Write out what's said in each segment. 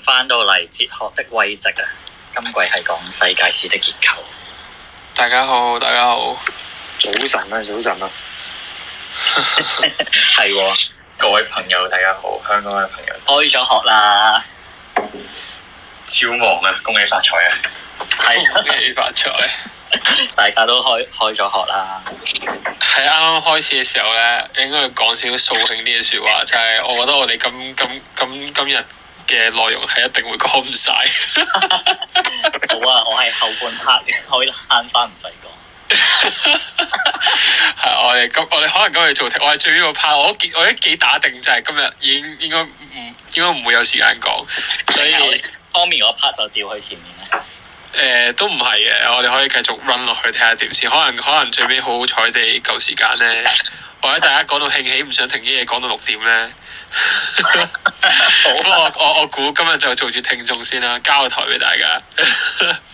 翻到嚟，哲學的位置啊！今季係講世界史的結構。大家好，大家好，早晨啊，早晨啊，係 的各位朋友，大家好，香港嘅朋友開咗學啦，超忙啊！恭喜發財啊！係恭喜發財，大家都開開咗學啦。喺啱啱開始嘅時候咧，應該講少少掃興啲嘅說話，就係、是、我覺得我哋今今今今日。嘅內容係一定會講唔晒。好啊，我係後半 part 可以慳翻唔使講。係我哋咁，我哋可能今日做停，我係最尾個 part，我幾我一幾打定就係今日應應該唔、嗯、應該唔會有時間講，所以 方面我 part 就調去前面咧。誒、呃，都唔係嘅，我哋可以繼續 run 落去睇下點先。可能可能最尾好好彩地夠時間咧，或者 大家講到興起唔想停啲嘢講到六點咧。 好，我我估今日就做住聽眾先啦，交個台俾大家。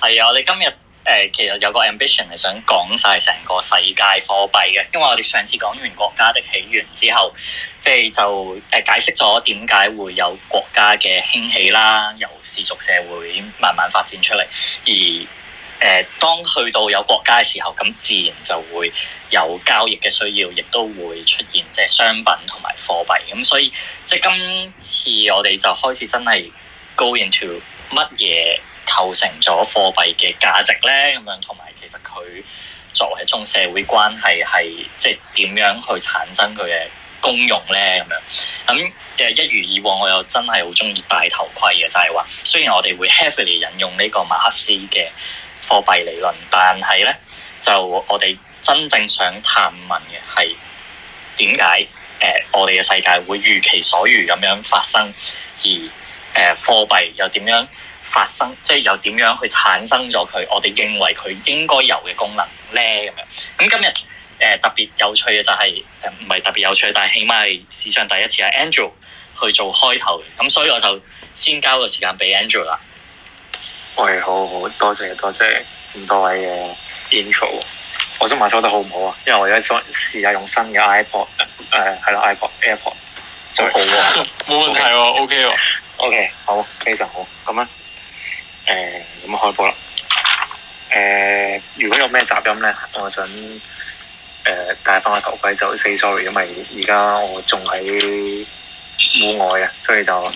係 啊，我哋今日誒、呃，其實有個 ambition 係想講晒成個世界貨幣嘅，因為我哋上次講完國家的起源之後，即係就誒、是、解釋咗點解會有國家嘅興起啦，由氏族社會慢慢發展出嚟而。誒，當去到有國家嘅時候，咁自然就會有交易嘅需要，亦都會出現即係商品同埋貨幣咁，所以即係今次我哋就開始真係 go into 乜嘢構成咗貨幣嘅價值咧？咁樣同埋其實佢作為一種社會關係係即係點樣去產生佢嘅功用咧？咁樣咁誒，一如以往，我又真係好中意戴頭盔嘅，就係話雖然我哋會 heavily 引用呢個馬克思嘅貨幣理論，但係咧，就我哋真正想探問嘅係點解誒我哋嘅世界會如其所如咁樣發生，而誒、呃、貨幣又點樣發生，即係又點樣去產生咗佢？我哋認為佢應該有嘅功能咧，咁樣。咁今日誒、呃、特別有趣嘅就係誒唔係特別有趣，但係起碼係史上第一次係 Angel 去做開頭，咁所以我就先交個時間俾 Angel 啦。喂，好，好好，多謝多謝咁多位嘅、uh, intro。我想問收得好唔好啊？因為我而家想試下用新嘅 iPod，誒係啦 iPod AirPod 就好喎，冇、uh, okay. 問題喎、啊、，OK 喎、啊、，OK 好，非常好。咁咧，誒、uh, 咁開播啦。誒、uh,，如果有咩雜音咧，我想誒戴翻個頭盔就 say sorry，因為而家我仲喺戶外啊，所以就誒。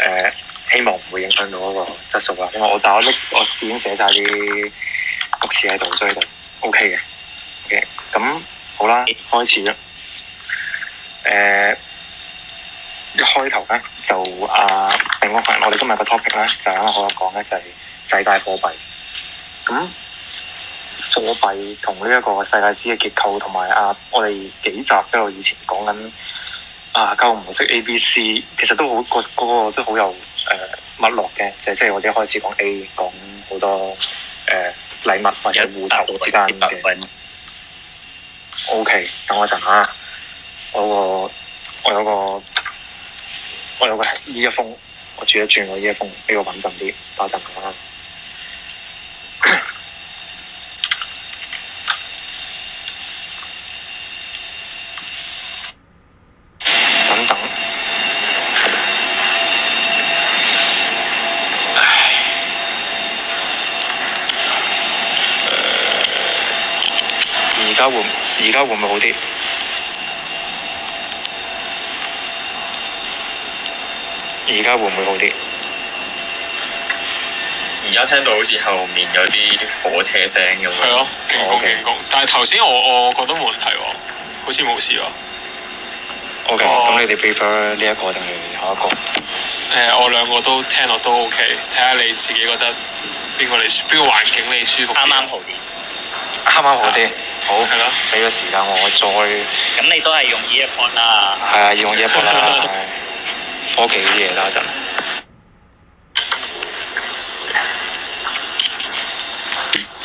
Uh, 希望唔會影響到嗰個質素啦，因為我但我搦我先寫晒啲屋企喺度，所以度 OK 嘅。OK，咁、OK、好啦，開始啦。誒、呃，一開頭咧就啊，定個題，我哋今日個 topic 咧就啱啱好有講咧，就係、是、世界貨幣。咁貨幣同呢一個世界之嘅結構，同埋啊，我哋幾集都有以前講緊。啊，教唔識 A、B、C，其實都好個嗰個，個都好有誒脈、呃、絡嘅，就係即係我哋一開始講 A，講好多誒、呃、禮物或者互投之間嘅。O、okay, K，等我陣啊，我個我有個我有個呢一封，我轉一轉我呢一封，呢個穩陣啲，等陣啊。 而家會，而家會唔會好啲？而家會唔會好啲？而家聽到好似後面有啲火車聲咁。係咯，勁攻勁攻。但係頭先我我覺得冇問題喎，好似冇事喎。O K，咁你哋 prefer 呢一個定係另一個？誒、呃，我兩個都聽落都 O K，睇下你自己覺得邊個嚟，邊個環境你舒服啱啱好啲，啱啱好啲。剛剛好。好，係咯，俾個時間我再。咁你都係用 AirPod 啦。係啊，要用 AirPod 啦，科技啲嘢啦，真。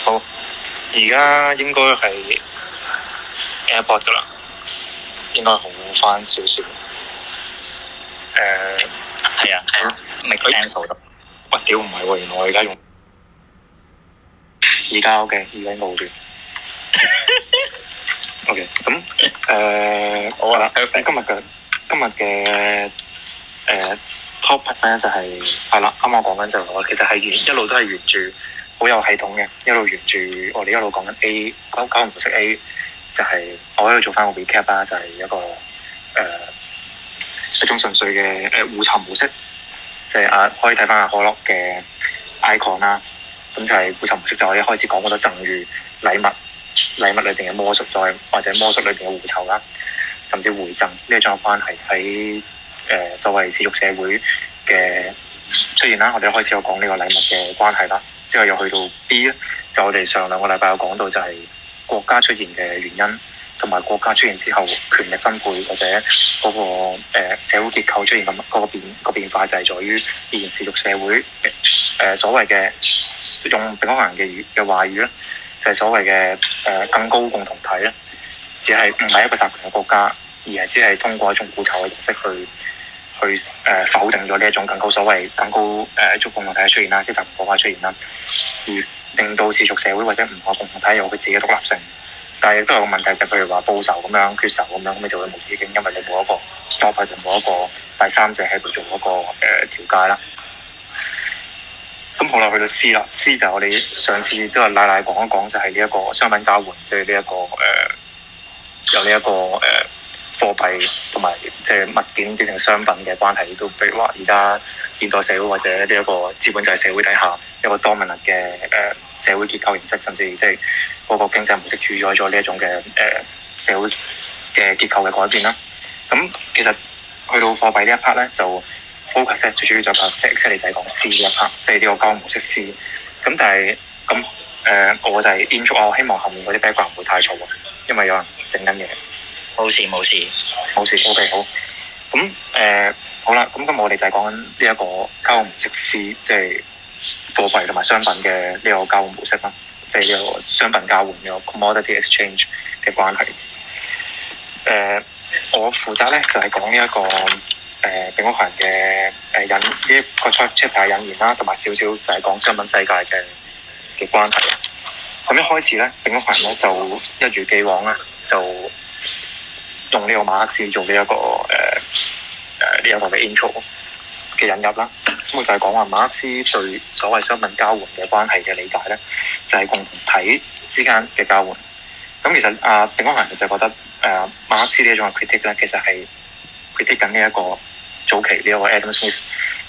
好，而家應該係 AirPod 噶啦，應該好翻少少。誒，係啊，係咯，Mix Angel 得。我屌唔係喎，原來我而家用。而家 OK，而家冇斷。O K，咁誒， okay, uh, 好啦，uh, okay.，今日嘅今日嘅誒 topic 咧就係係啦，啱啱我講緊就係我，其實係一路都係沿住好有系統嘅，一路沿住我哋一路講緊 A，九假如唔識 A，就係我喺度做翻 re 個 recap 啦，uh,，就係一個誒一種純粹嘅誒互尋模式，即係啊，可以睇翻阿可樂嘅 icon 啦。咁就係互尋模式，就是，我一開始講好多贈與禮物。禮物裏邊嘅魔術在，或者魔術裏邊嘅互酬啦，甚至回贈呢一種關係喺誒所謂氏族社會嘅出現啦，我哋一開始有講呢個禮物嘅關係啦，之後又去到 B 咧，就我哋上兩個禮拜有講到就係國家出現嘅原因，同埋國家出現之後權力分配或者嗰、那個誒、呃、社會結構出現咁嗰個變個變化就係在於以前氏族社會誒、呃、所謂嘅用北方人嘅語嘅話語咧。就係所謂嘅誒、呃、更高共同體咧，只係唔係一個集權嘅國家，而係只係通過一種固仇嘅形式去去誒、呃、否定咗呢一種更高所謂更高誒一種共同體嘅出現啦，即係集權國家出現啦，而令到氏族社會或者唔同嘅共同體有佢自己獨立性，但係亦都有個問題，就譬如話報仇咁樣、決仇咁樣，咁你就會無止境，因為你冇一個 stop，就冇一個第三者喺度做嗰個誒調、呃、解啦。咁好啦，去到 C 啦，C 就我哋上次都係奶奶講一講，就係呢一個商品交換，即係呢一個誒、呃，有呢、這、一個誒貨幣同埋即係物件變成商品嘅關係，亦都譬如話而家現代社會或者呢一個資本制社會底下一個 dominant 嘅誒、呃、社會結構形式，甚至即係嗰個經濟模式主宰咗呢一種嘅誒、呃、社會嘅結構嘅改變啦。咁其實去到貨幣呢一 part 咧就。focus 最主要就係、是、即係 X 理仔講 C 呢一 part，即係呢個交換模式 C。咁但係咁誒，我就係 intro 我希望後面嗰啲 background 唔會太嘈因為有人整緊嘢。冇事冇事冇事。OK 好。咁誒、呃、好啦，咁咁我哋就係講緊呢一個交換模式 C，即係貨幣同埋商品嘅呢個交換模式啦，即係呢個商品交換嘅、這個、commodity exchange 嘅關係。誒、呃，我負責咧就係講呢一個。誒，餅屋行嘅誒引呢一個出出牌引言啦，同埋少少就係講商品世界嘅嘅關係。咁一開始咧，定屋行咧就一如既往啦，就用呢個馬克思做呢一個誒誒呢一個嘅 intro 嘅引入啦。咁就係講話馬克思對所謂商品交換嘅關係嘅理解咧，就係、是、共同體之間嘅交換。咁其實阿定屋行就覺得誒、呃、馬克思呢一種嘅 critic 咧，其實係 critic 緊呢一個。早期呢個 Adam Smith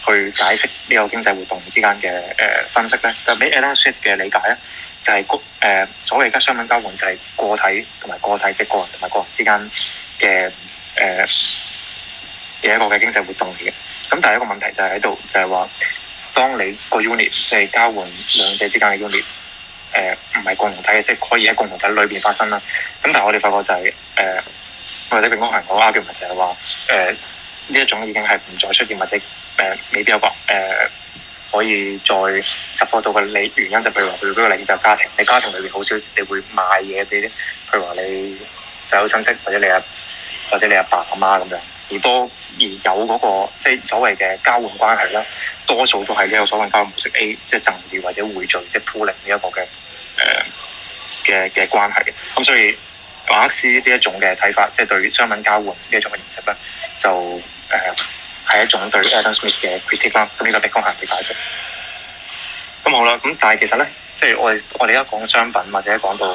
去解釋呢個經濟活動之間嘅誒、呃、分析咧，就俾 Adam Smith 嘅理解咧，就係個誒所謂嘅商品交換就係個體同埋個體，即係個人同埋個人之間嘅誒嘅一個嘅經濟活動嚟嘅。咁但係一個問題就係喺度，就係、是、話當你個 unit 即係交換兩者之間嘅 unit 誒、呃，唔係共同體嘅，即、就、係、是、可以喺共同體裏邊發生啦。咁但係我哋發覺就係、是、誒，或者佢講嚟講去就係話誒。呃呢一種已經係唔再出現，或者誒、呃、未必有個誒、呃、可以再 support 到嘅理原因就理，就譬如話佢嗰個領袖家庭，你家庭裏面好少你會買嘢俾，譬如話你細佬親戚或者你阿或者你阿爸阿媽咁樣，而多而有嗰、那個即係所謂嘅交換關係啦，多數都係呢個所謂嘅交換模式 A，即係贈與或者匯聚即係 pooling 呢一個嘅誒嘅嘅關係嘅，咁、嗯、所以。馬克思呢一種嘅睇法，即係對商品交換呢一種嘅認識咧，就誒係一種對 Adam Smith 嘅 criticism，咁呢個狄更斯嘅解釋。咁好啦，咁但係其實咧，即係我哋我哋而家講商品或者講到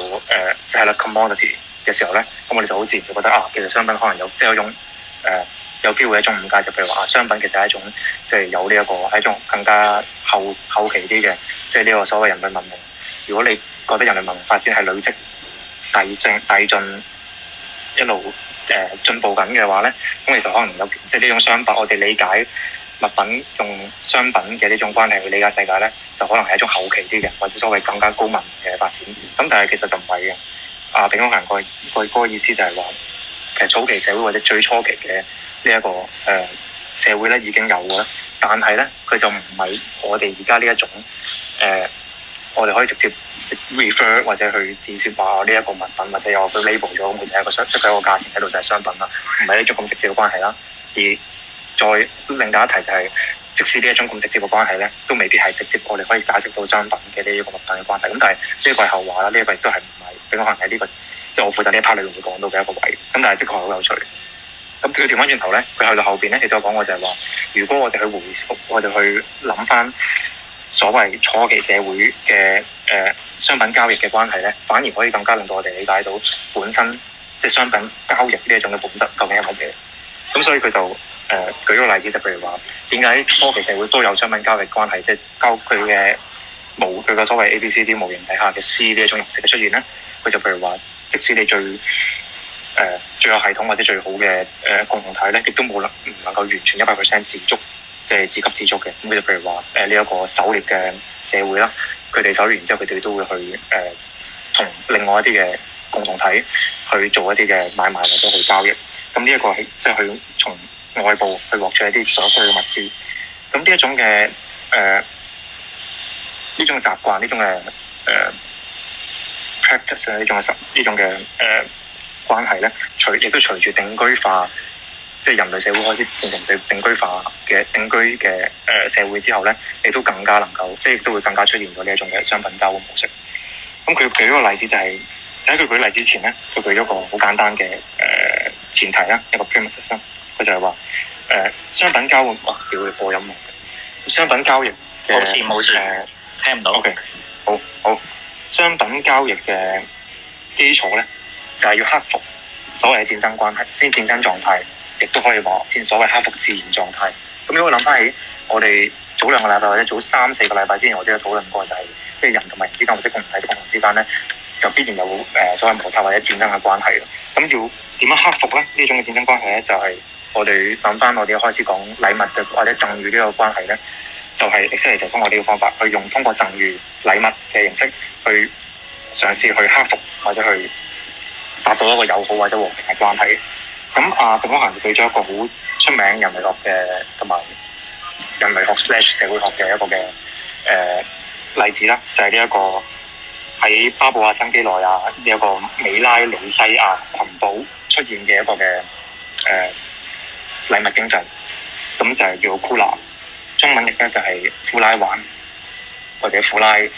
即係啦 commodity 嘅時候咧，咁我哋就好自然就覺得啊，其實商品可能有即係一種誒有機會一種誤解，就譬如話商品其實係一種即係有呢一個係一種更加後後期啲嘅，即係呢個所謂人類文明。如果你覺得人類文明發展係累積。大進、遞進一路誒、呃、進步緊嘅話咧，咁其實可能有即係呢種商品，我哋理解物品用商品嘅呢種關係去理解世界咧，就可能係一種後期啲嘅，或者所謂更加高文明嘅發展。咁但係其實就唔係嘅。啊，炳庸行過佢嗰個意思就係話，其實早期社會或者最初期嘅呢一個誒、呃、社會咧已經有嘅，但係咧佢就唔係我哋而家呢一種誒、呃，我哋可以直接。refer 或者去展示話呢一個物品，或者又佢 label 咗，咁佢有一個相即係一個價錢喺度就係、是、商品啦，唔係一種咁直接嘅關係啦。而再另一個題就係、是，即使呢一種咁直接嘅關係咧，都未必係直接我哋可以解釋到商品嘅呢一個物品嘅關係。咁但係呢個係後話啦，呢、這個亦都係唔係應該可能喺呢、這個即係、就是、我負責呢一 part，你會講到嘅一個位。咁但係的確係好有趣。咁佢調翻轉頭咧，佢去到後邊咧，佢再講嘅就係話，如果我哋去回溯，我哋去諗翻，所謂初期社會嘅誒、呃、商品交易嘅關係咧，反而可以更加令到我哋理解到本身即係商品交易呢一種嘅本質究竟係乜嘢。咁所以佢就誒、呃、舉一個例子就，就譬如話點解初期社會都有商品交易關係，即係交佢嘅冇佢嘅所謂 A、B、C、D 模型底下嘅 C 呢一種形式嘅出現咧。佢就譬如話，即使你最誒、呃、最有系統或者最好嘅誒、呃、共同體咧，亦都冇能唔能夠完全一百 percent 自足。即係自給自足嘅，咁就譬如話，誒呢一個狩獵嘅社會啦，佢哋狩獵完之後，佢哋都會去誒同、呃、另外一啲嘅共同體去做一啲嘅買賣或者去交易，咁呢一個係即係去從外部去獲取一啲所需嘅物資，咁、嗯呃呃呃、呢一種嘅誒呢種習慣，呢種嘅誒 practice 呢種嘅呢種嘅誒關係咧，隨亦都隨住定居化。即係人類社會開始變成對定居化嘅定居嘅誒社會之後咧，你都更加能夠，即係亦都會更加出現咗呢一種嘅商品交換模式。咁佢舉一個例子就係，喺佢舉例子前咧，佢舉咗個好簡單嘅誒前提啦，一個 premises，佢就係話誒商品交換，哇，叫佢播音樂！商品交易嘅誒，冇事冇事呃、聽唔到。O K，好，好，商品交易嘅基礎咧，就係要克服。所謂嘅戰爭關係，先戰爭狀態，亦都可以話先所謂克服自然狀態。咁你會諗翻起我哋早兩個禮拜或者早三四個禮拜之前，我哋都討論過就係、是，即係人同埋人之間或者共同體同共同之間咧，就必然有誒所謂摩擦或者戰爭嘅關係。咁要點樣克服咧？呢種嘅戰爭關係咧、就是，就係我哋諗翻我哋開始講禮物嘅或者贈與呢個關係咧，就係 exactly 就通過呢個方法去用通過贈與禮物嘅形式去嘗試去克服或者去。達到一個友好或者和平嘅關係。咁啊，馮光行就舉咗一個好出名人類學嘅同埋人類學社會學嘅一個嘅誒、呃、例子啦，就係呢一個喺巴布亞新幾內亞呢一個美拉尼西亞群島出現嘅一個嘅誒、呃、禮物經濟，咁就係叫做庫拉，中文譯咧就係庫拉環或者庫拉嘅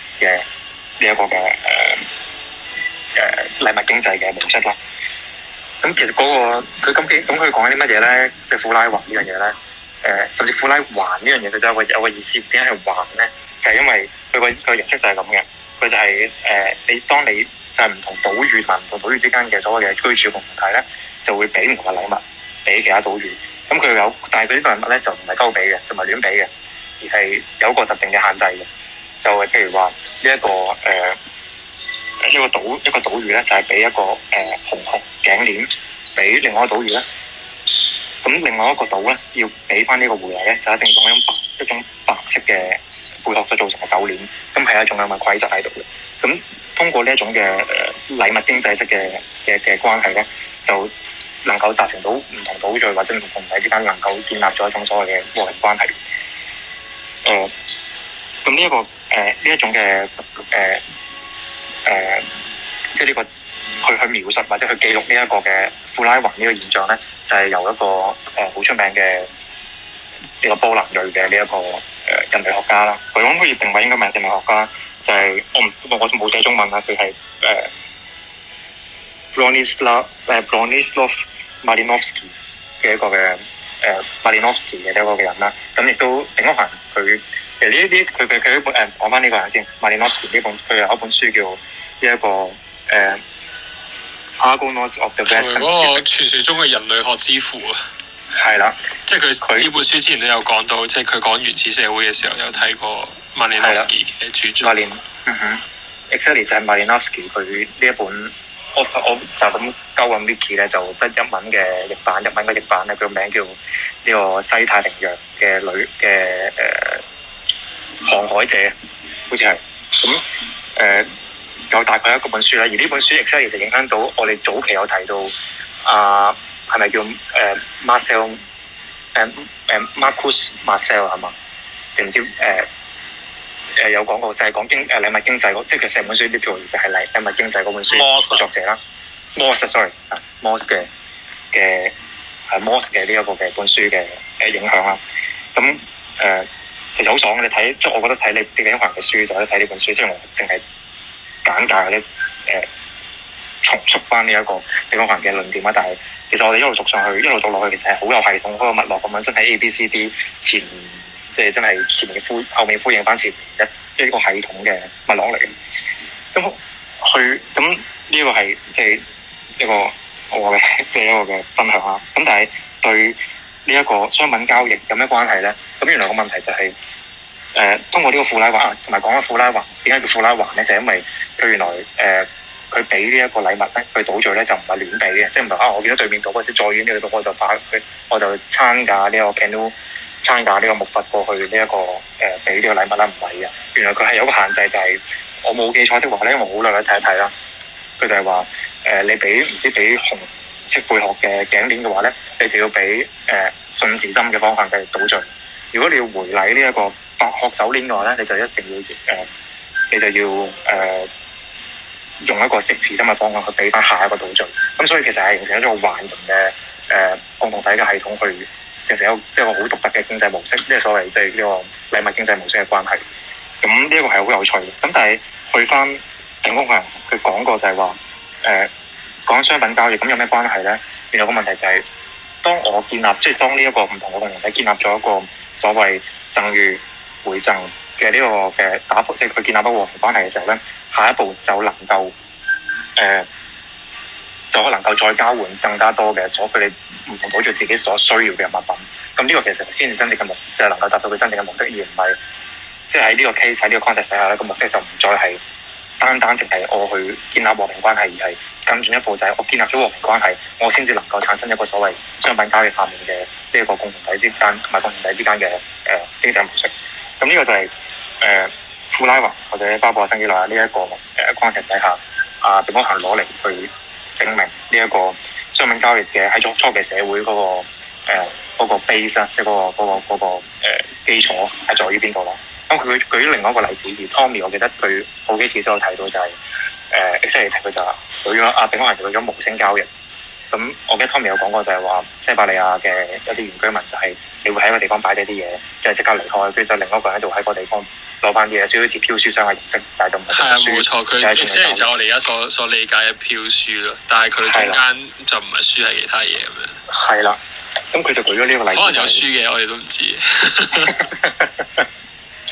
呢一個嘅誒。呃誒、呃、禮物經濟嘅模式咧，咁、嗯、其實嗰、那個佢今幾咁佢講緊啲乜嘢咧？即係庫拉環呢樣嘢咧，誒、呃、甚至庫拉環呢樣嘢佢都有個有個意思。點解係環咧？就係、是、因為佢個佢形式就係咁嘅，佢就係、是、誒、呃、你當你就係唔同島嶼同唔同島嶼之間嘅所謂嘅居住嘅狀態咧，就會俾唔同嘅禮物俾其他島嶼。咁、嗯、佢有，但係佢呢個禮物咧就唔係鳩俾嘅，唔係亂俾嘅，而係有個特定嘅限制嘅。就係、是、譬如話呢一個誒。呃這個呃這個呃一個島一個島嶼咧，就係俾一個誒、呃、紅紅頸鏈俾另外一個島嶼咧。咁另外一個島咧，要俾翻呢個回禮咧，就是、一定用一種白一種白色嘅貝殼去做成嘅手鏈。咁係一仲有埋規則喺度嘅。咁通過呢一種嘅禮、呃、物經濟式嘅嘅嘅關係咧，就能夠達成到唔同島嶼或者唔同群體之間能夠建立咗一種所謂嘅互惠關係。誒、呃，咁呢一個誒呢一種嘅誒。呃呃誒、呃、即係、這、呢個去去描述或者去記錄呢一個嘅庫拉環呢個現象咧，就係、是、由一個誒好出名嘅呢、這個波蘭裔嘅呢一個誒、呃、人類學家啦。佢咁可以定位應該係人類學家，就係、是、我唔我冇寫中文啦。佢係誒、呃、Bronislaw 唔、呃、Bronislaw Malinowski 嘅一個嘅。呃誒，馬列諾斯基嘅呢個嘅人啦，咁亦都另外行佢其實呢一啲佢佢佢呢本誒講翻呢個人先。馬列諾斯基呢本，佢有一本書叫呢一個誒《uh, Argonauts of the、Best》，從嗰傳説中嘅人類學之父啊，係啦、 嗯， 即係佢呢本書之前都有講到，即係佢講原始社會嘅時候有睇過馬列諾斯基嘅著作，嗯哼、嗯嗯、exactly 就係馬列諾斯基佢呢一本。我我就咁交咁 Vicky 咧，就得一文嘅譯版，一文嘅譯版咧，佢個名叫呢、這個西太平洋嘅女嘅誒航海者，好似係咁誒有大概一個本書啦。而呢本書亦都其實影響到我哋早期有提到啊，係、呃、咪叫誒、呃、Marcel 誒、呃、誒 Marcus Marcel 係嘛定唔知誒？呃誒有講過就係、是、講經誒、啊、禮物經濟嗰，即係成本書呢條就係、是、禮禮物經濟嗰本書作者啦，Morse sorry 啊，Morse 嘅嘅啊 Morse 嘅呢一個嘅本書嘅誒影響啦。咁誒、呃、其實好爽嘅，你睇即係我覺得睇你李國強嘅書，或者睇呢本書，即係我淨係簡介嗰啲誒重述翻呢一個地方強嘅論點啦。但係其實我哋一路讀上去，一路讀落去，其實係好有系統，好似脈絡咁樣，真係 A B C D 前。即係真係前面呼後面呼應翻前一一個系統嘅物落嚟，咁去咁呢個係即係一個我嘅即係一個嘅分享啊。咁但係對呢一個商品交易有咩關係咧？咁原來個問題就係、是、誒、呃、通過個呢個富拉環同埋講緊富拉環點解叫富拉環咧？就係、因為佢原來誒佢俾呢一個禮物咧，佢賭注咧就唔係亂俾嘅，即係唔係啊！我見到對面賭或者再遠嘅賭，我就把佢我就參加呢一個 canoe 參加呢個木筏過去呢一、這個誒俾呢個禮物啦唔係啊！原來佢係有個限制、就是，就係我冇記錯的話咧，因為我好耐冇睇一睇啦。佢就話誒、呃，你俾唔知俾紅色貝殼嘅頸鏈嘅話咧，你就要俾誒、呃、順時針嘅方向繼續倒序。如果你要回禮呢一個白殼手鏈嘅話咧，你就一定要誒、呃，你就要誒、呃、用一個逆時針嘅方向去俾返下一個倒序。咁所以其實係形成一種環形嘅誒共同體嘅系統去。其實一個即係一個好獨特嘅經濟模式，即係所謂即係呢個禮物經濟模式嘅關係。咁呢一個係好有趣嘅。咁但係去翻警方佢佢講過就係話，誒、呃、講商品交易咁有咩關係咧？變咗個問題就係、是，當我建立即係當呢一個唔同嘅共同體建立咗一個所謂贈與回贈嘅呢個嘅打撲，即係佢建立到和平關係嘅時候咧，下一步就能夠誒。呃就可能夠再交換更加多嘅，阻佢哋唔同保障自己所需要嘅物品。咁呢個其實先至真正嘅目的，即、就、係、是、能夠達到佢真正嘅目的，而唔係即係喺呢個 case 喺呢個 context 底下咧，那個目的就唔再係單單淨係我去建立和平關係，而係更進一步就係我建立咗和平關係，我先至能夠產生一個所謂商品交易下面嘅呢一個共同體之間同埋、啊、共同體之間嘅誒經濟模式。咁呢個就係誒庫拉環或者巴布亞新幾內亞呢一個誒框架底下啊，地、呃、方行攞嚟去。證明呢一個商品交易嘅喺種初期社會嗰、那個誒嗰、呃那個、base 即係嗰、那個嗰、那個那個基礎係在於邊個咧？咁佢舉另外一個例子，而 Tommy，我記得佢好幾次都有睇到就係誒 exactly 佢就話佢咗啊，並冇人做咗無聲交易。咁我記得 Tommy 有講過就，就係話西伯利亞嘅一啲原居民就係、是，你會喺一個地方擺低啲嘢，即係即刻離開，跟住就另一個人喺度喺個地方攞翻啲嘢，最好似飄書箱嘅形式，但係就唔係書。係啊，冇錯，佢即係就我哋而家所所理解嘅飄書咯，但係佢中間就唔係書係其他嘢咁樣。係啦、啊，咁佢就舉咗呢個例子、就是。可能有書嘅，我哋都唔知。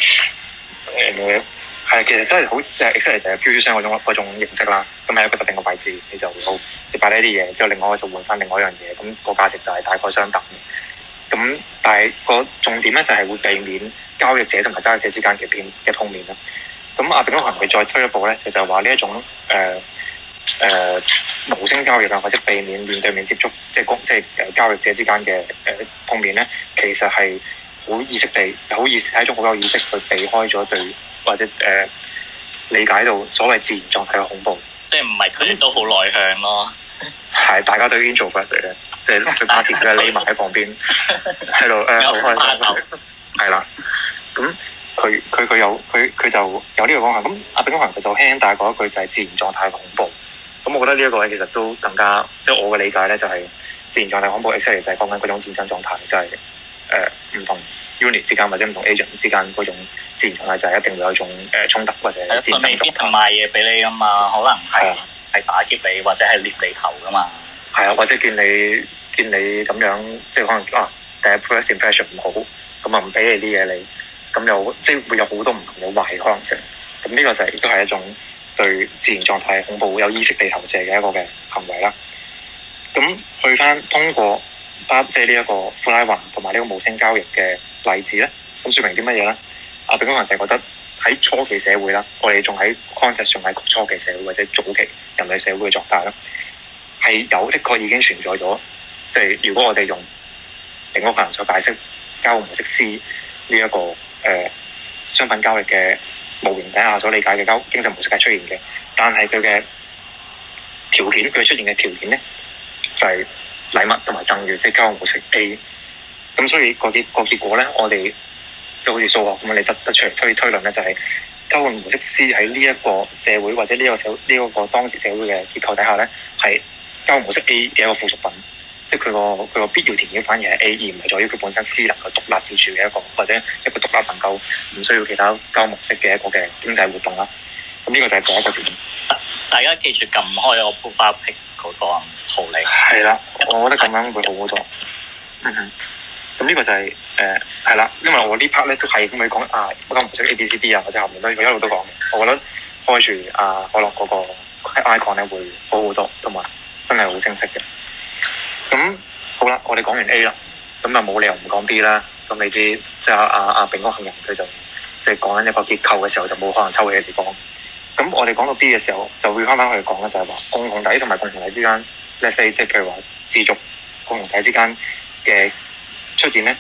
誒、 嗯。係，其實真係好，即係 exactly 就係 QQ 商嗰種嗰種形式啦。咁喺一個特定嘅位置，你就會好，你擺呢啲嘢，之後另外我就換翻另外一樣嘢，咁個價值就係大概相等嘅。咁但係個重點咧就係、是、會避免交易者同埋交易者之間嘅面一碰面啦。咁阿炳哥可能佢再推一步咧，就就話呢一種誒誒、呃呃、無聲交易啊，或者避免面對面接觸，即係公即係交易者之間嘅誒、呃、碰面咧，其實係。好意識地，好意識係一種好有意識去避開咗對，或者誒、呃、理解到所謂自然狀態嘅恐怖。即係唔係佢哋都好內向咯？係、嗯， 大家都已經做過嘢嘅，即係對巴鐵嘅匿埋喺旁邊。係度誒，好開心。係 啦，咁佢佢佢有佢佢就有呢個講法。咁阿炳宏佢就輕輕帶過一句就係自然狀態恐怖。咁我覺得呢一個咧其實都更加，即、就、係、是、我嘅理解咧就係自然狀態恐怖 e x c 就係講緊嗰種戰爭狀態，就係、是。誒唔、呃、同 unit 之間或者唔同 agent 之間嗰種自然狀態就係一定會有一種誒衝、呃、突或者戰爭狀態。未必賣嘢俾你啊嘛，可能係係、啊、打劫你或者係捏你頭噶嘛。係啊，或者見你見你咁樣，即係可能啊第一 impression 唔好，咁啊唔俾你啲嘢你，咁又即係會有好多唔同嘅壞可能性。咁呢個就係亦都係一種對自然狀態恐怖有意識地投射嘅一個嘅行為啦。咁去翻通過。即係呢一個呼拉環同埋呢個無聲交易嘅例子咧，咁說明啲乜嘢咧？阿柄谷行人就係覺得喺初期社會啦，我哋仲喺 concept 上係初期社會或者早期人類社會嘅狀態啦，係有的確已經存在咗。即、就、係、是、如果我哋用柄谷行人所解釋交換模式 C 呢、這、一個誒、呃、商品交易嘅模型底下所理解嘅交經濟模式係出現嘅，但係佢嘅條件，佢出現嘅條件咧就係、是。禮物同埋贈與，即係交換模式 A。咁所以個結個結果咧，我哋即好似數學咁你得得出嚟推推論咧，就係交換模式 C 喺呢一個社會或者呢個社呢一個當時社會嘅結構底下咧，係交換模式 A 嘅一個附屬品，即係佢個佢個必要條件反而係 A，而唔係在於佢本身 C 能夠獨立自主嘅一個或者一個獨立能夠唔需要其他交換模式嘅一個嘅經濟活動啦。咁呢個就係講一個點。大家記住撳開我鋪花屏。好多啊，好係啦，我覺得咁樣會好好多。嗯哼，咁呢個就係誒係啦，因為我呢 part 咧都係咁去講啊，我而家唔識 A B C D 啊，或者後面都我一路都講。我覺得開住啊可樂嗰個 icon 咧會好好多，同埋真係好清晰嘅。咁好啦，我哋講完 A 啦，咁啊冇理由唔講 B 啦。咁你知，即係阿阿阿炳哥杏仁佢就即係講緊一個結構嘅時候，就冇可能抽嘅地方。咁我哋講到 B 嘅時候，就會翻翻去講嘅就係話共同體同埋共同體之間嘅細，即係譬如話氏族共同體之間嘅出現咧，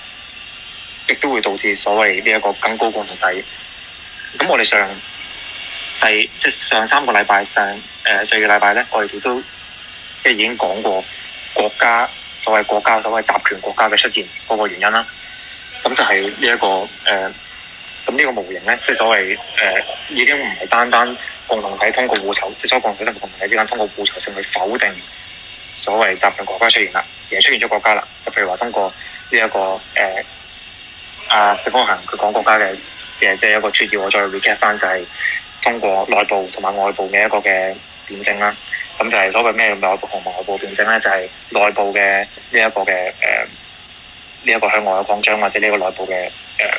亦都會導致所謂呢一個更高共同體。咁我哋上第即係上三個禮拜上誒、呃、上二個禮拜咧，我哋都即係已經講過國家，所謂國家所謂集權國家嘅出現嗰個原因啦。咁就係呢一個誒。呃咁呢個模型咧，即係所謂誒、呃，已經唔係單單共同體通過互酬，即係所共同體同共同體之間通過互酬性去否定所謂集權國家出現啦，而係出現咗國家啦。就譬如話通過呢、這、一個誒、呃、啊，貝多佢講國家嘅嘅、呃、即係一個主要，我再 recap 翻就係、是、通過內部同埋外部嘅一個嘅辯證啦。咁、啊、就係所謂咩內部同外部辯證咧，就係、是、內部嘅呢一個嘅誒，呢、呃、一、這個向外嘅擴張或者呢個內部嘅誒。呃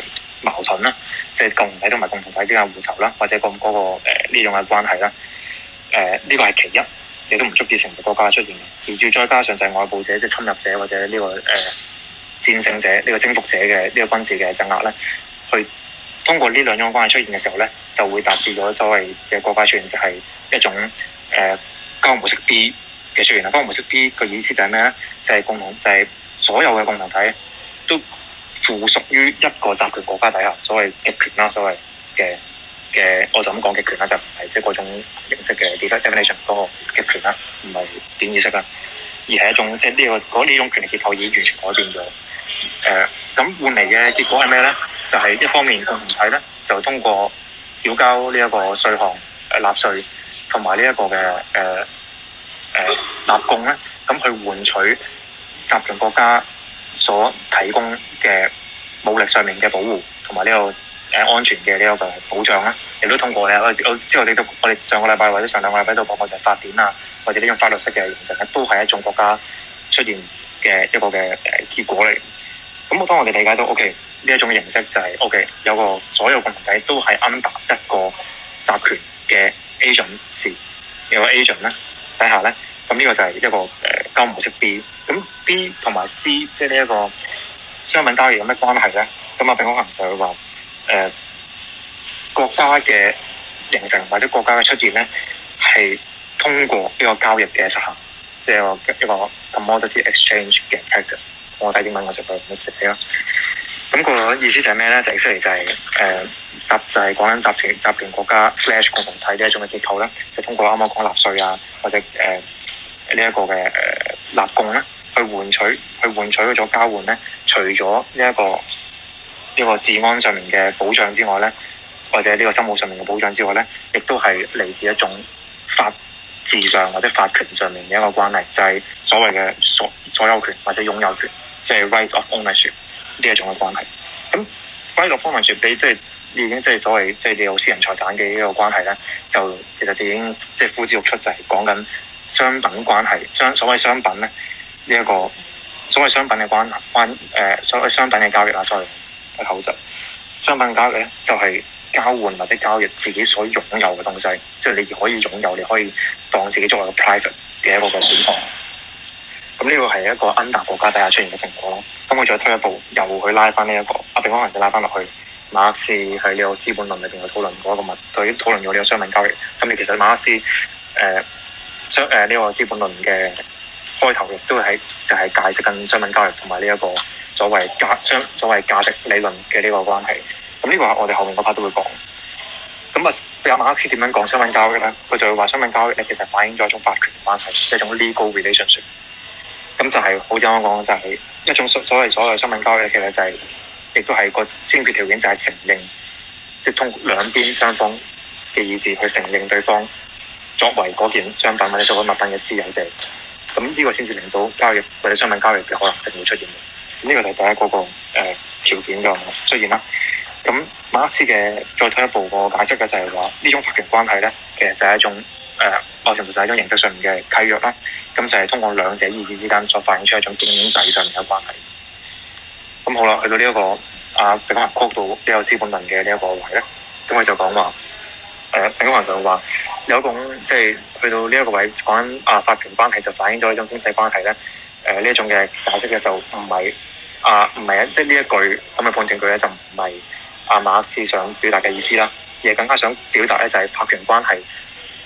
矛盾啦，即、就、係、是、共同體同埋共同體之間互酬啦，或者、那個嗰、呃呃這個呢種嘅關係啦，誒呢個係其一，亦都唔足以成個國家出現嘅，而住再加上就係外部者即係侵入者或者呢、這個誒、呃、戰勝者呢、這個征服者嘅呢、這個軍事嘅鎮壓咧，去通過呢兩種關係出現嘅時候咧，就會達至咗所謂嘅國家出現就係、是、一種誒交換、呃、模式 B 嘅出現啦。交換模式 B 嘅意思就係咩咧？就係、是、共同就係、是、所有嘅共同體都。附屬於一個集團國家底下，所謂極權啦，所謂嘅嘅，我就咁講極權啦，就唔係即係嗰種形式嘅 definition 嗰個極權啦，唔係貶義式㗎？而係一種即係呢、這個呢種權力結構已經完全改變咗。誒、呃，咁換嚟嘅結果係咩咧？就係、是、一方面個團體咧，就通過繳交呢一個稅項、誒、呃、納稅同埋、呃呃、呢一個嘅誒誒納貢咧，咁、嗯、去換取集團國家。所提供嘅武力上面嘅保護同埋呢個誒安全嘅呢一個保障啦，亦都通過咧，我我之後你都我哋上個禮拜或者上兩個禮拜都講過就係法典啊，或者呢種法律式嘅形式咧都係一種國家出現嘅一個嘅誒結果嚟。咁我當我哋理解到 O.K. 呢一種嘅形式就係、是、O.K. 有個所有個問題都係 under 一個集權嘅 agent 時有個 agent 咧底下咧，咁呢個就係一個誒。呃交唔識 B，咁 B 同埋 C 即係呢一個商品交易有咩關係咧？咁啊，炳可行就會話誒國家嘅形成或者國家嘅出現咧，係通過呢個交易嘅實行，即係一個一個 commodity exchange 嘅 package 我睇啲文我就會 miss 你啦。咁、那個意思就係咩咧？就 exactly、是、就係誒集就係講緊集團、集團國家 slash 共同體呢一種嘅結構咧，就是、通過啱啱講納稅啊或者誒。呃呢一個嘅誒納貢咧，去換取去換取嗰種交換咧，除咗呢一個呢個治安上面嘅保障之外咧，或者呢個生活上面嘅保障之外咧，亦都係嚟自一種法治上或者法權上面嘅一個關係，就係所謂嘅所所有權或者擁有權，即係 right of ownership 呢一種嘅關係。咁 right of ownership，你即係你已經即係所謂即係你有私人財產嘅呢個關係咧，就其實就已經即係呼之欲出，就係講緊。商品關係，商所謂商品咧呢一個所謂商品嘅關關誒，所謂商品嘅這個呃、交易啦，所謂嘅口則商品交易咧，就係交換或者交易自己所擁有嘅東西，即係你可以擁有，你可以當自己作為個 private 嘅一個嘅選項。咁呢個係一個 under 國家底下出現嘅成果。咁我再推一步，o，又去拉翻呢一個，啊，比較可能就拉翻落去馬克思喺呢個資本論裏邊去討論過一個問，佢討論過呢個商品交易。甚至其實馬克思誒。呃將呢、呃這個資本論嘅開頭亦都係就係、是、解釋緊商品交易同埋呢一個所謂價將所謂價值理論嘅呢個關係。咁、這、呢個係我哋後面嗰 part 都會講。咁啊，馬克思點樣講商品交易咧？佢就會話商品交易咧其實反映咗一種法權關係，係一種 legal relationship。咁就係好簡單講，就係一種所所謂所謂商品交易其實就係、是就是就是、亦都係個先決條件就係承認，即係通過兩邊雙方嘅意志去承認對方。作為嗰件商品或者作為物品嘅私有者，咁呢個先至令到交易或者商品交易嘅可能性會出現。咁呢個就係第一個個誒、呃、條件嘅出現啦。咁馬克思嘅再退一步個解釋嘅就係話，呢種法庭關係咧，其實就係一種誒，外層就係一種形式上面嘅契約啦。咁就係通過兩者意志之間所反映出一種經濟上面嘅關係。咁好啦，去到呢、這、一個啊，比較高到比較資本論嘅呢一個位咧，咁佢就講話。誒，彭國華就話有一種即係去到呢一個位講緊啊，法權關係就反映咗一種經濟關係咧。誒、呃，呢一種嘅解釋嘅就唔係啊，唔係即呢一句咁嘅判斷句咧，就唔係啊馬克思想表達嘅意思啦。而係更加想表達咧，就係法權關係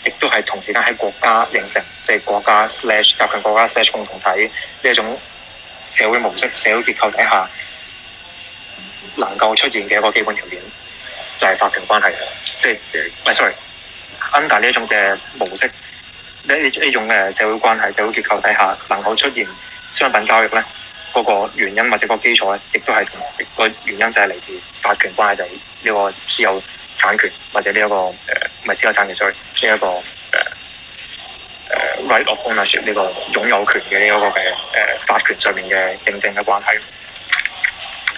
亦都係同時間喺國家形成，即、就、係、是、國家 slash 集強國家 slash 共同體呢一種社會模式、社會結構底下能夠出現嘅一個基本條件。就係法權關係即係、就、唔、是、係、哎、sorry，under 呢一種嘅、呃、模式，呢呢種誒社會關係、社會結構底下，能否出現商品交易咧，嗰、那個原因或者個基礎咧，亦都係同個原因就係嚟自法權關係，就係呢個私有產權或者呢、這、一個誒，唔、呃、係私有產權，所以呢一個誒誒、呃、right of ownership 呢個擁有權嘅呢一個嘅誒、呃、法權上面嘅認證嘅關係。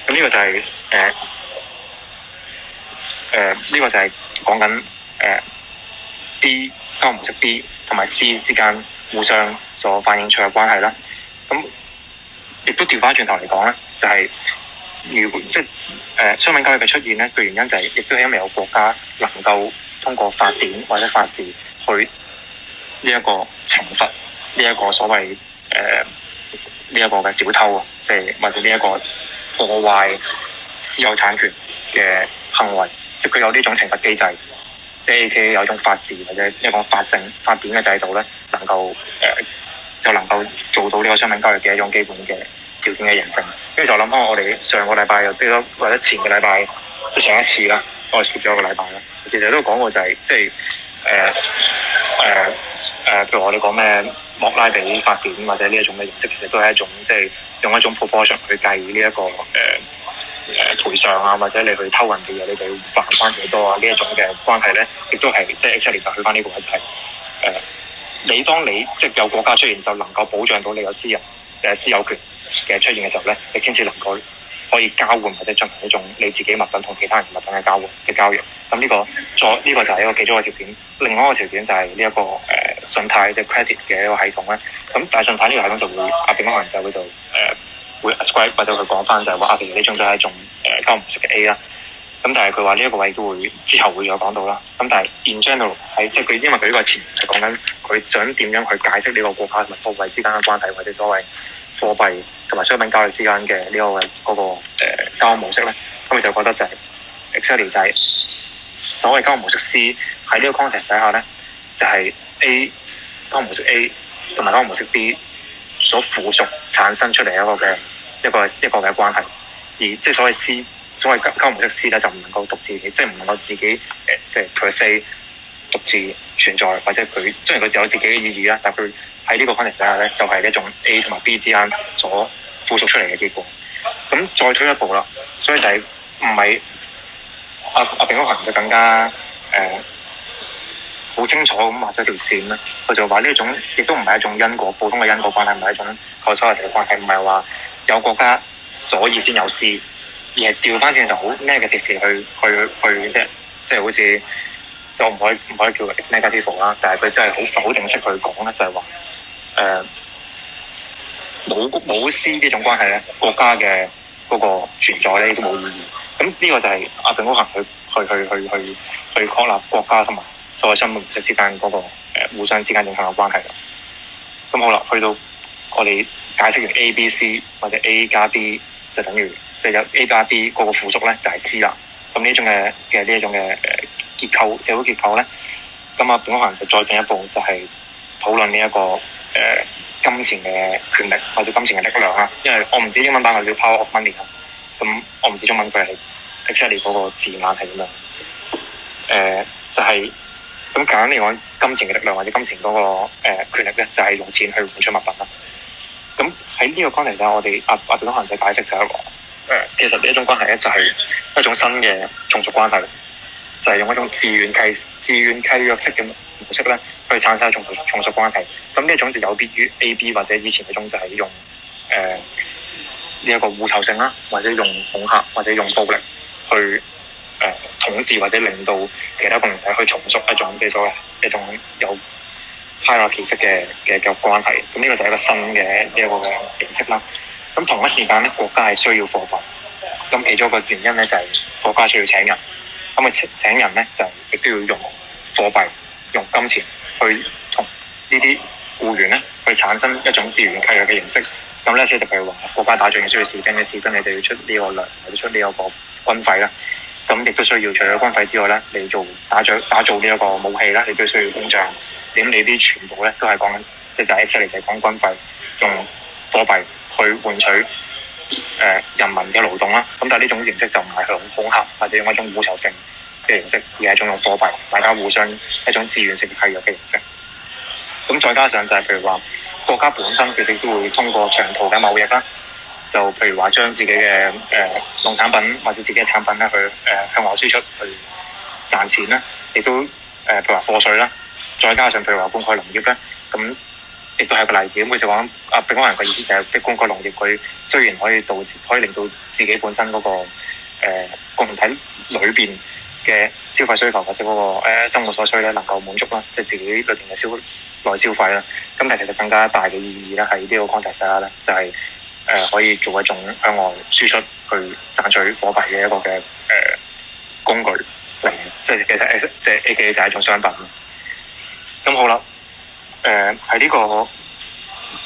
咁、嗯、呢、這個就係、是、誒。呃誒呢、呃這個就係講緊誒 B 交唔識 B 同埋 C 之間互相所反映出嘅關係啦。咁、嗯、亦都調翻轉頭嚟講咧，就係如即係誒商品交易嘅出現咧，個原因就係、是、亦都係因為有國家能夠通過法典或者法治去呢一個懲罰呢一個所謂誒呢一個嘅小偷啊，即係為到呢一個破壞私有產權嘅行為。即佢有呢種懲罰機制，即係佢有一種法治或者一個法政法典嘅制度咧，能夠誒、呃，就能夠做到呢個商品交易嘅一種基本嘅條件嘅形成。跟住就諗開，我哋上個禮拜又或者前個禮拜即係上一次啦，我哋缺咗一個禮拜啦。其實都講過就係、是、即係誒誒誒，譬如我哋講咩莫拉比法典或者呢一種嘅形式，其實都係一種即係、就是、用一種 proportion 去計呢一個誒。呃誒賠償啊，或者你去偷人嘅嘢，你就要犯翻幾多啊？呢一種嘅關係咧，亦都係即係 history 就去翻呢個位，就係、是、誒、呃、你當你即係有國家出現，就能夠保障到你有私人誒、呃、私有權嘅出現嘅時候咧，你先至能夠可以交換或者進行一種你自己物品同其他人物品嘅交換嘅交易。咁、嗯、呢、這個再呢、這個就係一個其中嘅條件。另外一個條件就係呢一個誒、呃、信貸即係 credit 嘅一個系統咧。咁、嗯、大信貸呢個系統就會阿邊個可能就會就誒。呃會 scribe，或者佢講翻就係、是、話啊，其實呢種都係一種誒、呃、交易模式嘅 A 啦。咁但係佢話呢一個位都會之後會有講到啦。咁但係 in general，係即係佢因為佢呢個詞係講緊佢想點樣去解釋呢個國家同埋貨幣之間嘅關係，或者所謂貨幣同埋商品交易之間嘅呢、這個嘅嗰、那個誒交易模式咧。咁佢就覺得就係 exactly 就係所謂交易模式 C 喺呢個 context 底下咧，就係、是、A 交易模式 A 同埋交易模式 B。所附屬產生出嚟一個嘅一個一個嘅關係，而即係所謂詩，所謂交交互式詩咧，就唔能夠獨自，己，即係唔能夠自己誒、呃，即係 preserve 獨自存在，或者佢雖然佢自有自己嘅意義啦，但係佢喺呢個框架底下咧，就係、是、一種 A 同埋 B 之間所附屬出嚟嘅結果。咁再推一步啦，所以就係唔係阿阿平高行就更加誒。呃好清楚咁畫咗條線咧，佢就話呢一種亦都唔係一種因果，普通嘅因果關係唔係一種錯錯嘅關係，唔係話有國家所以先有詩，而係調翻轉就好咩嘅時期去去去即係即係好似就唔可以唔可以叫 exaggerative 啦，但係佢真係好否定式去講咧，就係話誒冇冇詩呢種關係咧，國家嘅嗰個存在咧都冇意義。咁呢個就係阿鄭國強去去去去去去確立國家嘅。所謂生活模式之間嗰、那個、呃、互相之間影響嘅關係啦。咁好啦，去到我哋解釋完 A、B、C 或者 A 加 B 就等於就有 A 加 B 個個附屬咧就係、是、C 啦。咁呢一種嘅嘅呢一種嘅誒結構社會結構咧，咁啊，本可能就再進一步就係討論呢、這、一個誒、呃、金錢嘅權力或者金錢嘅力量啊。因為我唔知英文版係叫 Power of Money 咁我唔知中文句係 exactly 嗰個字眼係咁樣誒、呃？就係、是。咁簡單嚟講，金錢嘅力量或者金錢嗰個誒權力咧，就係用錢去換取物品啦。咁喺呢個關係咧，我哋阿阿杜生可能就解釋就係一個誒，其實一種關係咧，就係一種新嘅從屬關係，就係用一種自願契、自願契約式嘅模式咧，去產生一種從屬，屬關係。咁呢一種就有別於 A、B 或者以前嗰種就係用誒呢一個互酬性啦，或者用恐嚇或者用暴力去。誒、呃、統治或者令到其他共民去重復一種叫做一種有階級形式嘅嘅嘅關係，咁呢個就係一個新嘅一個嘅形式啦。咁同一時間咧，國家係需要貨幣，咁其中一個原因咧就係、是、國家需要請人，咁啊請,請人咧就亦都要用貨幣、用金錢去同呢啲雇員咧去產生一種自然契約嘅形式。咁咧，即係譬如話國家打仗嘅需要士兵嘅士兵，你就要出呢個糧或者出呢個軍費啦。咁亦都需要，除咗軍費之外咧，你做打仗、打造呢一個武器啦。你都需要工匠。咁你啲全部咧都係講緊，即就係出嚟就係、是、講軍費用貨幣去換取誒、呃、人民嘅勞動啦。咁但係呢種形式就唔係向恐嚇或者用一種無酬性嘅形式，而係一種用貨幣大家互相一種自願性契約嘅形式。咁再加上就係譬如話國家本身佢哋都會通過長途嘅貿易啦。就譬如話將自己嘅誒、呃、農產品或者自己嘅產品咧，去誒、呃、向外輸出去賺錢啦，亦都誒、呃、譬如話課稅啦，再加上譬如話公開農業咧，咁亦都係個例子。咁佢就講啊，北方人嘅意思就係，即公開農業，佢雖然可以導致可以令到自己本身嗰、那個、呃、共同體裏邊嘅消費需求或者嗰、那個、呃、生活所需咧能夠滿足啦，即、就、係、是、自己裏邊嘅消內消費啦。咁但係其實更加大嘅意義咧喺呢個 context 啦，就係、就。是誒、呃、可以做一種向外輸出去賺取貨幣嘅一個嘅誒、呃、工具嚟，即係其實即係 A.K.A. 係一種商品。咁、嗯、好啦，誒喺呢個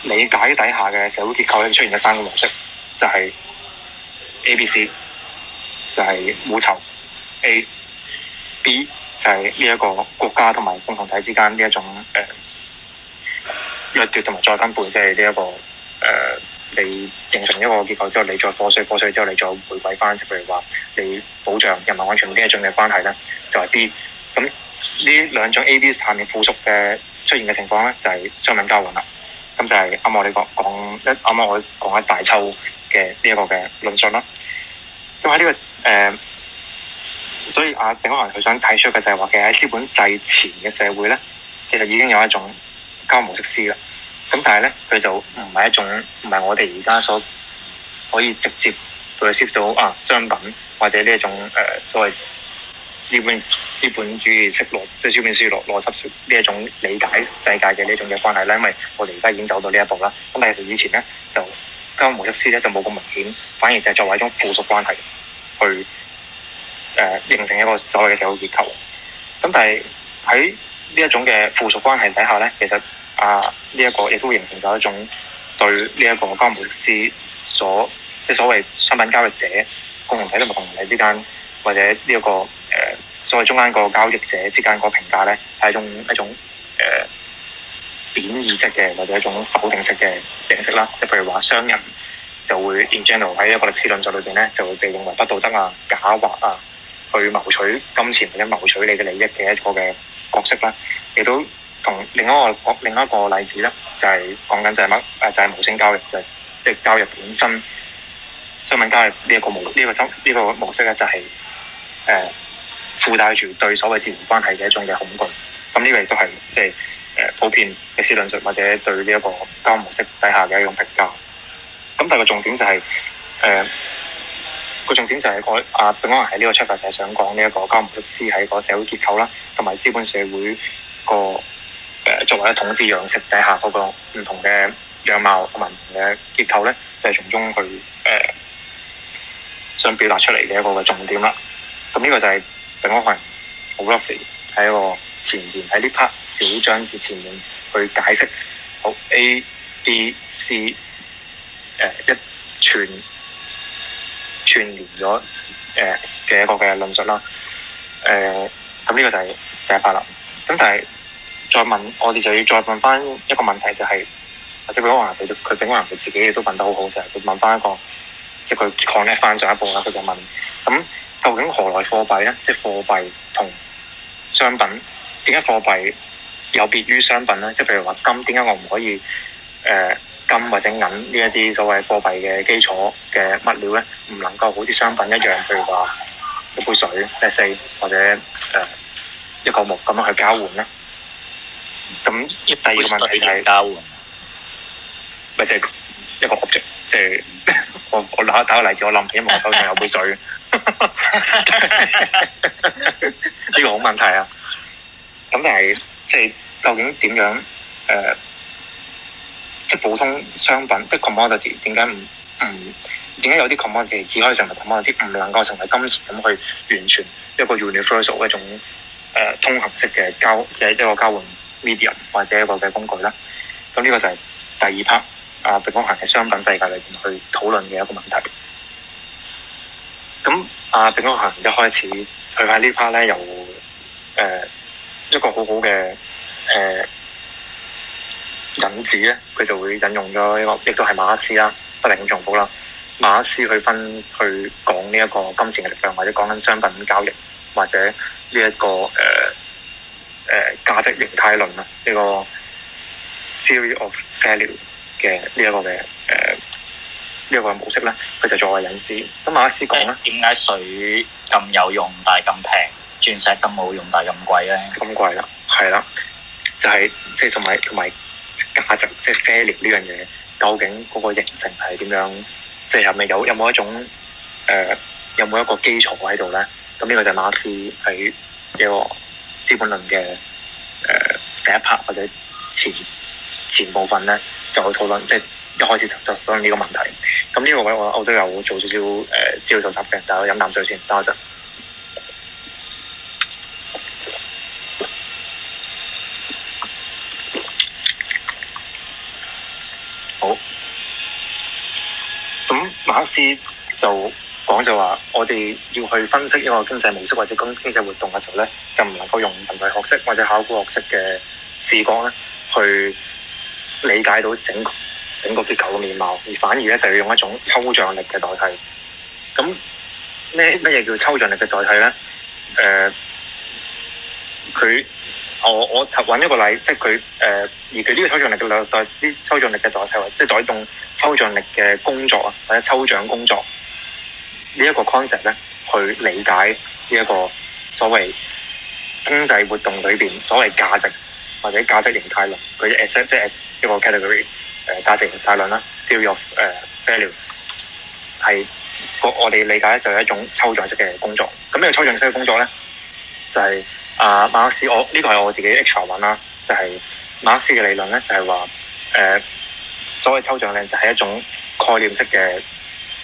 理解底下嘅社會結構，係出現咗三個模式，就係、是、A BC, 就、B、C，就係互酬；A、B 就係呢一個國家同埋共同體之間呢一種誒掠奪同埋再分配、這個，即係呢一個誒。你形成一個結構之後，你再破碎、破碎之後，你再回歸翻，譬如話你保障人民安全嘅一種嘅關係咧，就係、是、B。咁呢兩種 A、B、S、下面附屬嘅出現嘅情況咧，就係商品交換啦。咁就係啱啱我哋講講一啱啱我講一大抽嘅呢一個嘅論述啦。咁喺呢個誒、呃，所以阿定可能佢想睇出嘅就係話嘅喺資本制前嘅社會咧，其實已經有一種交模式施啦。咁但係咧，佢就唔係一種，唔係我哋而家所可以直接去接觸到啊商品或者呢一種誒、呃、所謂資本資本主義式邏即係資本主義邏邏輯呢一種理解世界嘅呢一種嘅關係啦。因為我哋而家已經走到呢一步啦。咁但係以前咧就，詹姆士斯咧就冇咁明顯，反而就係作為一種附屬關係去誒、呃、形成一個所謂嘅社會結構。咁但係喺呢一種嘅附屬關係底下咧，其實啊呢一個亦都會形成咗一種對呢一江交易師所即係所謂商品交易者共同體同唔同體之間，或者呢、這、一個誒、呃、所謂中間個交易者之間個評價咧係一種一種誒貶義式嘅或者一種否定式嘅定式啦。即譬如話商人就會 in general 喺一個歷史論述裏邊咧就會被認為不道德啊、假話啊。去謀取金錢或者謀取你嘅利益嘅一個嘅角色啦，亦都同另一個另一個例子啦、就是，就係講緊就係乜啊，就係無聲交易嘅，即係交易本身，商品交易呢一個模呢個新呢個模式咧、就是，就係誒附帶住對所謂自然關係嘅一種嘅恐懼，咁、嗯、呢、這個亦都係即係誒普遍歷史論述或者對呢一個交易模式底下嘅一種評價。咁第個重點就係、是、誒。呃個重點就係、是、我啊，鄧安群喺呢個出發、er、就係想講呢一個交文律斯喺個社會結構啦，同埋資本社會個誒、呃、作為嘅統治樣式底下嗰個唔同嘅樣貌同埋唔同嘅結構咧，就係、是、從中去誒、呃、想表達出嚟嘅一個嘅重點啦。咁、嗯、呢、這個就係鄧安群好 lovely 努力喺一個前邊喺呢 part 小章節前面去解釋好 A B, C,、呃、B、C 誒一串。串連咗誒嘅一個嘅論述啦，誒咁呢個就係第一個法則。咁但係再問，我哋就要再問翻一個問題，就係或者佢如話佢佢另外人哋自己亦都問得好好，就係佢問翻一個，即係佢 connect 翻上一步啦。佢就問：咁、嗯、究竟何來貨幣咧？即係貨幣同商品，點解貨幣有別於商品咧？即係譬如話金，點解我唔可以誒？呃金或者銀呢一啲所謂貨幣嘅基礎嘅物料咧，唔能夠好似商品一樣，譬如話一杯水、一四或者誒、呃、一個木咁樣去交換咧。咁第二個問題係、就是、交換，咪即係一個合約、就是，即 係我我打打個例子，我諗起我手上有杯水，呢個好問題啊！咁但係即係究竟點樣誒？呃即普通商品，的 commodity，點解唔唔點解有啲 commodity 只可以成為 commodity，唔能夠成為金錢咁去完全一個 universal 一種誒、呃、通行式嘅交嘅一個交換 medium 或者一個嘅工具啦。咁、嗯、呢、這個就係第二 part 阿餅乾行嘅商品世界裏邊去討論嘅一個問題。咁阿餅乾行一開始去喺呢 part 咧，有誒、呃、一個好好嘅誒。呃引子咧，佢就會引用咗呢個，亦都係馬克思啦，不停咁重複啦。馬克思去分去講呢一個金錢嘅力量，或者講緊商品交易，或者呢、這、一個誒誒、呃呃、價值形態論啦，呢、這個 theory of value 嘅呢一個嘅誒呢一個模式咧，佢就作為引子。咁馬克思講咧，點解水咁有用但係咁平，鑽石咁冇用但係咁貴咧？咁貴啦，係啦，就係即係同埋同埋。就係價值即係 failure 呢樣嘢，究竟嗰個形成係點樣？即係係咪有有冇一種誒、呃，有冇一個基礎喺度咧？咁呢個就馬克思喺一個資本論嘅誒、呃、第一 part 或者前前部分咧，就去討論即係一開始就討論呢個問題。咁呢個位我我都有做少少誒資料蒐集嘅，但係我飲啖水先，等我公司就講就話，我哋要去分析一個經濟模式或者經經濟活動嘅時候咧，就唔能夠用人類學識或者考古學識嘅視角咧，去理解到整個整個結構嘅面貌，而反而咧就要用一種抽象力嘅代替。咁咩咩嘢叫抽象力嘅代替咧？誒、呃，佢。我我揾一個例，即係佢誒，而佢呢個抽象力嘅代，啲抽象力嘅代替即係代用抽象力嘅工作啊，或者抽象工作呢一、這個 concept 咧，去理解呢一個所謂經濟活動裏邊所謂價值或者價值形態論佢嘅 asset，即係一個 category 誒、呃、價值形態論啦，feel of 誒 value 係我我哋理解就係一種抽象式嘅工作。咁呢個抽象式嘅工作咧，就係、是。啊，馬克思，我呢個係我自己 extra 揾啦，就係馬克思嘅理論咧，就係話誒所謂抽象咧，就係、是、一種概念式嘅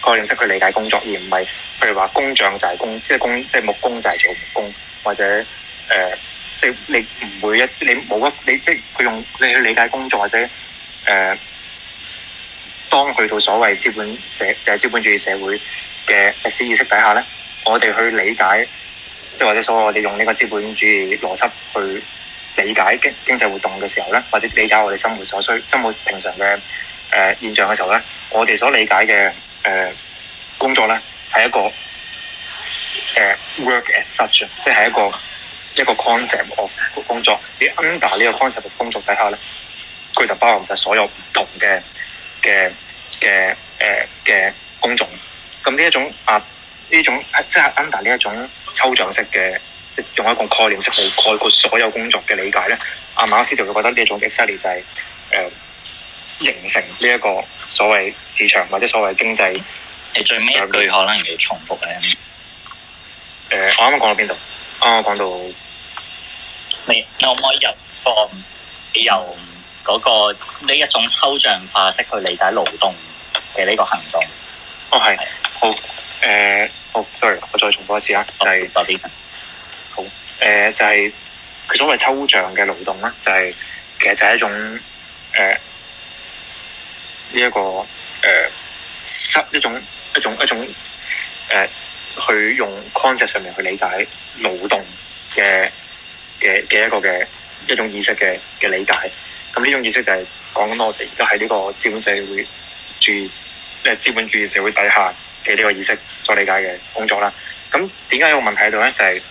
概念式去理解工作，而唔係譬如話工匠就係工，即係工即係木工就係做木工，或者誒、呃、即係你唔會一你冇一你即係佢用你去理解工作或者誒、呃、當去到所謂資本社誒資、就是、本主義社會嘅歷史意識底下咧，我哋去理解。即或者所以我哋用呢個資本主義邏輯去理解經經濟活動嘅時候咧，或者理解我哋生活所需、生活平常嘅誒、呃、現象嘅時候咧，我哋所理解嘅誒、呃、工作咧係一個誒、呃、work as such，即係一個一個 concept of 工作。喺 under 呢個 concept 嘅工作底下咧，佢就包含晒所有唔同嘅嘅嘅誒嘅工種，咁呢一種壓。啊呢種即係、就是、under 呢一種抽象式嘅，即係用一個概念式去概括所有工作嘅理解咧。阿馬克思就會覺得呢一種 exactly 就係、是、誒、呃、形成呢一個所謂市場或者所謂經濟。你最尾一句可能要重複咧。誒、呃，我啱啱講到邊度？啱啱講到，你可唔可以由個由嗰個呢一種抽象化式去理解勞動嘅呢個行動？哦，係好。誒，好、uh, oh,，sorry，我再重複一次啊，就係白點。好，誒，就係佢所謂抽象嘅勞動啦，就係其實就係一種誒呢一個誒失、呃、一種一種一種誒、呃、去用 concept 上面去理解勞動嘅嘅嘅一個嘅一種意識嘅嘅理解。咁、嗯、呢種意識就係講緊我哋都喺呢個資本社會主義，即係資本主義社會底下。嘅呢個意識所理解嘅工作啦，咁點解有個問題喺度咧？就係、是、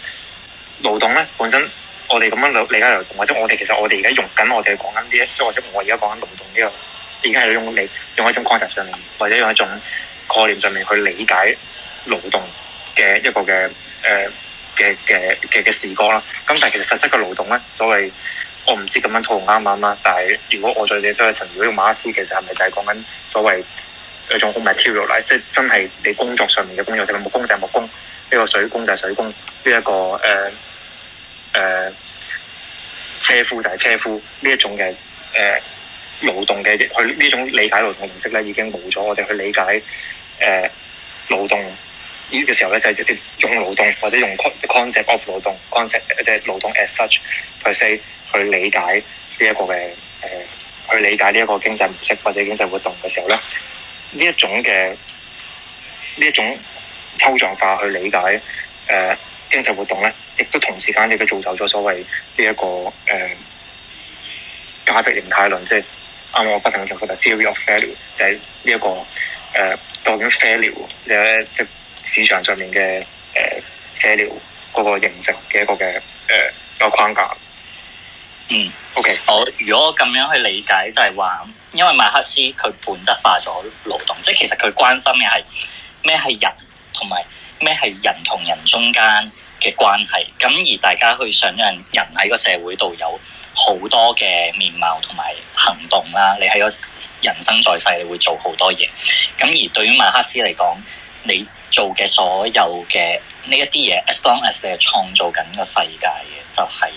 勞動咧本身，我哋咁樣理解勞動，或者我哋其實我哋而家用緊我哋講緊啲，即係或者我而家講緊勞動呢、這個，而家係用理用一種概念上面，或者用一種概念上面去理解勞動嘅一個嘅誒嘅嘅嘅嘅視角啦。咁、呃、但係其實實質嘅勞動咧，所謂我唔知咁樣套啱唔啱，啦，但係如果我再扯出一層，如果用馬克思，其實係咪就係講緊所謂？一種好唔係挑弱啦，即、就、係、是、真係你工作上面嘅工作，即、就、係、是、木工就係木工呢、這個水工就係水工呢一、這個誒誒、呃呃、車夫就係車夫呢一種嘅誒勞動嘅。佢呢種理解勞動模式咧已經冇咗。我哋去理解誒勞、呃、動呢個時候咧，就係、是、直接用勞動或者用 concept of 勞 concept of 勞動 concept 即係勞動 as such per se 去去理解呢一個嘅誒、呃、去理解呢一個經濟模式或者經濟活動嘅時候咧。呢一種嘅，呢一種抽象化去理解誒、呃、經濟活動咧，亦都同時間亦都造就咗所謂呢、這、一個誒、呃、價值形態論，即係啱啱我筆談嘅嗰個 theory of、呃、value，r 就係呢一個誒究竟 value 有咧即市場上面嘅誒、呃、value 個個形勢嘅一個嘅誒、呃、個框架。嗯，OK。我如果咁樣去理解，就係話，因為馬克思佢本質化咗勞動，即係其實佢關心嘅係咩係人，同埋咩係人同人中間嘅關係。咁而大家去想象人喺個社會度有好多嘅面貌同埋行動啦。你喺個人生在世，你會做好多嘢。咁而對於馬克思嚟講，你做嘅所有嘅呢一啲嘢，as long as 你係創造緊個世界嘅，就係。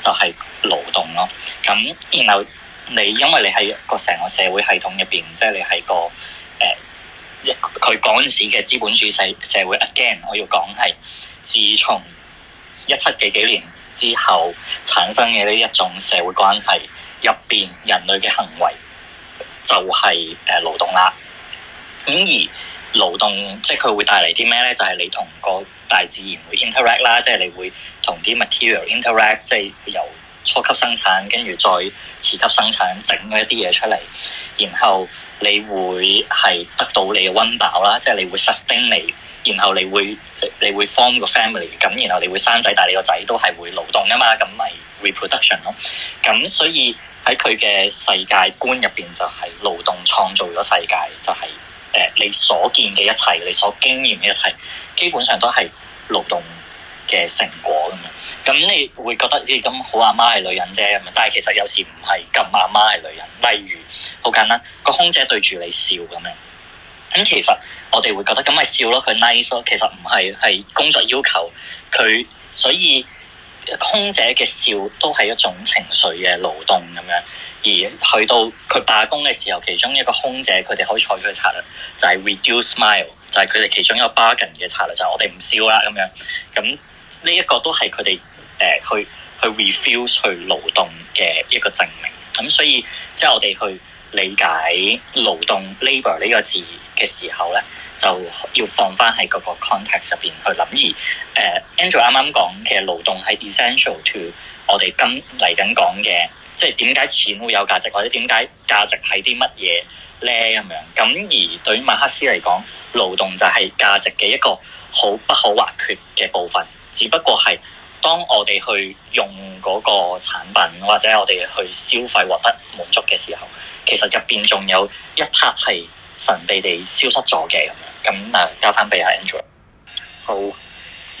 就係勞動咯，咁然後你因為你喺個成個社會系統入邊，即係你喺個誒，一佢嗰陣時嘅資本主義社會 again，我要講係自從一七幾幾年之後產生嘅呢一種社會關係入邊，人類嘅行為就係誒勞動啦。咁而勞動即係佢會帶嚟啲咩咧？就係、是、你同個大自然會 interact 啦，即係你會同啲 material interact，即係由初級生產跟住再次級生產整咗一啲嘢出嚟，然後你會係得到你嘅溫飽啦，即係你會 sustain 你，然後你會你會 form 個 family，咁然後你會生仔，但係你個仔都係會勞動噶嘛，咁咪 reproduction 咯。咁所以喺佢嘅世界觀入邊就係勞動創造咗世界，就係、是。誒，你所見嘅一切，你所經驗嘅一切，基本上都係勞動嘅成果咁樣。咁你會覺得咦，咁好阿媽係女人啫咁樣。但係其實有時唔係咁阿媽係女人。例如好簡單，個空姐對住你笑咁樣。咁其實我哋會覺得咁咪笑咯，佢 nice 咯。其實唔係，係工作要求佢。所以空姐嘅笑都係一種情緒嘅勞動咁樣。而去到佢罷工嘅時候，其中一個空姐佢哋可以採取嘅策略就係、是、reduce smile，就係佢哋其中一個 bargain 嘅策略，就係、是、我哋唔笑啦咁樣，咁呢一個都係佢哋誒去去 refuse 去勞動嘅一個證明。咁所以即係、就是、我哋去理解勞動 labor 呢個字嘅時候咧，就要放翻喺嗰個 context 入邊去諗。而誒 Angela 啱啱講嘅勞動係 essential to 我哋今嚟緊講嘅。即係點解錢會有價值，或者點解價值係啲乜嘢咧咁樣？咁而對於馬克思嚟講，勞動就係價值嘅一個好不可或缺嘅部分。只不過係當我哋去用嗰個產品，或者我哋去消費獲得滿足嘅時候，其實入邊仲有一 part 係神秘地消失咗嘅咁樣。咁誒，交翻俾阿 Andrew。好，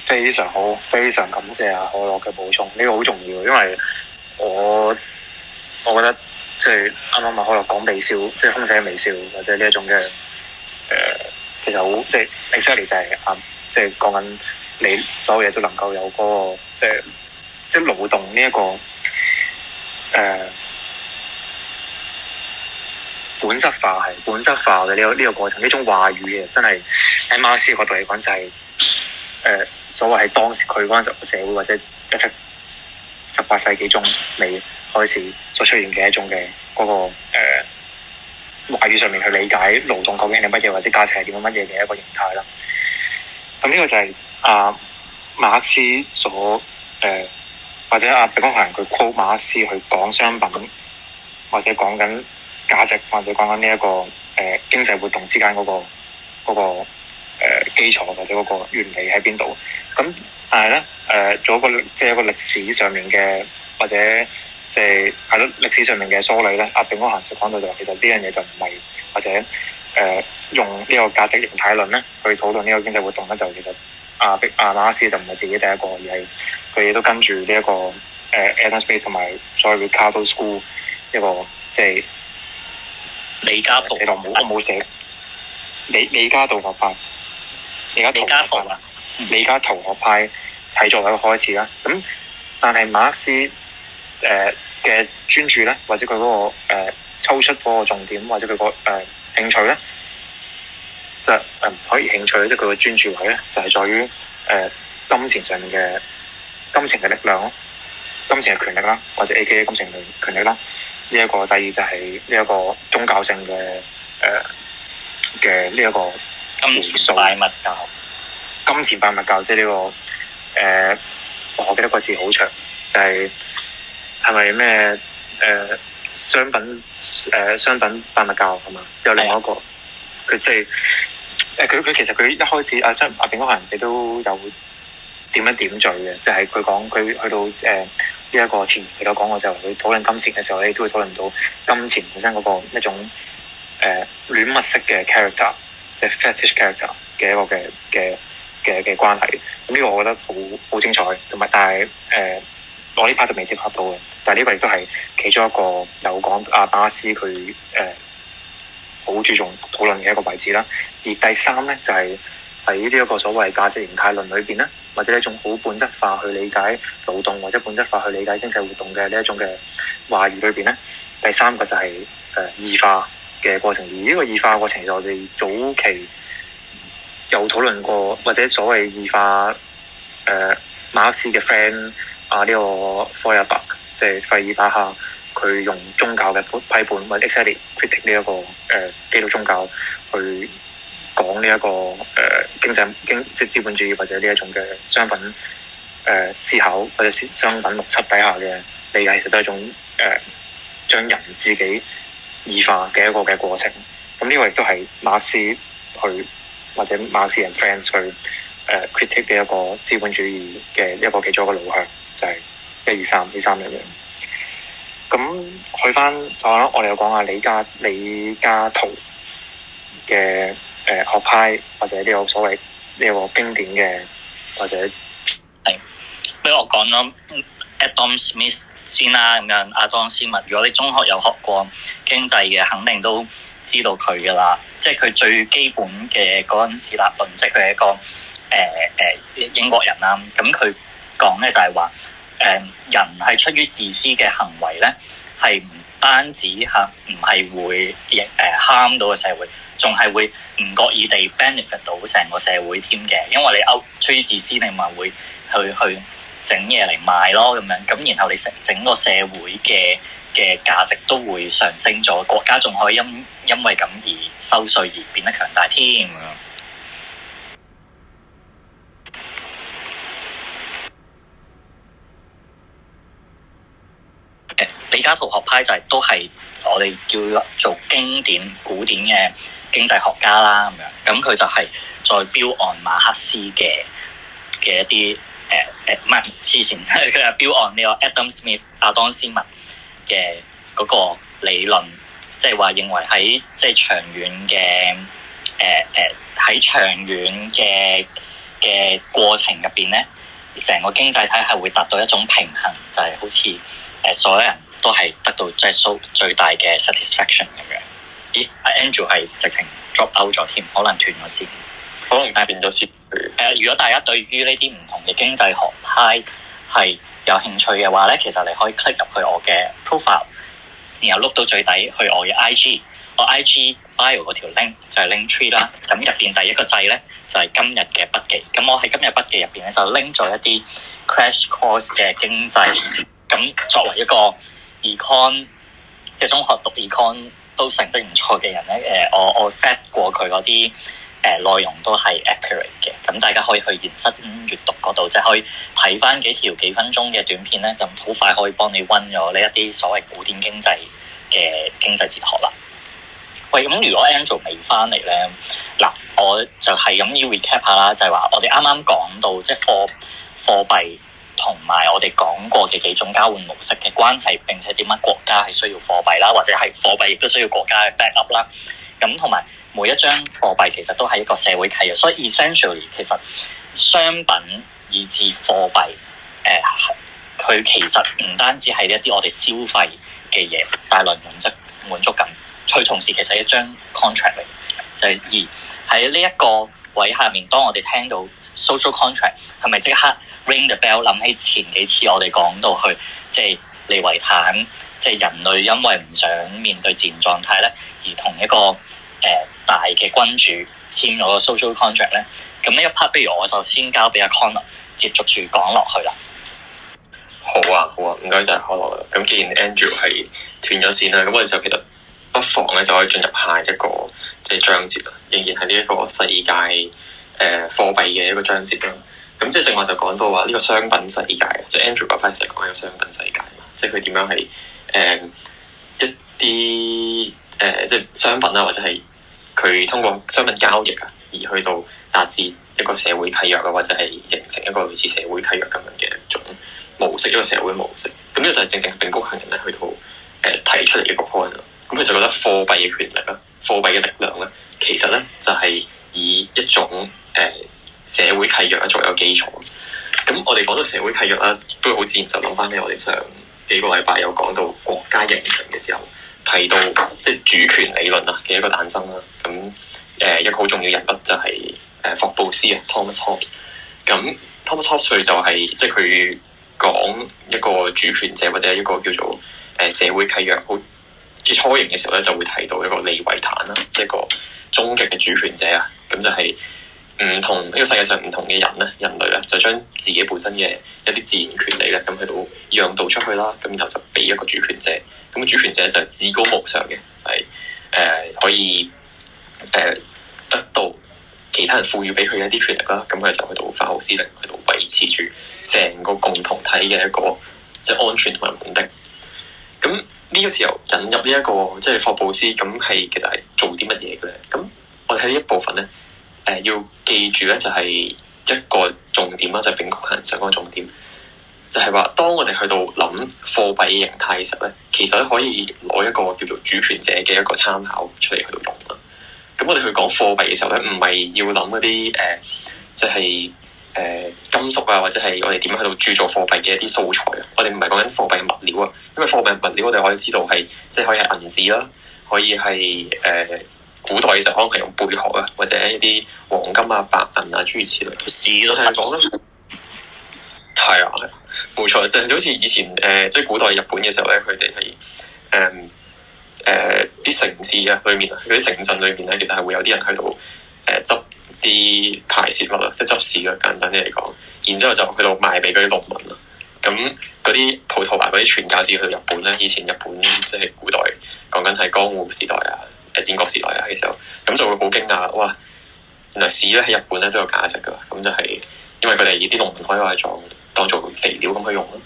非常好，非常感謝阿可樂嘅補充。呢個好重要，因為我。我覺得即係啱啱咪可能講微笑，即係空姐微笑，或者呢一種嘅誒、呃，其實好即係 exactly 就係、是、啊，即係講緊你所有嘢都能夠有嗰、那個即係即係勞動呢、這、一個誒、呃、本質化係本質化嘅呢、這個呢、這個過程，呢種話語嘅真係喺馬克思角度嚟講就係、是、誒、呃、所謂係當時佢嗰陣社會或者一直。十八世紀中尾開始，所出現嘅一種嘅嗰、那個誒、呃、話語上面去理解勞動究竟係乜嘢，或者價值係點樣乜嘢嘅一個形態啦。咁呢、嗯這個就係、是、阿、啊、馬克思所誒、呃，或者阿彼得行人佢 call e 馬克思去講商品，或者講緊價值，或者講緊呢一個誒、呃、經濟活動之間嗰個嗰個。那個誒、呃、基礎或者嗰個原理喺邊度？咁但係咧，誒、呃、做一個即係一個歷史上面嘅或者即係喺歷史上面嘅梳理咧，阿彼得行就講到就話其實呢樣嘢就唔係或者誒、呃、用呢個價值形態論咧去討論呢個經濟活動咧，就是、其實阿阿馬斯就唔係自己第一個，而係佢亦都跟住呢一個誒 Adam Smith 同埋所謂 Ricardo School 一個即係、就是、李嘉圖，呃、我冇寫李李嘉圖嗰班。而家同學派，而家同學派睇、嗯、作為一個開始啦。咁，但係馬克思誒嘅、呃、專注咧，或者佢嗰個抽出嗰個重點，或者佢個誒興趣咧，就唔、是呃、可以興趣即係佢嘅專注位咧，就係、是、在於誒、呃、金錢上面嘅金錢嘅力量咯，金錢嘅權力啦，或者 A K A 金錢嘅權力啦。呢、這、一個第二就係呢一個宗教性嘅誒嘅呢一個。金錢拜物教，金錢拜物教即係呢、這個誒、呃，我記得個字好長，就係係咪咩誒商品誒、呃、商品拜物教係嘛？有另外一個佢即係誒佢佢其實佢一開始啊，即係阿炳哥個人哋都有點一點綴嘅，就係佢講佢去到誒呢一個前期都講，我就佢、是、討論金錢嘅時候咧都會討論到金錢本身嗰、那個一種誒戀物式嘅 character。即係 fetish character 嘅一個嘅嘅嘅嘅關係，咁、嗯、呢、呢個我覺得好好精彩，同埋但係誒我呢 part 就未接合到嘅，但係呢個亦都係其中一個有講阿巴斯佢誒好注重討論嘅一個位置啦。而第三咧就係喺呢一個所謂價值形態論裏邊咧，或者一種好本質化去理解勞動或者本質化去理解經濟活動嘅呢一種嘅話語裏邊咧，第三個就係誒異化。嘅過程，而呢個異化過程就我哋早期有討論過，或者所謂異化誒、呃、馬克思嘅 friend 啊呢、這個佛、就是、費爾伯，即係費爾巴哈，佢用宗教嘅批判或者 excited critic 呢一個誒、呃、基督宗教去講呢一個誒、呃、經濟經即係資本主義或者呢一種嘅商品誒、呃、思考或者商品邏輯底下嘅理解其實都係一種誒將、呃、人自己。異化嘅一個嘅過程，咁、嗯、呢、這個亦都係馬斯去或者馬斯人 friends 去誒、uh, critique 嘅一個資本主義嘅一個其中一個路向，就係一二三呢三樣嘢。咁、嗯、去翻，我諗我哋又講下李嘉李嘉圖嘅誒、呃、學派，或者呢個所謂呢、這個經典嘅或者係，因為我講咗 Adam Smith。先啦、啊，咁樣亞當斯密，如果你中學有學過經濟嘅，肯定都知道佢㗎喇。即係佢最基本嘅嗰陣時立論，佢係一個誒誒、呃呃、英國人啦。咁佢講咧就係話，誒、呃、人係出於自私嘅行為咧，係唔單止嚇，唔、啊、係會亦誒、呃、蝦到個社會，仲係會唔覺意地 benefit 到成個社會添嘅。因為你歐出於自私，你咪會去去。去整嘢嚟賣咯，咁樣咁，然後你成整個社會嘅嘅價值都會上升咗，國家仲可以因因為咁而收稅而變得強大添。 李嘉圖學派就係、是、都係我哋叫做經典古典嘅經濟學家啦，咁樣咁佢就係再 build on 馬克思嘅嘅一啲。誒誒，唔係之前佢阿 build on 呢個 Adam Smith、亞當斯密嘅個理論，即係話認為喺即係長遠嘅誒誒喺長遠嘅嘅過程入邊咧，成個經濟體系會達到一種平衡，就係、是、好似誒、uh, 所有人都係得到即係最大嘅 satisfaction 咁樣。咦，阿、啊、Andrew 係直情 drop out 咗添，可能斷咗線。好，入邊都算。誒、嗯，如果大家對於呢啲唔同嘅經濟學派係有興趣嘅話咧，其實你可以 click 入去我嘅 profile，然後碌到最底去我嘅 IG，我 IG bio 嗰條 link 就係 link tree 啦。咁入邊第一個掣咧就係、是、今日嘅筆記。咁我喺今日筆記入邊咧就拎咗一啲 crash course 嘅經濟，咁作為一個 econ，即係中學讀 econ 都成績唔錯嘅人咧。誒，我我 set 過佢嗰啲。誒，內容都係 accurate 嘅，咁大家可以去延伸閱讀嗰度，即係可以睇翻幾條幾分鐘嘅短片咧，就好快可以幫你温咗呢一啲所謂古典經濟嘅經濟哲學啦。喂，咁如果 Angel 未翻嚟咧，嗱，我就係咁要 recap 下啦，就係話我哋啱啱講到即係貨貨幣同埋我哋講過嘅幾種交換模式嘅關係，並且點解國家係需要貨幣啦，或者係貨幣亦都需要國家嘅 back up 啦。咁同埋每一張貨幣其實都係一個社會契約，所以 essentially 其實商品以至貨幣，誒、呃，佢其實唔單止係一啲我哋消費嘅嘢帶來滿足滿足感，佢同時其實係一張 contract 嚟，就係、是、而喺呢一個位下面，當我哋聽到 social contract，係咪即刻 ring the bell 諗起前幾次我哋講到去，即係利維坦。即係人類因為唔想面對自然狀態咧，而同一個誒、呃、大嘅君主簽咗個 social contract 咧，咁咧一 part，不如我就先交俾阿 Colin 接續住講落去啦。好啊，好啊，唔該曬 Colin。咁既然 Andrew 係斷咗線啦，咁我哋就其實不妨咧就可以進入下一個即係、就是、章節啦。仍然係呢一個世界誒、呃、貨幣嘅一個章節啦。咁即係正話就講到話呢個商品世界即係、就是、Andrew 嗰 part 就講呢個商品世界即係佢點樣係。誒、嗯，一啲誒、呃，即係商品啊，或者係佢通過商品交易啊，而去到達至一個社會契約啊，或者係形成一個類似社會契約咁樣嘅一種模式，一個社會模式。咁呢個就係正正并谷行人咧去到誒、呃、提出嚟一個 point 啦。咁、嗯、佢就覺得貨幣嘅權力啦，貨幣嘅力量咧，其實咧就係、是、以一種誒、呃、社會契約嘅作為一個基礎。咁我哋講到社會契約啦，都好自然就諗翻起我哋上。幾個禮拜有講到國家形成嘅時候，提到即係主權理論啊嘅一個誕生啦。咁誒、呃、一個好重要人物就係、是、誒、呃、霍布斯啊，Thomas Hobbes。咁 Thomas Hobbes 佢就係即係佢講一個主權者或者一個叫做誒、呃、社會契約好初型嘅時候咧，就會提到一個利維坦啦，即、就是、一個終極嘅主權者啊。咁就係、是。唔同呢、這個世界上唔同嘅人咧，人類咧就將自己本身嘅一啲自然權利咧，咁去到讓渡出去啦，咁然後就俾一個主權者，咁個主權者就係至高無上嘅，就係、是、誒、呃、可以誒、呃、得到其他人賦予俾佢嘅一啲權力啦，咁佢就去到發號施令，去到維持住成個共同體嘅一個即係安全同埋穩定。咁呢、這個時候引入呢、這、一個即係霍布斯，咁係其實係做啲乜嘢嘅咧？咁我哋喺呢一部分咧。誒、呃、要記住咧，就係、是、一個重點啦，就係、是、並國行想講重點，就係、是、話當我哋去到諗貨幣嘅形態嘅時候咧，其實可以攞一個叫做主權者嘅一個參考出嚟去到用啦。咁、嗯、我哋去講貨幣嘅時候咧，唔係要諗嗰啲誒，即係誒金屬啊，或者係我哋點樣去到鑄造貨幣嘅一啲素材啊。我哋唔係講緊貨幣嘅物料啊，因為貨幣物料我哋可以知道係即係可以係銀紙啦、啊，可以係誒。呃古代嘅時候可能係用貝殼啊，或者一啲黃金啊、白銀啊諸如此類嘅嘢，聽下講啦。係啊，冇錯，就係、是、好似以前誒，即、呃、係、就是、古代日本嘅時候咧，佢哋係誒誒啲城市啊裏面啊，嗰、呃、啲、呃、城鎮裏面咧，面其實係會有啲人喺度誒執啲排泄物啊，即係執屎嘅，簡單啲嚟講。然之後就去到賣俾嗰啲農民啦。咁嗰啲葡萄牙嗰啲傳教士去到日本咧，以前日本即係古代講緊係江戶時代啊。係戰國時代啊，嘅時候咁就會好驚訝，哇！原來市咧喺日本咧都有價值噶，咁就係、是、因為佢哋以啲農民可以化妝，當做肥料咁去用咯。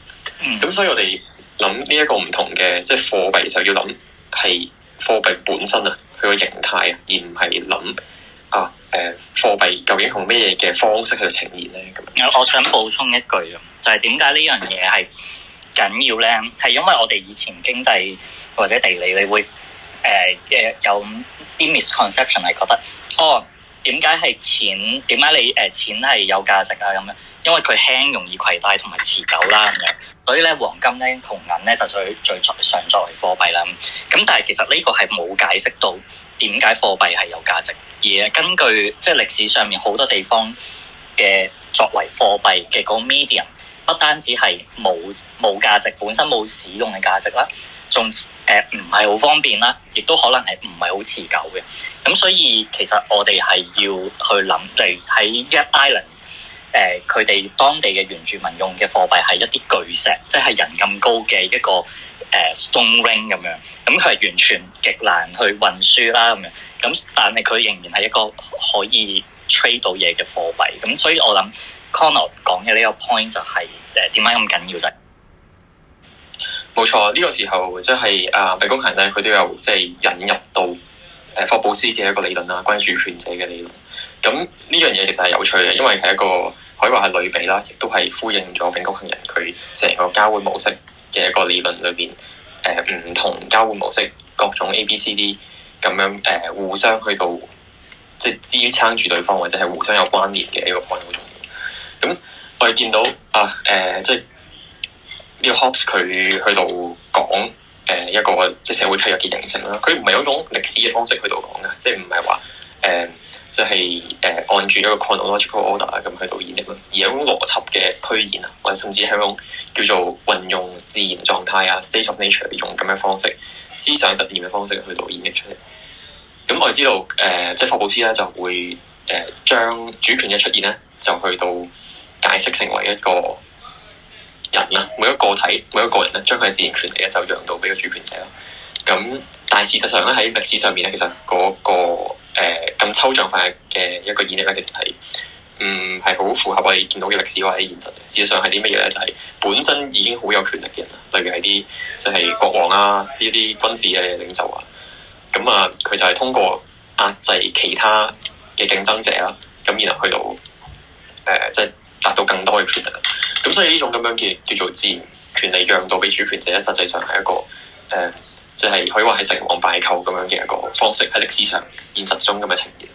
咁、嗯、所以我哋諗呢一個唔同嘅，即係貨幣就是、貨幣要諗係貨幣本身啊，佢個形態啊，而唔係諗啊，誒，貨幣究竟用咩嘢嘅方式去呈現咧？咁啊，我想補充一句啊，就係點解呢樣嘢係緊要咧？係因為我哋以前經濟或者地理你會。誒嘅、呃、有啲 misconception 係覺得哦，點解係錢點解你誒、呃、錢係有價值啊？咁樣因為佢輕，容易攜帶同埋持久啦咁樣，所以咧黃金咧、銅銀咧就最最常作為貨幣啦。咁但係其實呢個係冇解釋到點解貨幣係有價值，而根據即係、就是、歷史上面好多地方嘅作為貨幣嘅嗰個 medium。不單止係冇冇價值，本身冇使用嘅價值啦，仲誒唔係好方便啦，亦都可能係唔係好持久嘅。咁所以其實我哋係要去諗，例如喺 Yap Island 呃、佢哋當地嘅原住民用嘅貨幣係一啲巨石，即係人咁高嘅一個誒、呃、stone ring 咁樣，咁佢係完全極難去運輸啦咁樣。咁但係佢仍然係一個可以 trade 到嘢嘅貨幣。咁所以我諗 Conor 講嘅呢個 point 就係、是。誒，點解咁緊要就冇錯，呢、這個時候即係誒，柄谷行人佢都有即係、就是、引入到誒、呃、霍布斯嘅一個理論啦，關於主權者嘅理論。咁呢樣嘢其實係有趣嘅，因為係一個可以話係類比啦，亦都係呼應咗柄谷行人佢成個交換模式嘅一個理論裏邊，誒、呃、唔同交換模式各種 A B, C, D、B、呃、C、D 咁樣誒互相去到即係、就是、支撐住對方，或者係互相有關聯嘅一個 point 好重要。咁我哋見到啊，誒、呃，即係呢、這個 Hops 佢去到講誒、呃、一個即係社會契約嘅形成啦。佢唔係有一種歷史嘅方式去到講嘅，即係唔係話誒即係誒按住一個 chronological order 咁去到演繹啦，而有一種邏輯嘅推演啊，或者甚至係一種叫做運用自然狀態啊，state of nature 呢種咁樣方式、思想實驗嘅方式去到演繹出嚟。咁、嗯、我哋知道誒、呃，即係霍布斯咧就會誒將、呃、主權嘅出現咧就去到。解釋成為一個人啦，每一個體，每一個人咧，將佢嘅自然權利咧就讓到俾個主權者咯。咁，但係事實上咧喺歷史上面咧，其實嗰、那個咁、呃、抽象化嘅一個演繹咧，其實係唔係好符合我哋見到嘅歷史或者現實。事實上係啲乜嘢咧？就係、是、本身已經好有權力嘅人啦，例如係啲即係國王啊，呢啲軍事嘅領袖啊。咁啊，佢就係通過壓制其他嘅競爭者啦，咁然後去到誒即係。呃就是達到更多嘅權力，咁所以呢種咁樣嘅叫做自然權利讓渡俾主權者咧，實際上係一個誒，即、呃、係、就是、可以話係成王敗寇咁樣嘅一個方式喺歷史上現實中咁嘅呈現。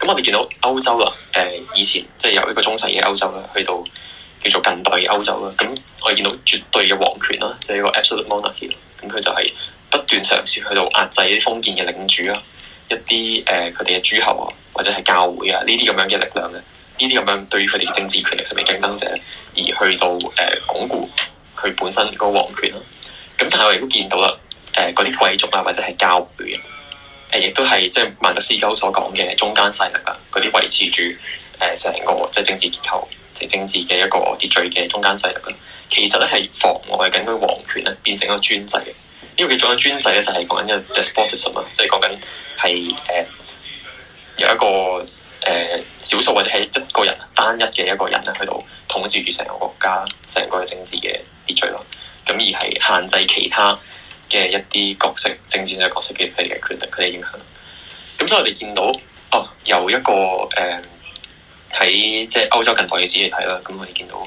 咁我哋見到歐洲啦，誒、呃、以前即係、就是、由一個中世嘅歐洲啦，去到叫做近代嘅歐洲啦，咁我哋見到絕對嘅皇權啦，即、就、係、是、個 absolute monarchy，咁佢就係不斷嘗試去到壓制啲封建嘅領主啊，一啲誒佢哋嘅諸侯啊，或者係教會啊呢啲咁樣嘅力量咧。呢啲咁樣對於佢哋政治權力上面競爭者，而去到誒鞏、呃、固佢本身個皇權啦。咁但係我亦都見到啦，誒嗰啲貴族啊，或者係教會啊，誒、呃、亦都係即係孟德斯鳩所講嘅中間勢力啊，嗰啲維持住誒成個即係政治結構、政政治嘅一個秩序嘅中間勢力、啊、其實咧係妨礙緊佢皇權咧變成一個專制嘅。因為佢講緊專制咧就係講緊一個 despotism 啊，即係講緊係誒有一個。誒少、呃、數或者係一個人單一嘅一個人咧，喺度統治住成個國家、成個政治嘅秩序咯。咁而係限制其他嘅一啲角色、政治嘅角色嘅佢哋嘅權力、佢哋影響。咁、嗯、所以我哋見到哦，有一個誒喺、呃、即係歐洲近代嘅史嚟睇啦，咁、嗯、我哋見到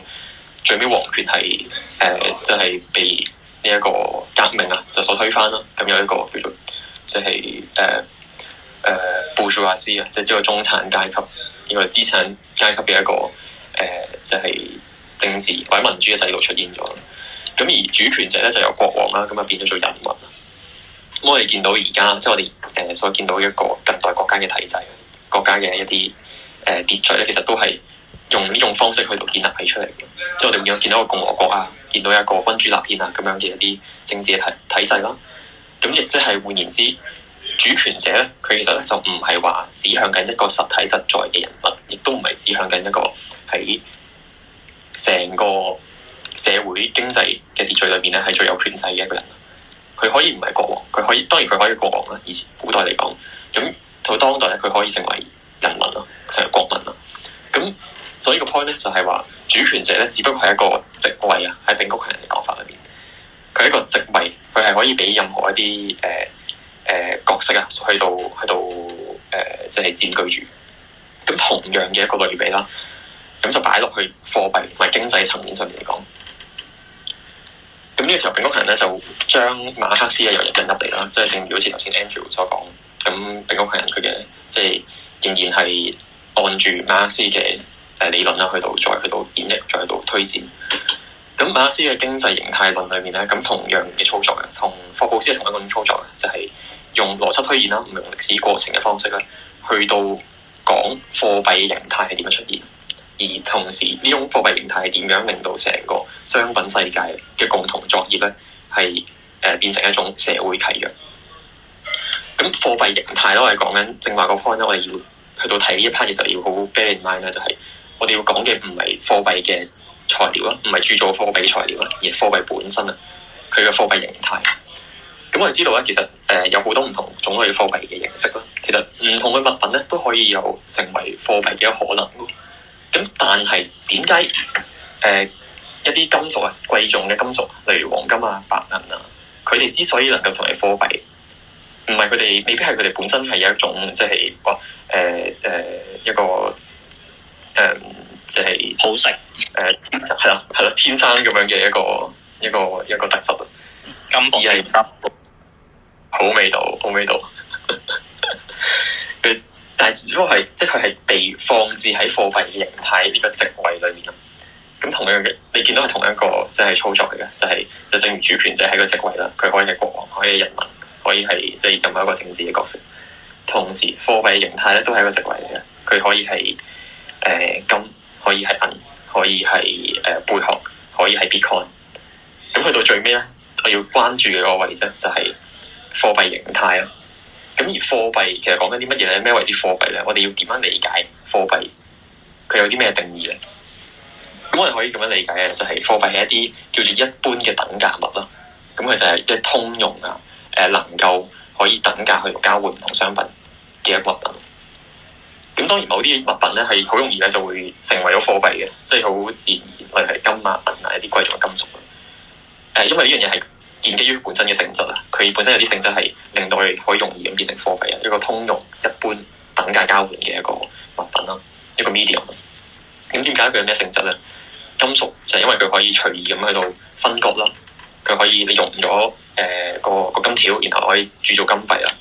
最尾王權係誒即係被呢一個革命啊，就所推翻啦。咁、嗯、有一個叫做即係誒。呃誒，部署華斯，啊，即係一個中產階級，呢個資產階級嘅一個誒、呃，就係、是、政治或者民主嘅制度出現咗。咁而主權者咧，就由、是、國王啦，咁啊變咗做人民啦。咁我哋見到而家即係我哋誒所見到一個近代國家嘅體制，國家嘅一啲誒秩序咧，其實都係用呢種方式去到建立起出嚟嘅。即係我哋會有見到一個共和國啊，見到一個君主立憲啊咁樣嘅一啲政治嘅體體制啦。咁亦即係換言之。主權者咧，佢其實咧就唔係話指向緊一個實體實在嘅人物，亦都唔係指向緊一個喺成個社會經濟嘅秩序裏邊咧係最有權勢嘅一個人。佢可以唔係國王，佢可以當然佢可以國王啦。以前古代嚟講，咁到當代咧，佢可以成為人民啦，成為國民啦。咁所以個 point 咧就係話，主權者咧只不過係一個職位啊，喺英國人嘅講法裏面，佢係一個職位，佢係可以俾任何一啲誒。呃誒、呃、角色啊，去到去到誒、呃，即係佔據住。咁同樣嘅一個類比啦，咁就擺落去貨幣同埋經濟層面上面嚟講。咁、這、呢個時候，蘋屋人咧就將馬克思嘅引入嚟啦，即係正如好似頭先 Andrew 所講。咁蘋屋人佢嘅即係仍然係按住馬克思嘅誒理論啦，去到再去到演繹，再去到推展。咁馬克思嘅經濟形態論裏面咧，咁同樣嘅操作嘅，同霍布斯係同一個咁操作嘅，就係。用邏輯推演啦，唔用歷史過程嘅方式咧，去到講貨幣形態係點樣出現，而同時呢種貨幣形態係點樣令到成個商品世界嘅共同作業咧，係誒、呃、變成一種社會契約。咁貨幣形態咧，我哋講緊正話個 point 咧，我哋要去到睇呢一 part 嘅時候，要好 bear in mind 咧，就係我哋要講嘅唔係貨幣嘅材料啦，唔係鑄造貨幣材料啦，而係貨幣本身啊，佢嘅貨幣形態。咁、嗯、我哋知道咧，其實誒、呃、有好多唔同種類貨幣嘅形式啦。其實唔同嘅物品咧都可以有成為貨幣嘅一可能。咁、嗯、但係點解誒一啲金屬啊貴重嘅金屬，例如黃金啊、白銀啊，佢哋之所以能夠成為貨幣，唔係佢哋未必係佢哋本身係有一種即係哇誒誒一個誒即係好食誒係啦係啦天生咁樣嘅一個一個一個、一個特質。金係金。好味道，好味道。 但係只不過係，即係佢係被放置喺貨幣嘅形態呢個職位裏面。咁同樣嘅，你見到係同一個，即係操作嘅，就係就正如主權就喺個職位啦。佢可以係國王，可以係人民，可以係即係任何一個政治嘅角色。同時，貨幣嘅形態咧都係一個職位嚟嘅，佢可以係誒、呃、金，可以係銀，可以係誒貝殼，可以係 bitcoin。咁去到最尾咧，我要關注嘅個位咧就係。貨幣形態咯，咁而貨幣其實講緊啲乜嘢咧？咩為之貨幣咧？我哋要點樣理解貨幣？佢有啲咩定義咧？咁我哋可以咁樣理解嘅就係、是、貨幣係一啲叫做一般嘅等價物啦。咁佢就係一通用啊，誒、呃、能夠可以等價去交換唔同商品嘅一個物品。咁當然某啲物品咧係好容易咧就會成為咗貨幣嘅，即係好自然，例如係金啊、銀啊一啲貴重嘅金屬。誒、呃，因為呢樣嘢係。建基於本身嘅性質啊，佢本身有啲性質係令到佢可以容易咁變成貨幣啊，一個通用、一般等價交換嘅一個物品咯，一個 medium。咁點解佢有咩性質咧？金屬就係因為佢可以隨意咁喺度分割啦，佢可以你熔咗誒個個金條，然後可以鑄造金幣啦。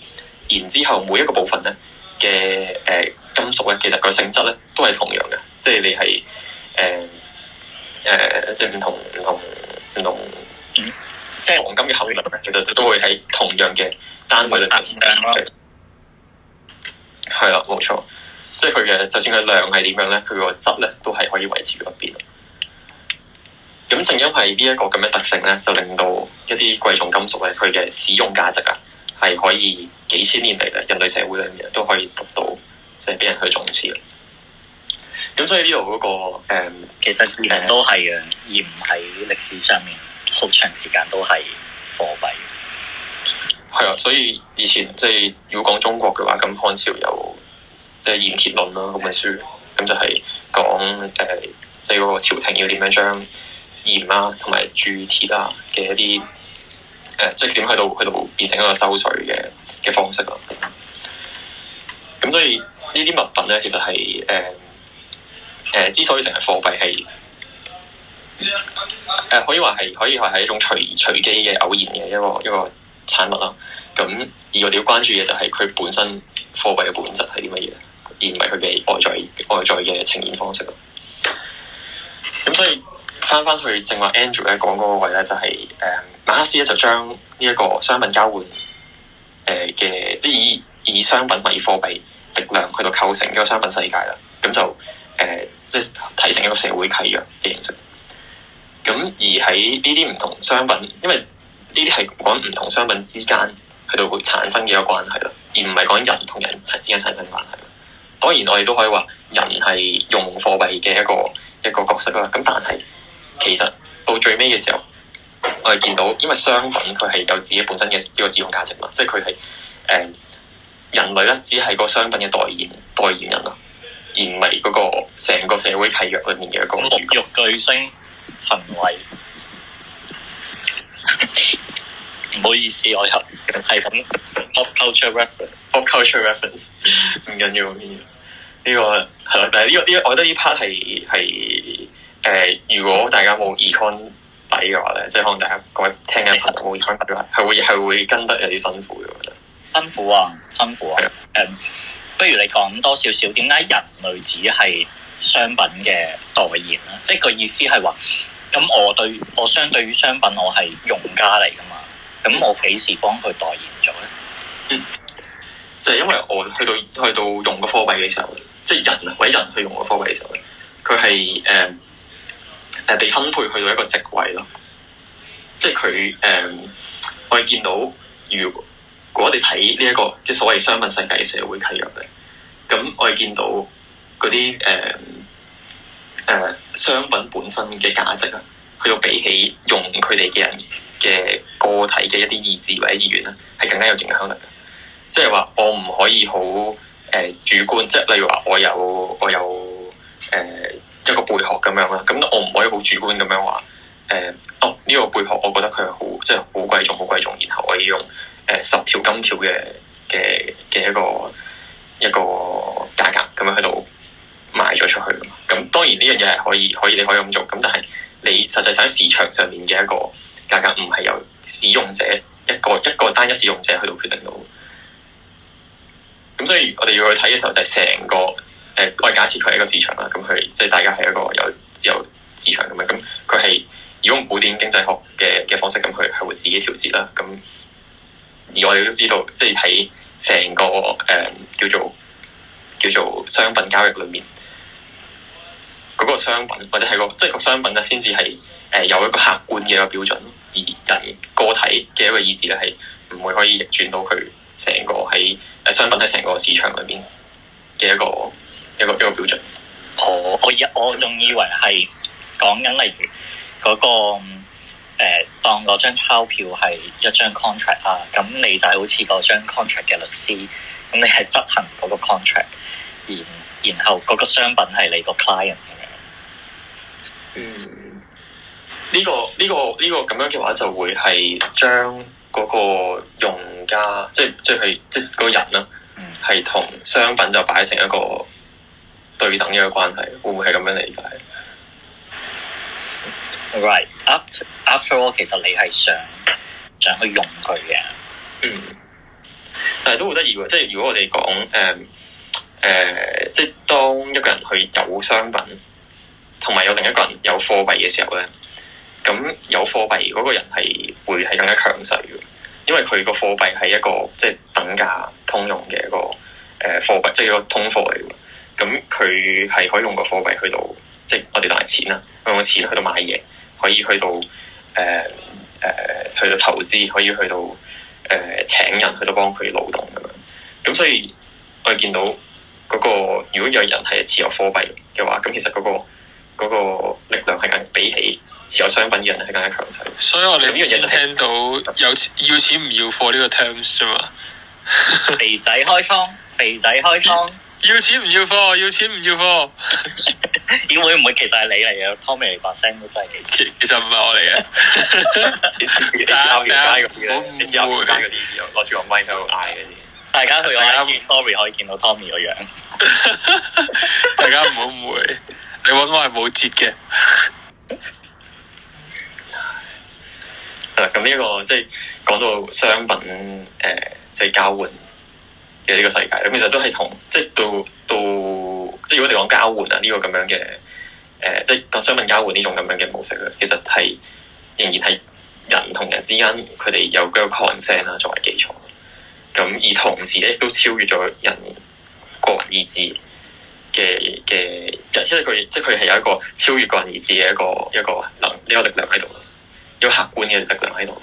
然之後每一個部分咧嘅誒金屬咧，其實佢個性質咧都係同樣嘅，即係你係誒誒即係唔同唔同唔同。即係黃金嘅含量咧，其實都會喺同樣嘅單位裏邊。係啦，冇錯，即係佢嘅，就算佢量係點樣咧，佢個質咧都係可以維持不變。咁正因為呢一個咁嘅特性咧，就令到一啲貴重金屬嘅佢嘅使用價值啊，係可以幾千年嚟咧，人類社會裡面都可以得到，即係俾人去重視。咁所以呢度嗰個誒，嗯、其實都係嘅，嗯、而唔係歷史上面。好長時間都係貨幣，係啊，所以以前即係如果講中國嘅話，咁漢朝有即係《鹽鐵論》啦，咁嘅書，咁就係講誒，即係嗰個朝廷要點樣將鹽啊，同埋鑄鐵啊嘅一啲誒，即係點喺度，喺度變成一個收稅嘅嘅方式咯。咁所以呢啲物品咧，其實係誒誒，之所以成日貨幣係。誒、uh,，可以話係可以話係一種隨隨機嘅偶然嘅一個一個產物啦。咁，而我哋要關注嘅就係佢本身貨幣嘅本質係啲乜嘢？而唔係佢嘅外在外在嘅呈現方式咯。咁所以返返去正話 Andrew 咧講嗰個位咧，就是，就係誒馬克思咧就將呢一個商品交換誒嘅，即以以商品為貨幣，力量去到構成一個商品世界啦。咁就誒即，呃就是，提成一個社會契約嘅形式。咁而喺呢啲唔同商品，因為呢啲係講唔同商品之間去到產生嘅一個關係咯，而唔係講人同人之間產生關係。當然，我哋都可以話人係用貨幣嘅一個一個角色啦。咁但係其實到最尾嘅時候，我哋見到，因為商品佢係有自己本身嘅呢個使用價值嘛，即係佢係誒人類咧，只係個商品嘅代言代言人咯，而唔係嗰個成個社會契約裏面嘅一個巨巨星。陳偉，唔陳 好意思， 我又係咁 pop culture reference，pop culture reference 唔緊要，呢、這個係啦，但係呢個呢個，我覺得呢 part 係係誒，如果大家冇 econ 底嘅話咧，即、就、係、是、可能大家各位聽嘅 p a 冇 econ 都係，係會係會跟得有啲辛苦嘅，我覺得辛苦啊，辛苦啊，誒 的，不如、um, 你講多少少，點解人類只係？商品嘅代言啦，即係個意思係話，咁我對我相對於商品，我係用家嚟噶嘛，咁我幾時幫佢代言咗咧？嗯，就係、是、因為我去到去到用個貨幣嘅時候，即係人或者人去用個貨幣嘅時候咧，佢係誒誒被分配去到一個職位咯，即係佢誒我哋見到，如果我哋睇呢一個即係所謂商品世界嘅社會契約嘅，咁我哋見到。嗰啲誒誒商品本身嘅價值啊，佢要比起用佢哋嘅人嘅個體嘅一啲意志或者意願啦，係更加有影響力嘅。即係話我唔可以好誒、呃、主觀，即係例如話我有我有誒、呃、一個貝殼咁樣啦，咁我唔可以好主觀咁樣話誒，哦呢、這個貝殼我覺得佢係好即係好貴重，好貴重，然後我要用誒、呃、十條金條嘅嘅嘅一個一個價格咁樣去到。賣咗出去。咁當然呢樣嘢係可以，可以你可以咁做。咁但係你實際上喺市場上面嘅一個價格，唔係由使用者一個一個單一使用者去到決定到。咁所以我哋要去睇嘅時候就係成個，誒、呃、我假設佢係一個市場啦，咁佢即係大家係一個有自由市場咁樣，咁佢係如果用古典經濟學嘅嘅方式，咁佢係會自己調節啦。咁而我哋都知道，即係喺成個誒、呃、叫做叫做商品交易裏面。嗰個商品或者係、嗰個即係、即係、個商品咧，先至係誒有一個客觀嘅一個標準，而人個體嘅一個意志咧，係唔會可以逆轉到佢成個喺誒商品喺成個市場裏邊嘅一個一個一個標準。哦，我以我仲以為係講緊例如嗰、嗰個誒、呃、當嗰張鈔票係一張 contract 啊，咁你就係好似嗰張 contract 嘅律師，咁你係執行嗰個 contract，然然後嗰個商品係你個 client。嗯，呢、這個呢、這個呢、這個咁樣嘅話，就會係將嗰個用家，即係即係即係嗰個人啦，係同、嗯、商品就擺成一個對等嘅關係，會唔會係咁樣理解？Right after all，其實你係想想去用佢嘅，嗯，但係都好得意喎。即係如果我哋講誒誒、呃呃，即係當一個人去有商品。同埋有另一個人有貨幣嘅時候咧，咁有貨幣嗰個人係會係更加強勢嘅，因為佢個貨幣係一個即係、就是、等價通用嘅一個誒貨幣，即、就、係、是、一個通貨嚟嘅。咁佢係可以用個貨幣去到，即、就、係、是、我哋話錢啊，用錢去到買嘢，可以去到誒誒、呃呃、去到投資，可以去到誒、呃、請人去到幫佢勞動咁樣。咁所以我哋見到嗰、那個，如果有人係持有貨幣嘅話，咁其實嗰、那個。嗰個力量係更比起持有商品嘅人係更加強勢，所以我哋呢先聽到有要錢唔要貨呢個 terms 啫嘛。 肥仔開倉，肥仔開倉，要錢唔要貨，要錢唔要貨。點會唔會其實係 你嚟嘅 Tommy 把聲都真係幾，其實唔係我嚟嘅。個大家唔會大家 story，唔 會， 唔會，唔會，唔會，唔會，唔會，唔會，唔會，唔唔會，唔會，唔會你揾我係冇折嘅。誒、 嗯，咁呢、這個即係講到商品誒、呃，即係交換嘅呢個世界咁，其實都係同即係到到即係如果我哋講交換啊呢個咁樣嘅誒、呃，即係個商品交換呢種咁樣嘅模式咧，其實係仍然係人同人之間佢哋有嗰個 concept 啦作為基礎。咁而同時咧，亦都超越咗人個人意志。嘅嘅，即係佢，即係佢係有一個超越個人意志嘅一個一個能一個力量喺度，一個客觀嘅力量喺度。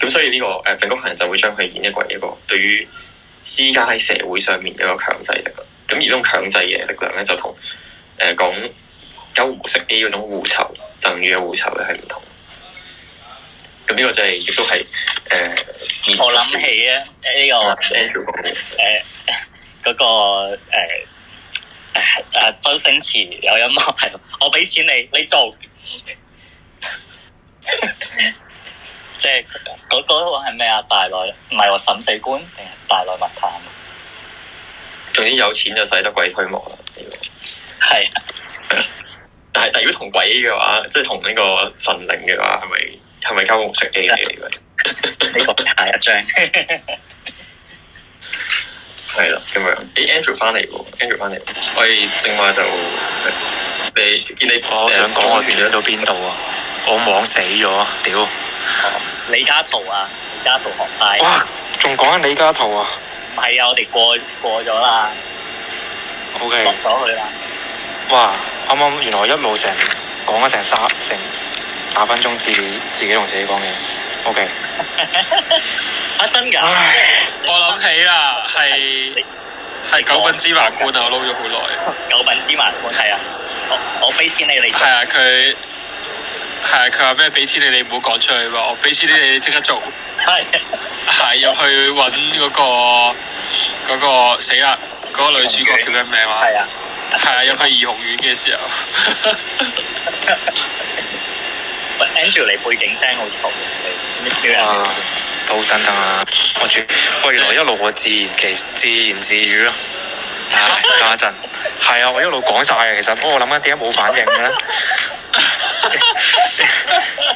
咁所以呢、這個誒《冰屋人》就會將佢演一個為一個對於私家社會上面一個強制力量。咁而種強制嘅力量咧，就同誒、呃、講九五式 A 嗰種互酬贈與嘅互酬咧係唔同。咁呢個就係、是、亦都係誒。呃、我諗起咧呢、這個誒嗰個誒、啊、周星馳有一幕係，我俾錢你，你做， 即係嗰嗰套係咩啊？大內唔係話審死官，定係大內密探啊？總之有錢就使得鬼推磨啦，係 啊！ 但係但如果同鬼嘅話，即係同呢個神靈嘅話，係咪係咪交紅色 A 嚟嘅？ 你講得係啊，下一張。係啦，咁樣。誒，Andrew 翻嚟喎，Andrew 翻嚟。我哋正話就，你見你婆婆我我，婆想講我轉咗邊度啊？我網死咗，屌！李嘉圖啊，李嘉圖學派。哇，仲講緊李嘉圖啊？唔係啊，我哋過過咗啦。OK。落咗佢啦。哇，啱啱原來一路成，講咗成三成廿分鐘自己自己同自己講嘢。O K。啊、真㗎！我諗 起啦，係係你九品芝麻官啊，我撈咗好耐。九品芝麻官係啊，我我俾錢你嚟。係啊，佢係啊，佢話咩？俾錢你，你唔好講出去喎。我俾錢你，你即刻做。係係入去搵嗰、那個嗰、那個死啦，嗰、那個女主角叫咩名 啊？係啊，係啊，入去怡紅院嘅時候，喂 Angel 嚟背景聲好嘈啊！你你你你你你等等啊！我轉、嗯，我原來一路我自言其自言自語咯。啊，等一陣，係啊，我一路講晒啊。其實我諗下點解冇反應嘅咧？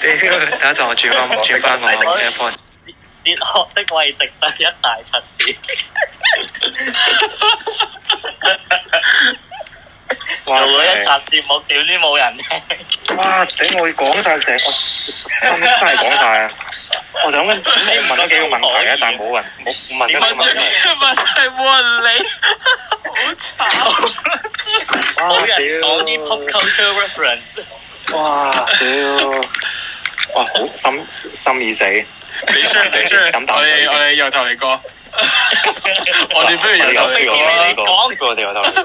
等一陣我轉翻，轉翻我嘅 pose。哲學的位值得一大測試。 做咗一集節目，點知冇人聽？哇！頂，我講晒成我，真真係講晒啊！我想問，幾個問題啊，但係冇人冇問呢個問題。點問呢個問題冇人理？好慘！哇！屌！哇！屌！哇！好心心已死。冇事冇事，飲啖水先。我哋我哋由頭嚟講。我哋不如由頭開始嚟講。我哋由頭嚟講。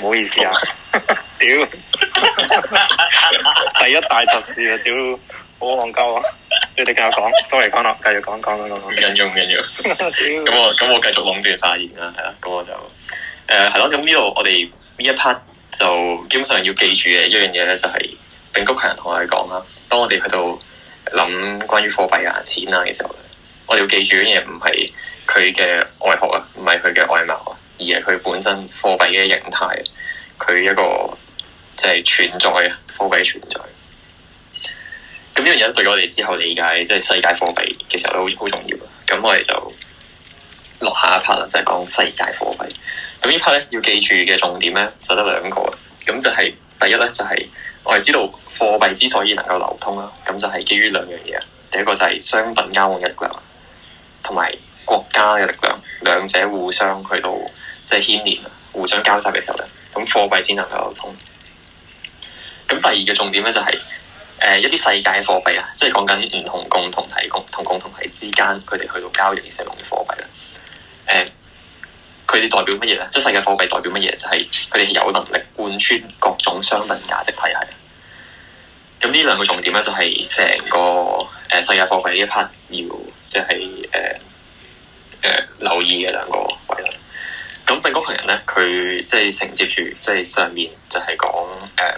唔好意思啊，屌， 第一大實事啊，屌， 好戇鳩啊！你哋聽我講，再嚟講下，繼續講講啦，咁。唔緊要唔緊要，咁我咁我繼續壟斷發言啦，係啦，咁我就誒係咯，咁呢度我哋呢一 part 就基本上要記住嘅一樣嘢咧，就係並鼓勵人同我哋講啦。當我哋去到諗關於貨幣啊、錢啊嘅時候，我哋要記住嘅嘢唔係佢嘅外殼啊，唔係佢嘅外貌啊。而係佢本身貨幣嘅形態，佢一個就係存在啊，貨幣存在。咁呢樣嘢對我哋之後理解即係世界貨幣其實都好好重要啊。咁我哋就落下，下一 part 啦，就係、是、講世界貨幣。咁呢 part 咧要記住嘅重點咧就得兩個，咁就係、是、第一咧就係、是、我哋知道貨幣之所以能夠流通啦，咁就係基於兩樣嘢。第一個就係商品交換嘅力量，同埋國家嘅力量，兩者互相去到。即係牽連互相交集嘅時候咧，咁貨幣先能夠通。咁第二個重點咧就係、是，誒、呃、一啲世界貨幣啊，即係講緊唔同共同體共同共同體之間，佢哋去到交易嘅時候用嘅貨幣咧，誒，佢、呃、哋代表乜嘢咧？即係世界貨幣代表乜嘢？就係佢哋有能力貫穿各種商品價值體系。咁呢兩個重點咧、呃，就係成個誒世界貨幣呢一 part 要即係誒誒留意嘅兩個位。咁畀嗰群人咧，佢即係承接住，即、就、係、是、上面就係講誒，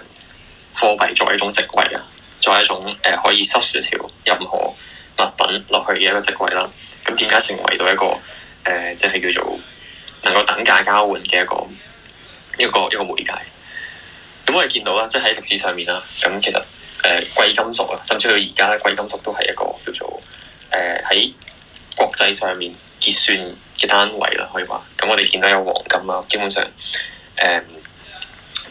貨幣作為一種職位啊，作為一種誒、呃、可以收條任何物品落去嘅一個職位啦。咁點解成為到一個誒，即、呃、係、就是、叫做能夠等價交換嘅一個一個一個媒介？咁我哋見到啦，即係喺歷史上面啦，咁其實誒、呃、貴金屬啊，甚至佢而家貴金屬都係一個叫做誒喺、呃、國際上面。結算嘅單位啦，可以話，咁我哋見到有黃金啦，基本上，誒、嗯，誒、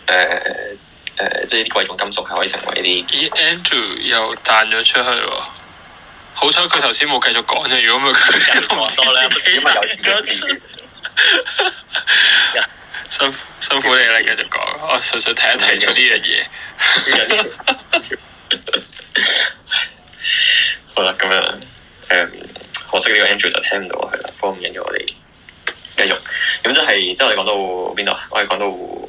嗯，誒、嗯嗯嗯，即係啲貴重金屬係可以成為啲。咦，Andrew 又彈咗出去喎，好彩佢頭先冇繼續講嘅，如果唔係佢唔多先，因為有自己嘅事業。辛辛苦你啦，繼 續講，我純粹睇一睇咗呢樣嘢。好、嗯、啦，咁樣，誒。我識呢個 Andrew 就聽唔到佢啦，科唔緊要。我哋繼續。咁即係即係我哋講到邊度啊？我哋講到誒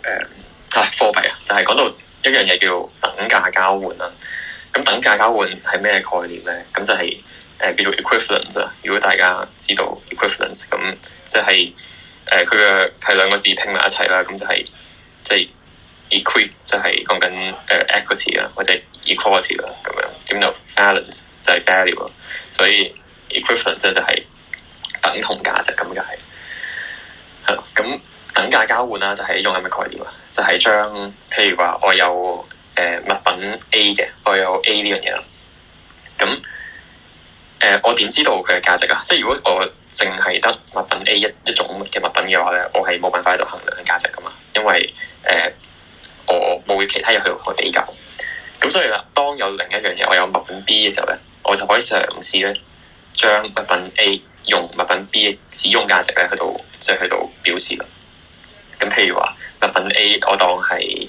啊貨幣啊，就係、是、講到一樣嘢叫等價交換啦。咁等價交換係咩概念咧？咁就係、是、誒、呃、叫做 equivalent 啊。如果大家知道 equivalence 咁、就是，即係誒佢嘅係兩個字拼埋一齊啦。咁就係即係 equi，即係講緊誒 equity 啦，或者 equality 啦咁樣。點就 valence 就係 value，所以。equivalence 就係等同價值咁解，係咯。咁等價交換啦，就係、是、一種咁嘅概念啊。就係、是、將譬如話我有誒、呃、物品 A 嘅，我有 A 呢樣嘢啦。咁誒、呃，我點知道佢嘅價值啊？即係如果我淨係得物品 A 一一種嘅物品嘅話咧，我係冇辦法喺度衡量價值噶嘛，因為誒、呃、我冇其他嘢去去比較。咁所以啦，當有另一樣嘢我有物品 B 嘅時候咧，我就可以嘗試咧。將物品 A 用物品 B 嘅使用價值咧，去到即係、就是、去到表示啦。咁譬如話，物品 A 我當係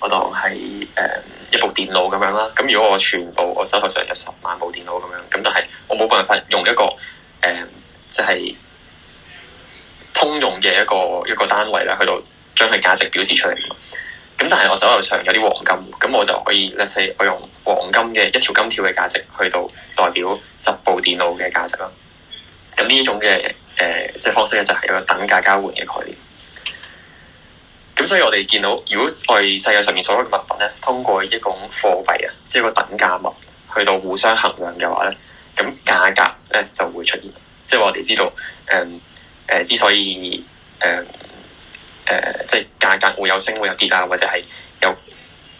我當係誒、嗯、一部電腦咁樣啦。咁如果我全部我手頭上有十萬部電腦咁樣，咁但係我冇辦法用一個誒即係通用嘅一個一個單位咧，去到將佢價值表示出嚟。咁但係我手頭上有啲黃金，咁我就可以例如我用黃金嘅一條金條嘅價值去到代表十部電腦嘅價值囉。咁呢一種嘅誒，即、呃、係、就是、方式咧就係一個等價交換嘅概念。咁所以我哋見到，如果我哋世界上面所有嘅物品咧，通過一種貨幣啊，即係個等價物去到互相衡量嘅話咧，咁價格咧就會出現。即、就、係、是、我哋知道，誒、嗯、誒、呃，之所以誒。嗯誒、呃，即係價格會有升，會有跌啊，或者係有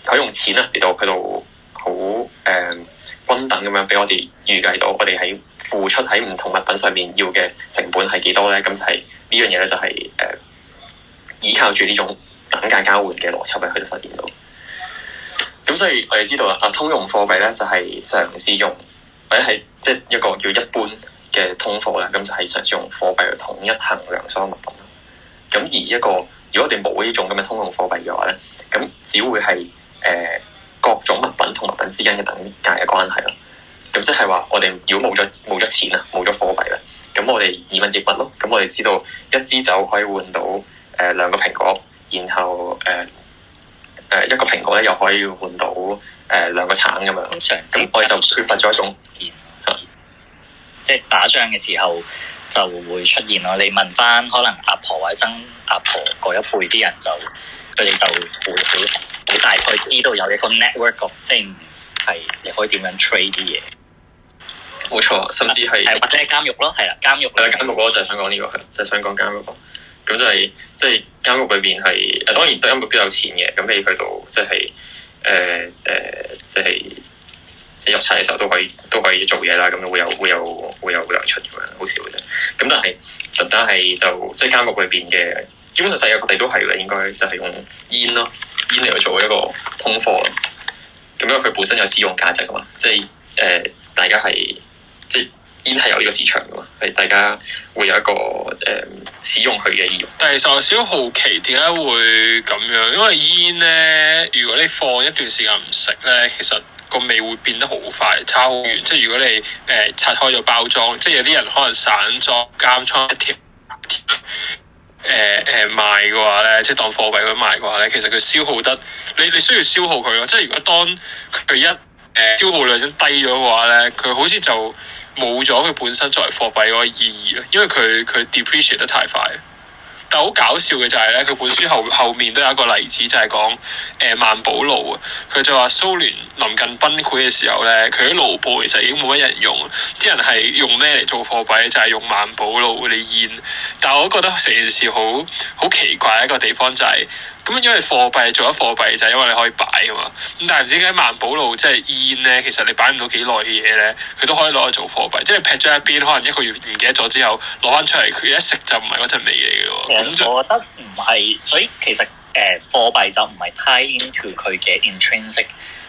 可用錢啊嚟到去到好誒、呃、均等咁樣，俾我哋預計到我哋喺付出喺唔同物品上面要嘅成本係幾多咧？咁就係呢樣嘢咧，就係誒依靠住呢種等價交換嘅邏輯咧，去到實現到。咁所以我哋知道啦，啊，通用貨幣咧就係、是、嘗試用或者係即係一個叫一般嘅通貨咧，咁就係嘗試用貨幣去統一衡量所有物品。咁而一個，如果我哋冇呢種咁嘅通用貨幣嘅話咧，咁只會係誒、呃、各種物品同物品之間嘅等價嘅關係啦。咁即係話，我哋如果冇咗冇咗錢啦，冇咗貨幣啦，咁我哋以物易物咯。咁我哋知道一支酒可以換到誒、呃、兩個蘋果，然後誒誒、呃呃、一個蘋果咧又可以換到誒、呃、兩個橙咁、嗯、樣。咁我哋就缺乏咗一種，即係打仗嘅時候。就會出現咯。你問翻可能阿婆，婆或者曾阿婆嗰一輩啲人就、就佢哋就會好好大概知道有一個 network of things 係你可以點樣 trade 啲嘢。冇錯，甚至係、啊、或者係監獄咯，係啦、啊，監獄。係監獄嗰個就係想講呢、這個，就係、是、想講監獄咁就係即係監獄裏邊係誒，當然得監獄都有錢嘅，咁你去到即係誒誒，即、就、係、是。呃呃就是即係入冊嘅時候都可以都可以做嘢啦，咁樣會有會有會有流出咁樣，好少嘅啫。咁但係但係就即係、就是、監獄裏邊嘅，基本上世界各地都係啦，應該就係用煙咯，煙嚟去做一個通貨。咁因為佢本身有使用價值噶嘛，即係誒、呃、大家係即係煙係有呢個市場噶嘛，係大家會有一個誒、呃、使用佢嘅意。但係其實有少少好奇點解會咁樣？因為煙咧，如果你放一段時間唔食咧，其實～個味會變得好快，差好遠。即係如果你誒、呃、拆開咗包裝，即係有啲人可能散裝、間裝一條誒誒、呃、賣嘅話咧，即係當貨幣咁賣嘅話咧，其實佢消耗得你你需要消耗佢咯。即係如果當佢一誒、呃、消耗量咁低咗嘅話咧，佢好似就冇咗佢本身作為貨幣嗰個意義咯，因為佢佢 depreciate 得太快。但好搞笑嘅就係咧，佢本書後後面都有一個例子，就係講誒萬寶路啊。佢就話蘇聯臨近崩潰嘅時候咧，佢喺盧布其實已經冇乜人用，啲人係用咩嚟做貨幣？就係用萬寶路啲煙。但係我都覺得成件事好好奇怪一個地方就係。咁因為貨幣做咗貨幣，就係因為你可以擺啊嘛。咁但係唔知點解萬寶路即係煙咧，其實你擺唔到幾耐嘅嘢咧，佢都可以攞去做貨幣。即係劈咗一邊，可能一個月唔記得咗之後攞翻出嚟，佢一食就唔係嗰陣味嚟嘅喎。嗯、我覺得唔係，所以其實誒、呃、貨幣就唔係 tie into 佢嘅 intrinsic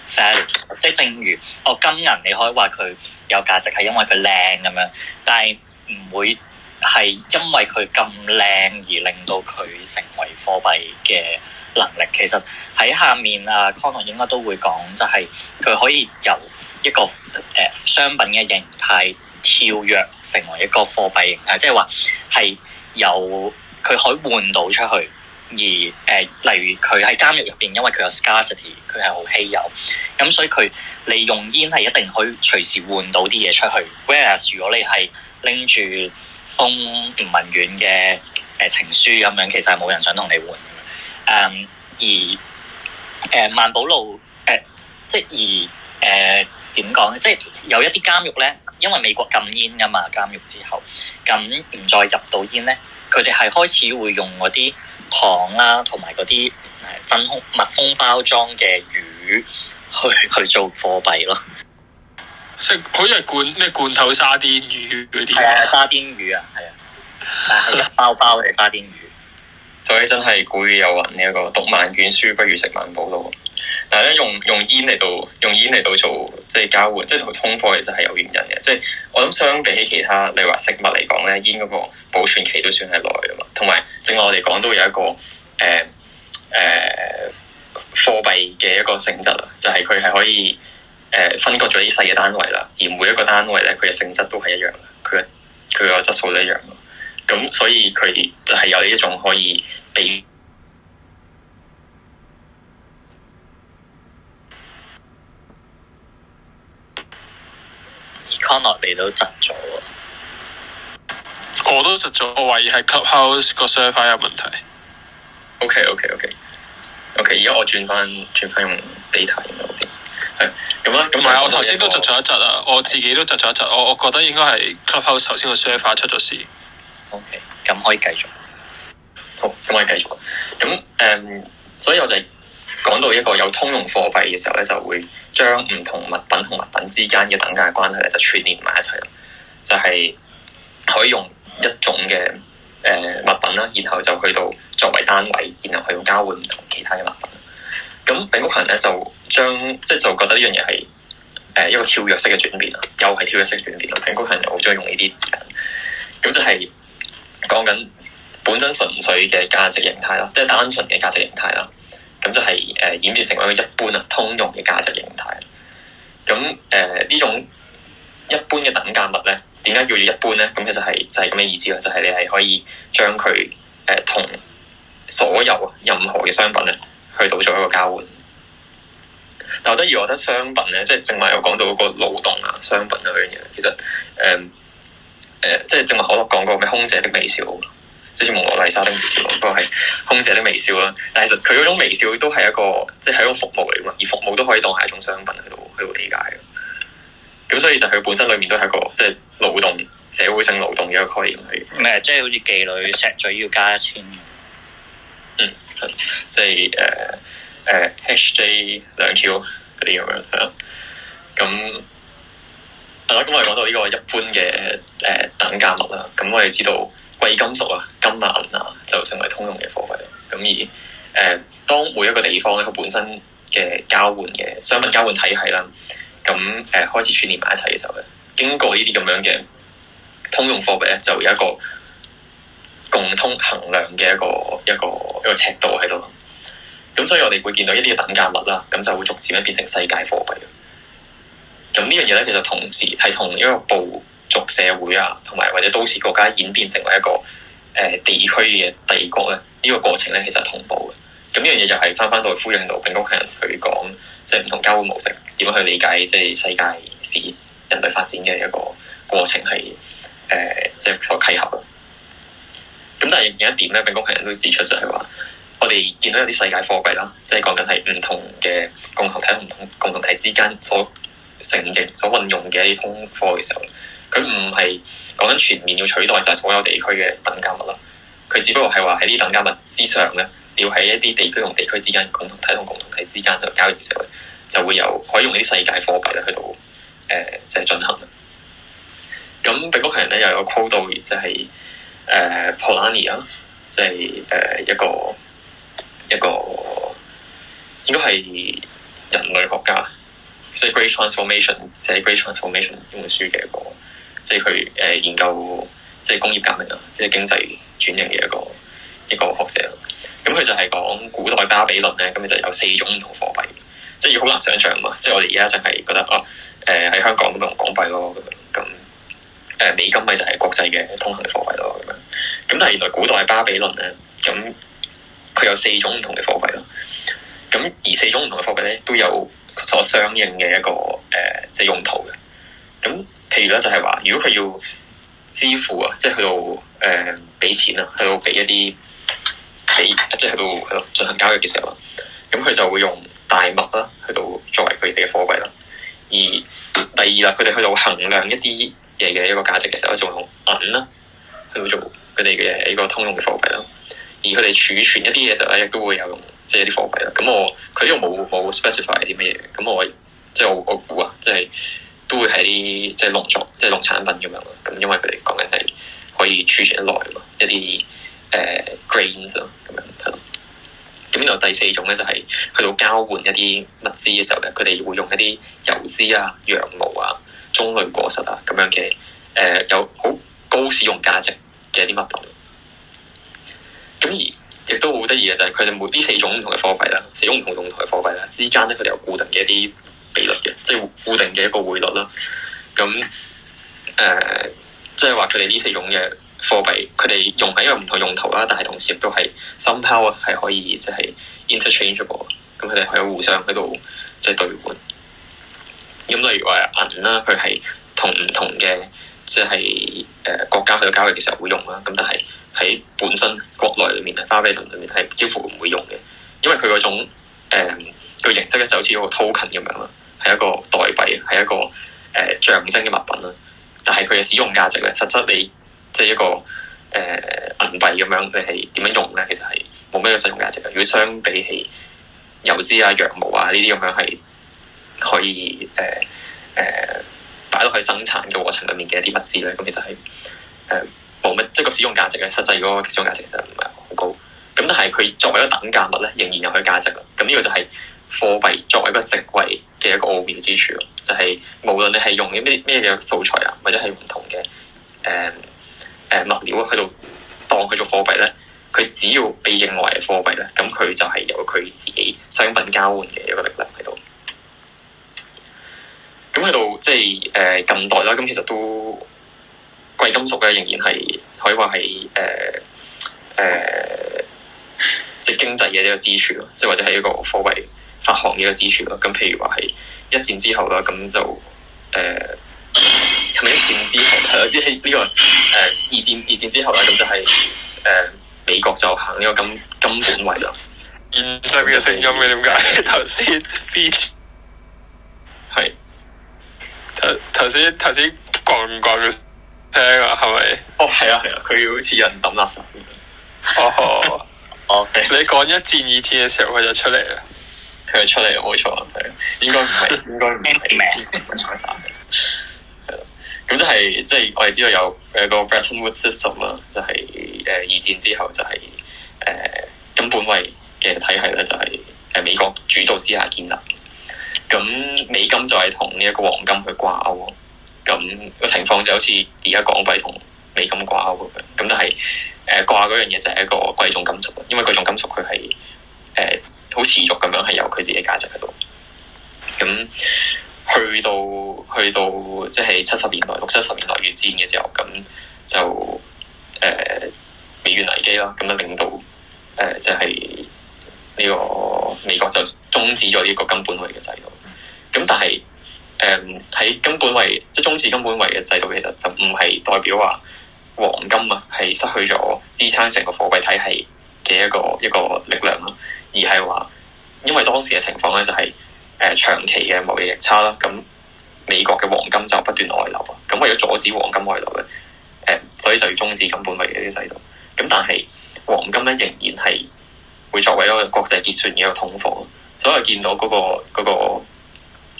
value。即係正如哦金銀，你可以話佢有價值係因為佢靚咁樣，但係唔會。係因為佢咁靚而令到佢成為貨幣嘅能力。其實喺下面啊，Conor 應該都會講，就係佢可以由一個誒、呃、商品嘅形態跳躍成為一個貨幣形態，即係話係由佢可以換到出去。而誒、呃，例如佢喺監獄入邊，因為佢有 scarcity，佢係好稀有咁，所以佢利用煙係一定可以隨時換到啲嘢出去。Whereas 如果你係拎住，封吳文院嘅誒、呃、情書咁樣，其實係冇人想同你換的的。誒、嗯、而誒萬、呃、寶路誒、呃，即係而誒點講咧？即係有一啲監獄咧，因為美國禁煙噶嘛，監獄之後咁唔再入到煙咧，佢哋係開始會用嗰啲糖啦、啊，同埋嗰啲真空密封包裝嘅魚去去做貨幣咯。即係好似係罐咩罐頭沙甸魚嗰啲？係啊，沙甸魚啊，係啊，包包嘅沙甸魚。 所以真係古語有云呢一個讀萬卷書不如食萬寶路。但係咧用用煙嚟到用煙嚟到做即係交換，即係同、嗯、通貨其實係有原因嘅。即係我諗相比起其他例如話食物嚟講咧，煙嗰個保存期都算係耐噶嘛。同埋正我哋講都有一個誒誒貨幣嘅一個性質就係佢係可以。誒、呃、分割咗啲細嘅單位啦，而每一個單位咧，佢嘅性質都係一樣，佢嘅佢個質素都一樣咁、嗯、所以佢就係有呢一種可以俾。Connor 到窒咗，我都窒咗。我懷疑係 Clubhouse 個 server 有問題。OK OK OK OK，而家我轉翻轉翻用 data。係，咁啊、嗯，咁係啊，我頭先都執咗一執啊，嗯、我自己都執咗一執，嗯、我我覺得應該係 Clubhouse 頭先個 server 出咗事。OK，咁可以繼續。好，咁可以繼續。咁誒、嗯，所以我就係講到一個有通用貨幣嘅時候咧，就會將唔同物品同物品之間嘅等價關係咧，就串連埋一齊啦。就係可以用一種嘅誒、呃、物品啦，然後就去到作為單位，然後去交換唔同其他嘅物品。咁丙谷行咧，就將即係就覺得呢樣嘢係誒一個跳躍式嘅轉變啦，又係跳躍式轉變啦。丙谷行又好中意用呢啲字眼，咁就係講緊本身純粹嘅價值形態啦，即係單純嘅價值形態啦。咁就係誒演變成為一個一般啊通用嘅價值形態。咁誒呢種一般嘅等價物咧，點解叫做一般咧？咁其實係就係咁嘅意思啦，就係、是、你係可以將佢誒同所有任何嘅商品啊。去到做一個交換，但係我得意，我覺得商品咧，即係正話又講到嗰個勞動啊，商品嗰樣嘢，其實誒誒、嗯呃，即係正話我都講過咩空姐的微笑，即係似蒙娜麗莎的微笑，不過係空姐的微笑啦。但係其實佢嗰種微笑都係一個，嗯、即係一種服務嚟嘛，而服務都可以當係一種商品喺度，喺度理解。咁所以就佢本身裏面都係一個，即係勞動，社會性勞動嘅一個概念嚟。係、嗯，即係好似妓女 錫嘴要加一千。即係誒誒，HJ 兩條嗰啲咁樣，係啦。咁係咯，咁我哋講到呢個一般嘅誒、呃、等價物啦。咁我哋知道貴金屬啊，金啊、銀啊，就成為通用嘅貨幣。咁而誒、呃，當每一個地方咧，佢本身嘅交換嘅商品交換體系啦，咁誒、呃、開始串聯埋一齊嘅時候咧，經過呢啲咁樣嘅通用貨幣咧，就有一個。共通衡量嘅一個一個一個尺度喺度，咁所以我哋會見到一啲嘅等價物啦，咁就會逐漸咧變成世界貨幣。咁呢樣嘢咧，其實同時係同一個部族社會啊，同埋或者都市國家演變成為一個誒、呃、地區嘅帝國咧，呢、這個過程咧其實係同步嘅。咁呢樣嘢又係翻翻到去呼應到柄谷行人去講，即係唔同交換模式點樣去理解，即、就、係、是、世界史人類發展嘅一個過程係誒即係個契合咯。呃就是咁但係有一點咧，柄谷行人都指出就係話，我哋見到有啲世界貨幣啦，即係講緊係唔同嘅共同體同唔同共同體之間所承認、所運用嘅一啲通貨嘅時候，佢唔係講緊全面要取代晒所有地區嘅等價物啦。佢只不過係話喺啲等價物之上咧，要喺一啲地區同地區之間、共同體同共同體之間嘅交易嘅時候，就會有可以用呢啲世界貨幣去到誒，即、呃、係、就是、進行。咁柄谷行人咧又有個 quote 到、就是，即係。誒、uh, Polanyi 即係誒一個一個應該係人類學家，即係 Great Transformation，即係 Great Transformation 呢本書嘅一個，即係佢誒研究即係、就是、工業革命啊，即、就、係、是、經濟轉型嘅一個一個學者。咁佢就係講古代巴比倫咧，咁佢就有四種唔同貨幣，即係要好難想像啊嘛。即、就、係、是、我哋而家就係覺得啊，誒、呃、喺香港咁用港幣咯。誒，美金咪就係國際嘅通行嘅貨幣咯。咁樣咁，但係原來古代巴比倫咧，咁佢有四種唔同嘅貨幣咯。咁而四種唔同嘅貨幣咧，都有所相應嘅一個誒，即係用途嘅。咁譬如咧，就係話如果佢要支付啊，即係去到誒俾錢啊，去到俾一啲俾，即係去到係咯，進行交易嘅時候啦。咁佢就會用大麥啦，去到作為佢哋嘅貨幣啦。而第二啦，佢哋去到衡量一啲。嘅嘅一個價值嘅時候，就會用銀啦，去做佢哋嘅一個通用嘅貨幣啦。而佢哋儲存一啲嘅時候咧，亦都會有用即係啲貨幣啦。咁我佢呢度冇冇 specify 啲咩嘢，咁我即係我我估啊，即係都會係啲，即係農作、即係農產品咁樣。咁因為佢哋講緊係可以儲存得耐嘛，一啲誒 grains 啊咁樣。咁呢度第四種咧，就係去到交換一啲物資嘅時候咧，佢哋會用一啲油脂啊、羊毛啊。中類果實啊，咁樣嘅誒有好高使用價值嘅一啲物品。咁而亦都好得意嘅就係佢哋每呢四種唔同嘅貨幣啦，四種唔同用途嘅貨幣啦，之間咧佢哋有固定嘅一啲比率嘅，即係固定嘅一個匯率啦。咁、嗯、誒，即係話佢哋呢四種嘅貨幣，佢哋用喺一個唔同用途啦，但係同時亦都係 some power 係可以即係、就是、interchangeable，咁佢哋係互相喺度即係對換。咁例如話銀啦，佢係同唔同嘅即係誒國家去到交易嘅時候會用啦。咁但係喺本身國內裏面啊，巴比倫裏面係幾乎唔會用嘅，因為佢嗰種誒、呃、形式咧就好似一個 token 咁樣啦，係一個代幣，係一個誒、呃、象徵嘅物品啦。但係佢嘅使用價值咧，實質你即係一個誒、呃、銀幣咁樣，你係點樣用咧？其實係冇咩嘅使用價值嘅。如果相比起油脂啊、羊毛啊呢啲咁樣係。可以誒誒擺落去生產嘅過程裏面嘅一啲物資咧，咁其實係誒冇乜即係個使用價值嘅。實際嗰個使用價值其實唔係好高。咁但係佢作為一個等價物咧，仍然有佢價值。咁呢個就係貨幣作為一個席位嘅一個奧妙之處咯。就係、是、無論你係用啲咩嘅素材啊，或者係唔同嘅誒誒物料喺度當佢做貨幣咧，佢只要被認為貨幣咧，咁佢就係有佢自己商品交換嘅一個力量喺度。咁喺度即係誒近代啦，咁其實都貴金屬咧仍然係可以話係誒誒即係經濟嘅一個支柱咯，即係或者係一個貨幣發行嘅一個支柱咯。咁譬如話係一戰之後啦，咁就誒係咪一戰之後？係咯，呃、是是一係呢、這個誒、呃、二戰二戰之後啦，咁就係、是、誒、呃、美國就行呢個金金本位啦。現制嘅聲音係點解？頭先邊？ 頭先頭先講唔講佢聽啊，係咪？哦係啊係啊，佢好似人抌垃圾。哦，oh，OK。Okay. 你講一戰二戰嘅時候，佢就出嚟啦。佢 就出嚟冇錯啊，係應該唔係應該唔係。咁即係即係我哋知道有誒個 Bretton Woods System 啦，就係誒二戰之後就係誒根本位嘅體系咧，就係誒美國主導之下建立。咁美金就係同呢一個黃金去掛鈎，咁個情況就好似而家港幣同美金掛鈎咁樣，咁、呃、但係誒掛嗰樣嘢就係一個貴重金屬，因為貴重金屬佢係誒好持續咁樣係有佢自己價值喺度。咁去到去到即係七十年代六七十年代越戰嘅時候，咁就誒、呃、美元危機啦，咁啊令到，誒、呃、就係、是、呢、呢個。美國就終止咗呢個金本位嘅制度，咁但係誒喺金本位即係終止金本位嘅制度，其實就唔係代表話黃金啊係失去咗支撐成個貨幣體系嘅一個一個力量啦，而係話因為當時嘅情況咧就係誒長期嘅貿易逆差啦，咁美國嘅黃金就不斷外流啊，咁為咗阻止黃金外流咧，誒、嗯、所以就要終止金本位嘅呢個制度，咁但係黃金咧仍然係會作為一個國際結算嘅一個通貨，所以我見到嗰個嗰個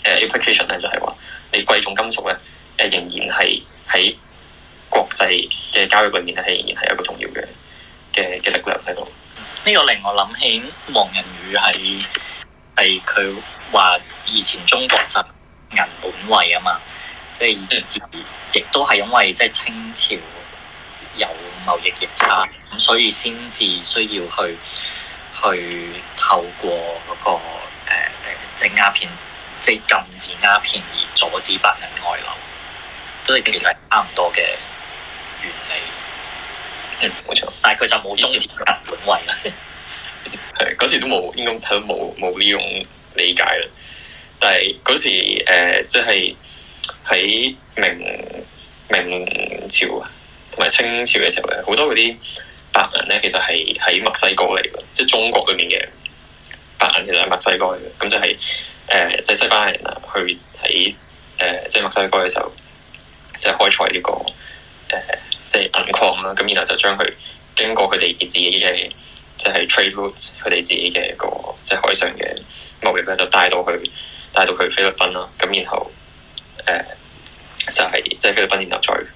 誒 application 咧，就係話你貴重金屬咧，誒仍然係喺國際嘅交易裏面咧，係仍然係一個重要嘅嘅嘅力量喺度。呢個令我諗起黃仁宇係係佢話以前中國就銀本位啊嘛，即係亦都係因為即係清朝有貿易逆差咁，所以先至需要去。去透過嗰、那個誒即係鴉片，即係禁止鴉片而阻止白人外流，都係其實係差唔多嘅原理。錯嗯，冇錯、嗯，但係佢就冇終止佢嘅本位啦。係嗰時都冇，應該睇到冇冇呢種理解啦。但係嗰時誒，即係喺明明朝啊，同埋清朝嘅時候咧，好多嗰啲。白銀咧，其實係喺墨西哥嚟嘅，即係中國裏面嘅白銀其實係墨西哥嚟嘅，咁就係誒即係西班牙人啊去喺誒即係墨西哥嘅時候，即係開採呢個誒即係銀礦啦，咁然後就將佢經過佢哋自己嘅即係 trade routes 佢哋自己嘅個即係海上嘅貿易咧，就帶到去帶到去菲律賓啦，咁然後誒就係即係菲律賓然後再。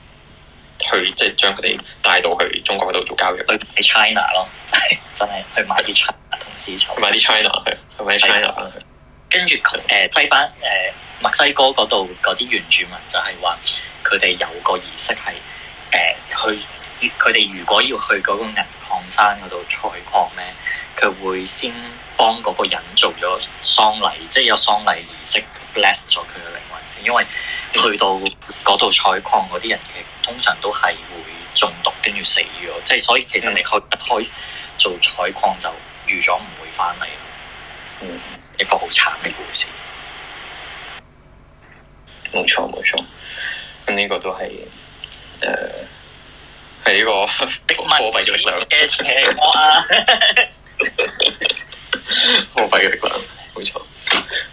去即係將佢哋帶到去中國嗰度做交易，去買 China 咯，真係真係去買啲 China 的買啲 China 係，的去買 China 的。的跟住佢誒西班誒、呃、墨西哥嗰度嗰啲原住民就係話，佢哋有個儀式係誒、呃、去，佢哋如果要去嗰個銀礦山嗰度採礦咧，佢會先幫嗰個人做咗喪禮，即係有喪禮儀式。less 咗佢嘅靈魂，先，因為去到嗰度採礦嗰啲人嘅通常都係會中毒跟住死咗，即係所以其實你開一開做採礦就預咗唔會翻嚟。嗯，一個好慘嘅故事。冇錯，冇錯。咁呢個都係誒係呢個貨幣嘅力量。我啊，貨幣嘅力量冇錯。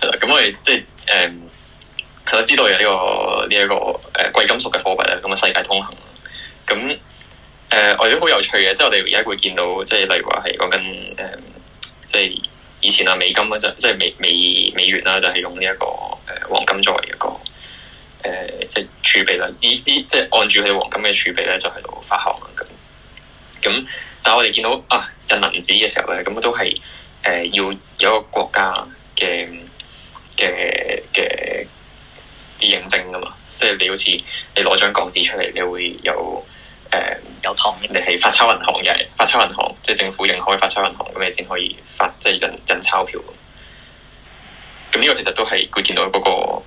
係啦，咁我哋即係。誒，係我、um, 知道有呢、這個呢一、這個誒貴、呃、金屬嘅貨幣咧，咁、這、啊、個、世界通行。咁誒、呃，我哋都好有趣嘅，即係我哋而家會見到，即係例如話係講緊誒、嗯，即係以前啊美金嗰陣，即係美美美元啦，就係、是、用呢一個誒黃金作為一個誒即係儲備啦，依啲即係按住佢黃金嘅儲備咧，就喺度發行啊咁。咁但係我哋見到啊印銀紙嘅時候咧，咁都係誒、呃、要有一個國家嘅。嘅嘅啲認證啊嘛，即係你好似你攞張港紙出嚟，你會有誒，呃、有行，你係發鈔銀行嘅發鈔銀行，即係政府認可發鈔銀行咁，你先可以發即係印印鈔票。咁呢個其實都係佢見到嗰個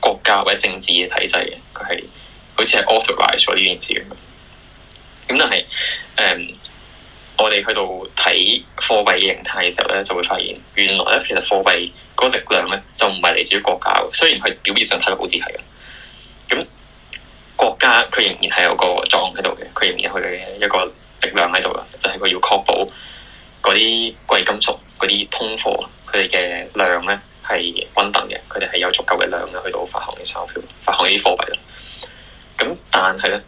國家或者政治嘅體制嘅，佢係好似係 authorize 咗呢件事。咁但係誒。嗯我哋去到睇貨幣嘅形態嘅時候咧，就會發現原來咧其實貨幣個力量咧就唔係嚟自於國家嘅，雖然佢表面上睇到好似係，咁國家佢仍然係有個作用喺度嘅，佢仍然有佢嘅一個力量喺度噶，就係佢要確保嗰啲貴金屬、嗰啲通貨佢哋嘅量咧係均等嘅，佢哋係有足夠嘅量去到發行嘅鈔票、發行啲貨幣啦。咁但係咧。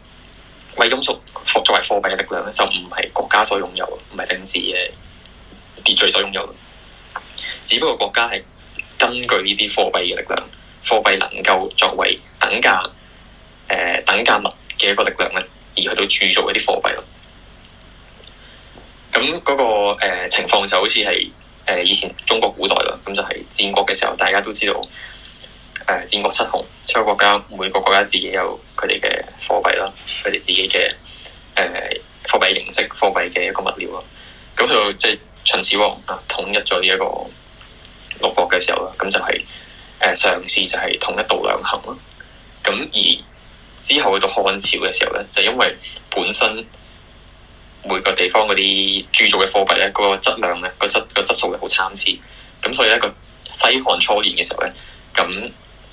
貴金屬貨作為貨幣嘅力量咧，就唔係國家所擁有，唔係政治嘅秩序所擁有。只不過國家係根據呢啲貨幣嘅力量，貨幣能夠作為等價誒、呃、等價物嘅一個力量咧，而去到鑄造一啲貨幣咯。咁嗰、那個誒、呃、情況就好似係誒以前中國古代啦，咁就係戰國嘅時候，大家都知道。誒，戰、呃、國七雄，七個國家，每個國家自己有佢哋嘅貨幣啦，佢哋自己嘅誒、呃、貨幣形式、貨幣嘅一個物料啦。咁佢即係秦始皇啊、就是呃、統一咗呢一個六國嘅時候啦，咁就係誒嘗試就係統一度量衡啦。咁而之後去到漢朝嘅時候咧，就因為本身每個地方嗰啲鑄造嘅貨幣咧，個質量咧，個質、個質素係好參差，咁所以一個西漢初年嘅時候咧，咁。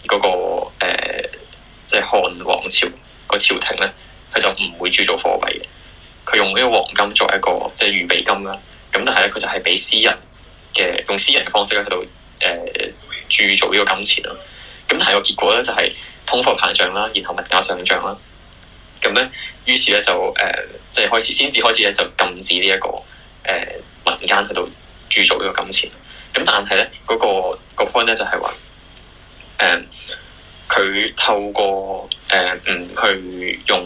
嗰、個誒即係漢皇朝個朝廷咧，佢就唔會鑄造貨幣嘅，佢用呢個黃金作為一個即係、就是、預備金啦。咁但係咧，佢就係俾私人嘅用私人嘅方式咧喺度誒鑄造呢個金錢咯。咁但係個結果咧就係通貨膨脹啦，然後物價上漲啦。咁咧，於是咧就誒即係開始先至開始咧就禁止呢一個誒民間喺度鑄造呢個金錢。咁但係咧嗰個、呃、個 point 咧、那個那個、就係話。誒，佢、uh, 透過誒，嗯、uh,，去用，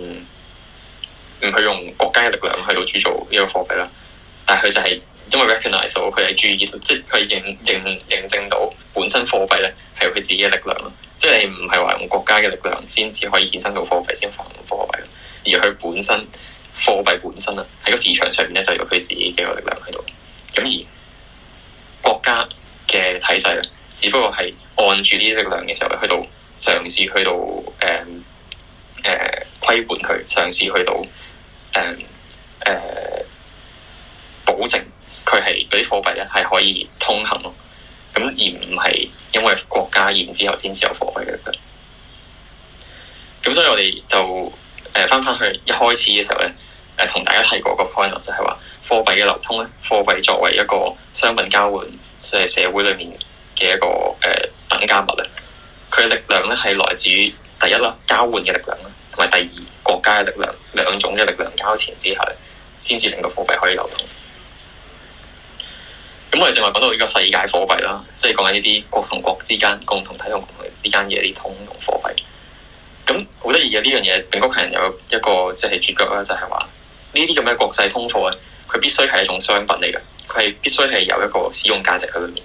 唔去用國家嘅力量去到鑄造呢個貨幣啦。但係佢就係因為 recognise 到，佢係注意到，即係佢認認認證到本身貨幣咧係有佢自己嘅力量咯。即係你唔係話用國家嘅力量先至可以衍生到貨幣，先發行貨幣。而佢本身貨幣本身啊，喺個市場上面，咧就有佢自己嘅力量喺度。咁而國家嘅體制咧。只不過係按住呢啲力量嘅時候，去到嘗試去到誒誒，規管佢，嘗試去到誒誒、呃呃，保證佢係嗰啲貨幣咧係可以通行咯。咁而唔係因為國家然之後先至有貨幣嘅。咁所以我哋就誒翻返去一開始嘅時候咧，誒、呃、同大家提過個 point 就係話貨幣嘅流通咧，貨幣作為一個商品交換，即係社會裏面。嘅一個誒、呃、等價物咧，佢嘅力量咧係來自於第一啦，交換嘅力量啦，同埋第二國家嘅力量，兩種嘅力量交纏之下，先至令個貨幣可以流通。咁、嗯、我哋正話講到呢個世界貨幣啦，即係講緊呢啲國同國之間、共同體同共同體之間嘅啲通用貨幣。咁好得意嘅呢樣嘢，柄谷行人有一個即係註腳啦，就係話呢啲咁嘅國際通貨咧，佢必須係一種商品嚟嘅，佢係必須係有一個使用價值喺裏面。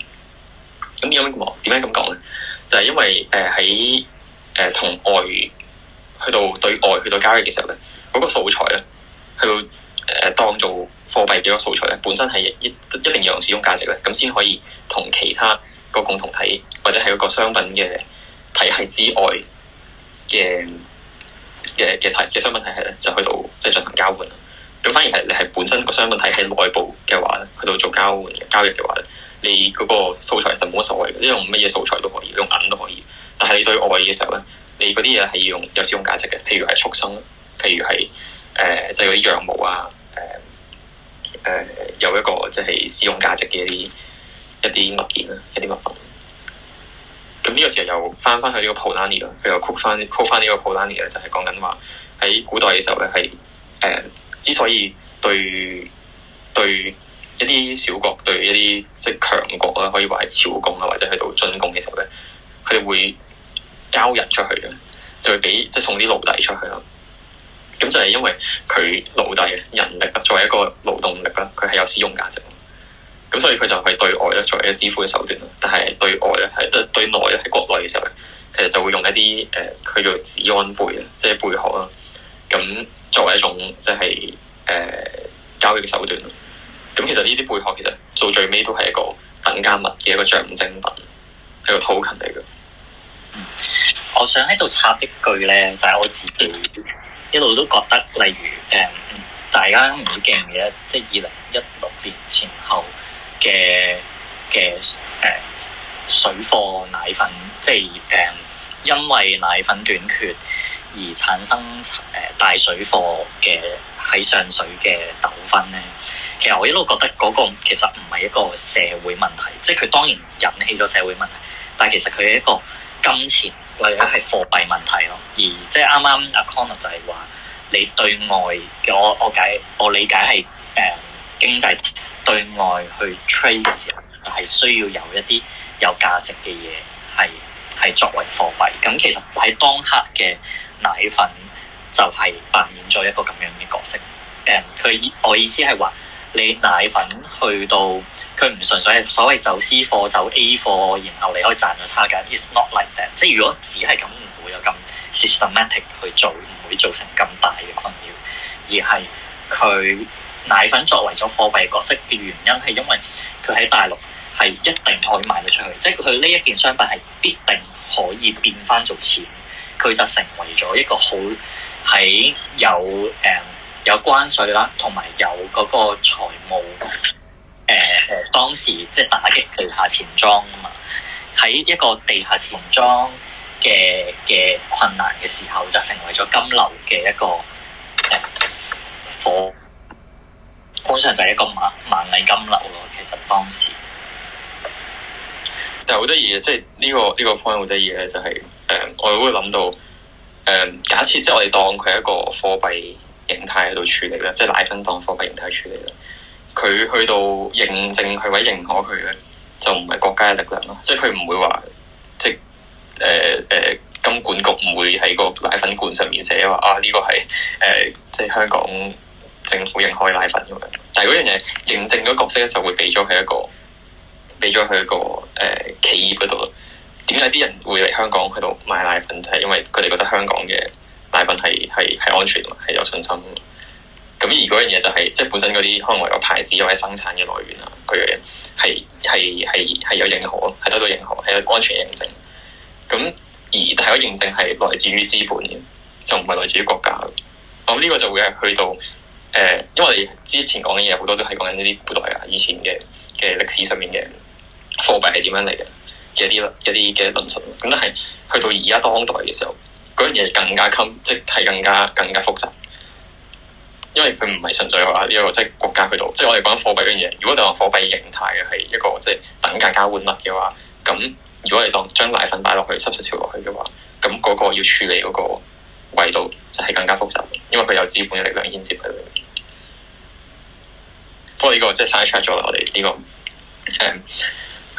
咁點樣講？點解咁講咧？就係、是、因為誒喺誒同外去到對外去到交易嘅時候咧，嗰、那個素材咧，去到誒、呃、當做貨幣嘅嗰個素材咧，本身係一一,一定要用使用價值咧，咁先可以同其他個共同體或者係一個商品嘅體系之外嘅嘅嘅體嘅商品體系咧，就去到即係、就是、進行交換啦。咁反而係你係本身個商品體系內部嘅話咧，去到做交換嘅交易嘅話咧。你嗰個素材其實冇乜所謂嘅，因為用乜嘢素材都可以，用銀都可以。但係你對外嘅時候咧，你嗰啲嘢係要用有使用價值嘅，譬如係畜生，譬如係誒即係啲羊毛啊，誒、呃、誒、呃、有一個即係使用價值嘅一啲一啲物件啊，一啲物品。咁呢個時候又翻翻去呢個普拉尼啦，佢又 call 翻 call 翻呢個普拉尼啦，就係講緊話喺古代嘅時候咧係誒之所以對對。一啲小國對一啲即係強國啦，可以話係朝貢啊，或者去到進貢嘅時候咧，佢哋會交人出去嘅，就會俾即係送啲奴隸出去啦。咁就係因為佢奴隸啊，人力啊，作為一個勞動力啦，佢係有使用價值。咁所以佢就係對外咧作為一個支付嘅手段。但係對外咧係，即對內咧喺國內嘅時候咧，其實就會用一啲誒，佢、呃、叫做子安貝啊，即係貝殼啦。咁作為一種即係誒、呃、交易嘅手段。咁其實呢啲貝殼其實做最尾都係一個等價物嘅一個象徵品，一個 token 嚟嘅。嗯，我想喺度插一句咧，就係、是、我自己一路都覺得，例如誒、嗯，大家唔記得嘅，即係二零一六年前後嘅嘅誒水貨奶粉，即係誒因為奶粉短缺而產生誒大水貨嘅喺上水嘅糾紛咧。其實我一路覺得嗰個其實唔係一個社會問題，即係佢當然引起咗社會問題，但係其實佢係一個金錢或者係貨幣問題咯。而即係啱啱阿 Connor 就係話，你對外嘅我我解我理解係誒、嗯、經濟對外去 trade 嘅時候，係、就是、需要有一啲有價值嘅嘢係係作為貨幣。咁、嗯、其實喺當刻嘅奶粉就係扮演咗一個咁樣嘅角色。誒、嗯，佢意我意思係話。你奶粉去到佢唔純粹係所謂走私貨，走 A 貨，然後你可以賺咗差價。It's not like that。即係如果只係咁，唔會有咁 systematic 去做，唔會造成咁大嘅困擾。而係佢奶粉作為咗貨幣角色嘅原因，係因為佢喺大陸係一定可以賣得出去。即係佢呢一件商品係必定可以變翻做錢。佢就成為咗一個好喺有誒。呃有關稅啦，同埋有嗰個財務誒誒、呃，當時即係打擊地下錢莊啊嘛。喺一個地下錢莊嘅嘅困難嘅時候，就成為咗金流嘅一個誒貨、呃，基本上就係一個萬萬利金流咯。其實當時，但係好得意嘅，即係呢個呢、這個 point 好得意咧，就係、是、誒、呃、我會諗到誒、呃、假設即係、就是、我哋當佢係一個貨幣。形態喺度處理啦，即係奶粉當貨嘅形態處理啦。佢去到認證係位認可佢咧，就唔係國家嘅力量啦。即係佢唔會話，即係誒誒，金管局唔會喺個奶粉罐上面寫話啊呢、呢個係誒、呃，即係香港政府認可嘅奶粉咁樣。但係嗰樣嘢認證嗰角色咧，就會俾咗佢一個俾咗佢一個誒、呃、企業嗰度咯。點解啲人會嚟香港去度買奶粉，就係因為佢哋覺得香港嘅。大粉係係係安全，係有信心。咁而嗰樣嘢就係、是、即係本身嗰啲可能為個牌子或者生產嘅來源啊，佢嘅係係係有認可，係得到認可，係有安全認證。咁而係個認證係來自於資本嘅，就唔係來自於國家。我呢個就會係去到誒、呃，因為之前講嘅嘢好多都係講緊呢啲古代啊、以前嘅嘅歷史上面嘅貨幣係點樣嚟嘅嘅一啲一啲嘅論述。咁但係去到而家當代嘅時候。嗰樣嘢更加襟，即係更加更加複雜，因為佢唔係純粹話呢個即係國家去到，即係我哋講緊貨幣嗰樣嘢。如果當貨幣形態嘅係一個即係等價交換物嘅話，咁如果係當將奶粉擺落去、濕濕潮落去嘅話，咁嗰個要處理嗰個位度就係更加複雜，因為佢有資本嘅力量牽接佢。不過呢個即係晒出咗，我哋呢個誒。嗯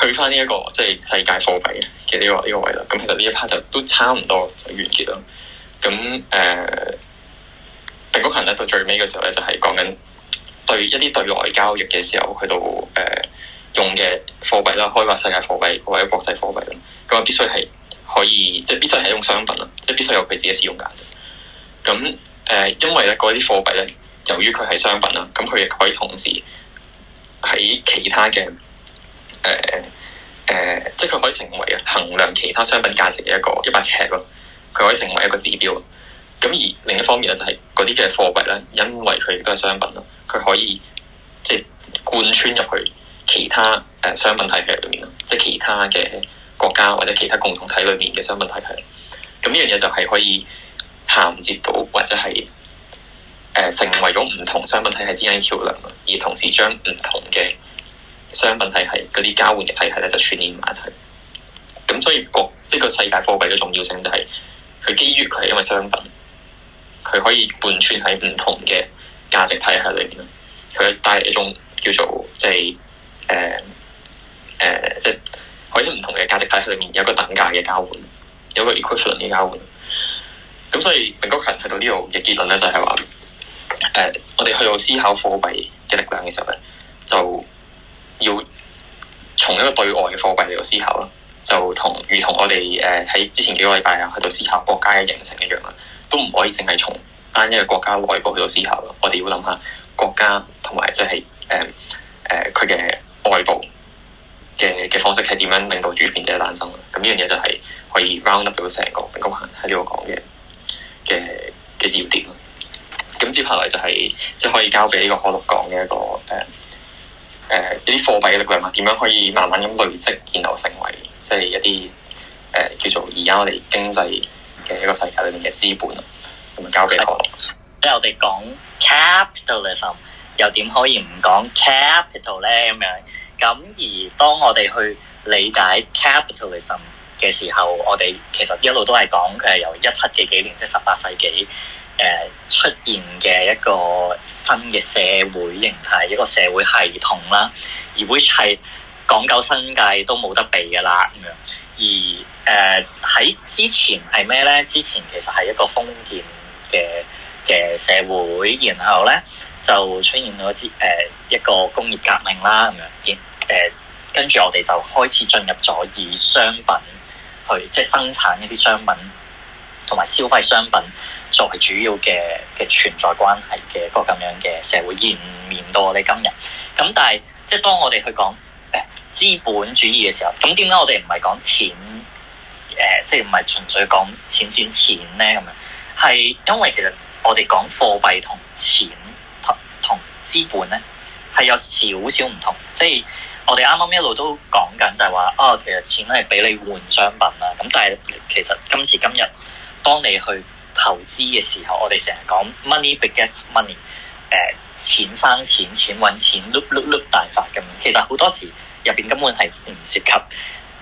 去翻呢一個即係世界貨幣嘅呢個呢、這個位啦，咁其實呢一 part 就都差唔多就完結啦。咁誒，布魯克咧到最尾嘅時候咧，就係講緊對一啲對外交易嘅時候，去到誒、呃、用嘅貨幣啦，開發世界貨幣或者國際貨幣啦，咁啊必須係可以即係必須係一種商品啦，即係必須有佢自己使用價值。咁誒、呃，因為咧嗰啲貨幣咧，由於佢係商品啦，咁佢亦可以同時喺其他嘅。誒誒、呃呃，即係佢可以成為衡量其他商品價值嘅一個一百尺咯，佢可以成為一個指標。咁而另一方面咧、就是，就係嗰啲嘅貨幣咧，因為佢亦都係商品咯，佢可以即係貫穿入去其他誒、呃、商品體系裏面咯，即係其他嘅國家或者其他共同體裏面嘅商品體系。咁呢樣嘢就係可以銜接到或者係誒、呃、成為咗唔同商品體系之間嘅橋梁而同時將唔同嘅。商品體系嗰啲交換嘅體系咧，就串聯埋一齊。咁所以個即係個世界貨幣嘅重要性就係、是、佢基於佢係因為商品，佢可以貫穿喺唔同嘅價值體系裏邊。佢帶嚟一種叫做即係誒誒，即係、呃呃、可以喺唔同嘅價值體系裏面有一個等價嘅交換，有個 equivalent 嘅交換。咁所以明哥強提到呢度嘅結論咧，就係話誒，我哋去到思考貨幣嘅力量嘅時候咧，就。要從一個對外嘅貨幣嚟到思考啦，就同如同我哋誒喺之前幾個禮拜啊，去到思考國家嘅形成一樣啦，都唔可以淨係從單一個國家內部去到思考咯。我哋要諗下國家同埋即係誒誒佢嘅外部嘅嘅方式係點樣令到主權嘅誕生啦。咁呢樣嘢就係可以 round up 到成個局限喺呢度講嘅嘅嘅要點咯。咁接下來就係即係可以交俾呢個可樂講嘅一個誒。呃誒一啲貨幣嘅力量啊，點樣可以慢慢咁累積，然後成為即係一啲誒、呃、叫做而家我哋經濟嘅一個世界裏面嘅資本，咁咪交俾我。即係我哋講 capitalism，又點可以唔講 capital 咧咁樣？咁而當我哋去理解 capitalism 嘅時候，我哋其實一路都係講佢係由一七幾幾年，即係十八世紀。誒出現嘅一個新嘅社會形態，一個社會系統啦，而會係港九新界都冇得避㗎啦咁樣。而誒喺、呃、之前係咩咧？之前其實係一個封建嘅嘅社會，然後咧就出現咗之誒一個工業革命啦咁樣，誒跟住我哋就開始進入咗以商品去即係生產一啲商品，同埋消費商品，作為主要嘅嘅存在關係嘅個咁樣嘅社會延延到我哋今日咁。但係即係當我哋去講誒、哎、資本主義嘅時候，咁點解我哋唔係講錢誒、呃，即係唔係純粹講錢錢錢咧？咁樣係因為其實我哋講貨幣同錢同同資本咧係有少少唔同，即係我哋啱啱一路都講緊就係話啊，其實錢係俾你換商品啦。咁但係其實今時今日，當你去投資嘅時候，我哋成日講 money begets money，誒錢生錢，錢揾錢碌碌碌大發咁。其實好多時入邊根本係唔涉及誒、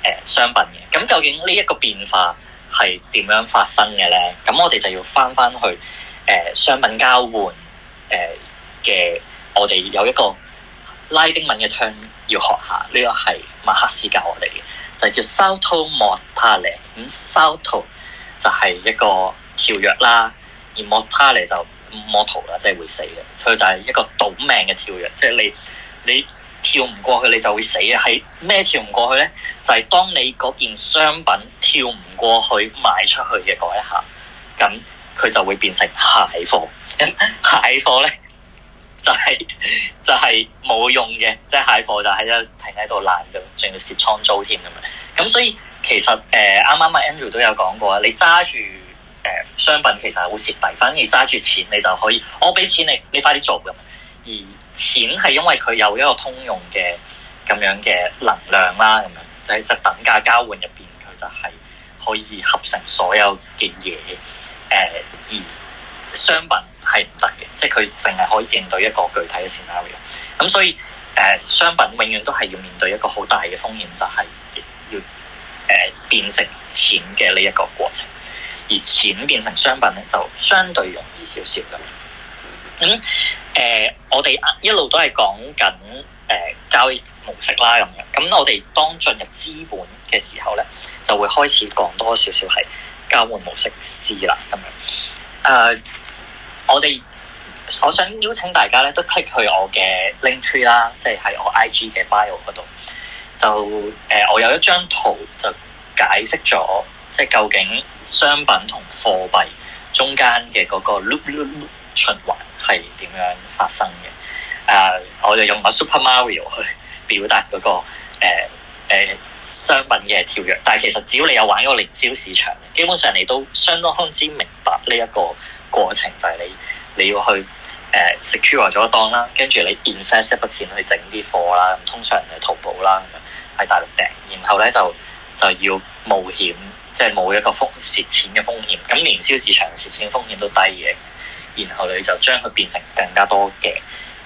呃、商品嘅。咁究竟呢一個變化係點樣發生嘅咧？咁我哋就要返返去誒、呃、商品交換誒嘅、呃，我哋有一個拉丁文嘅 term 要學下，呢、這個係馬克思教我哋嘅，就係叫 salto mortale 咁 salto 就係一個。跳躍啦，而摩他嚟就摸逃啦，即係會死嘅。所以就係一個賭命嘅跳躍，即係你你跳唔過去你就會死嘅。係咩跳唔過去咧？就係、是、當你嗰件商品跳唔過去賣出去嘅嗰一下，咁佢就會變成蟹貨。蟹貨咧就係、是、就係、是、冇用嘅，即係蟹貨就係一停喺度爛咗，仲要蝕倉租添咁樣。咁所以其實誒啱啱阿 Andrew 都有講過啊，你揸住。誒、呃、商品其實係好蝕底，反而揸住錢你就可以，我俾錢你，你快啲做咁。而錢係因為佢有一個通用嘅咁樣嘅能量啦，咁樣就係、是、就等價交換入邊，佢就係可以合成所有嘅嘢。誒、呃、而商品係唔得嘅，即係佢淨係可以應對一個具體嘅 scenario。咁所以誒、呃、商品永遠都係要面對一個好大嘅風險，就係、是、要誒、呃、變成錢嘅呢一個過程。而錢變成商品咧，就相對容易少少咁。咁、嗯、誒、呃，我哋一路都係講緊誒交易模式啦，咁樣。咁、嗯、我哋當進入資本嘅時候咧，就會開始講多少少係交換模式市啦，咁樣。誒、呃，我哋我想邀請大家咧，都 click 去我嘅 link tree 啦，即係喺我 IG 嘅 bio 度。就誒、呃，我有一張圖就解釋咗。即係究竟商品同貨幣中間嘅嗰個 loop, loop, loop 循環係點樣發生嘅？誒、uh，我就用埋 Super Mario 去表達嗰個誒、呃呃、商品嘅跳躍。但係其實只要你有玩嗰零售市場，基本上你都相當之明白呢一個過程，就係、是、你你要去 secure 咗一檔啦，跟、呃、住你 invest 一筆錢去整啲貨啦，咁通常係淘寶啦，咁樣喺大陸訂，然後咧就就要冒險。即係冇一個風蝕錢嘅風險，咁年銷市場蝕錢嘅風險都低嘅，然後你就將佢變成更加多嘅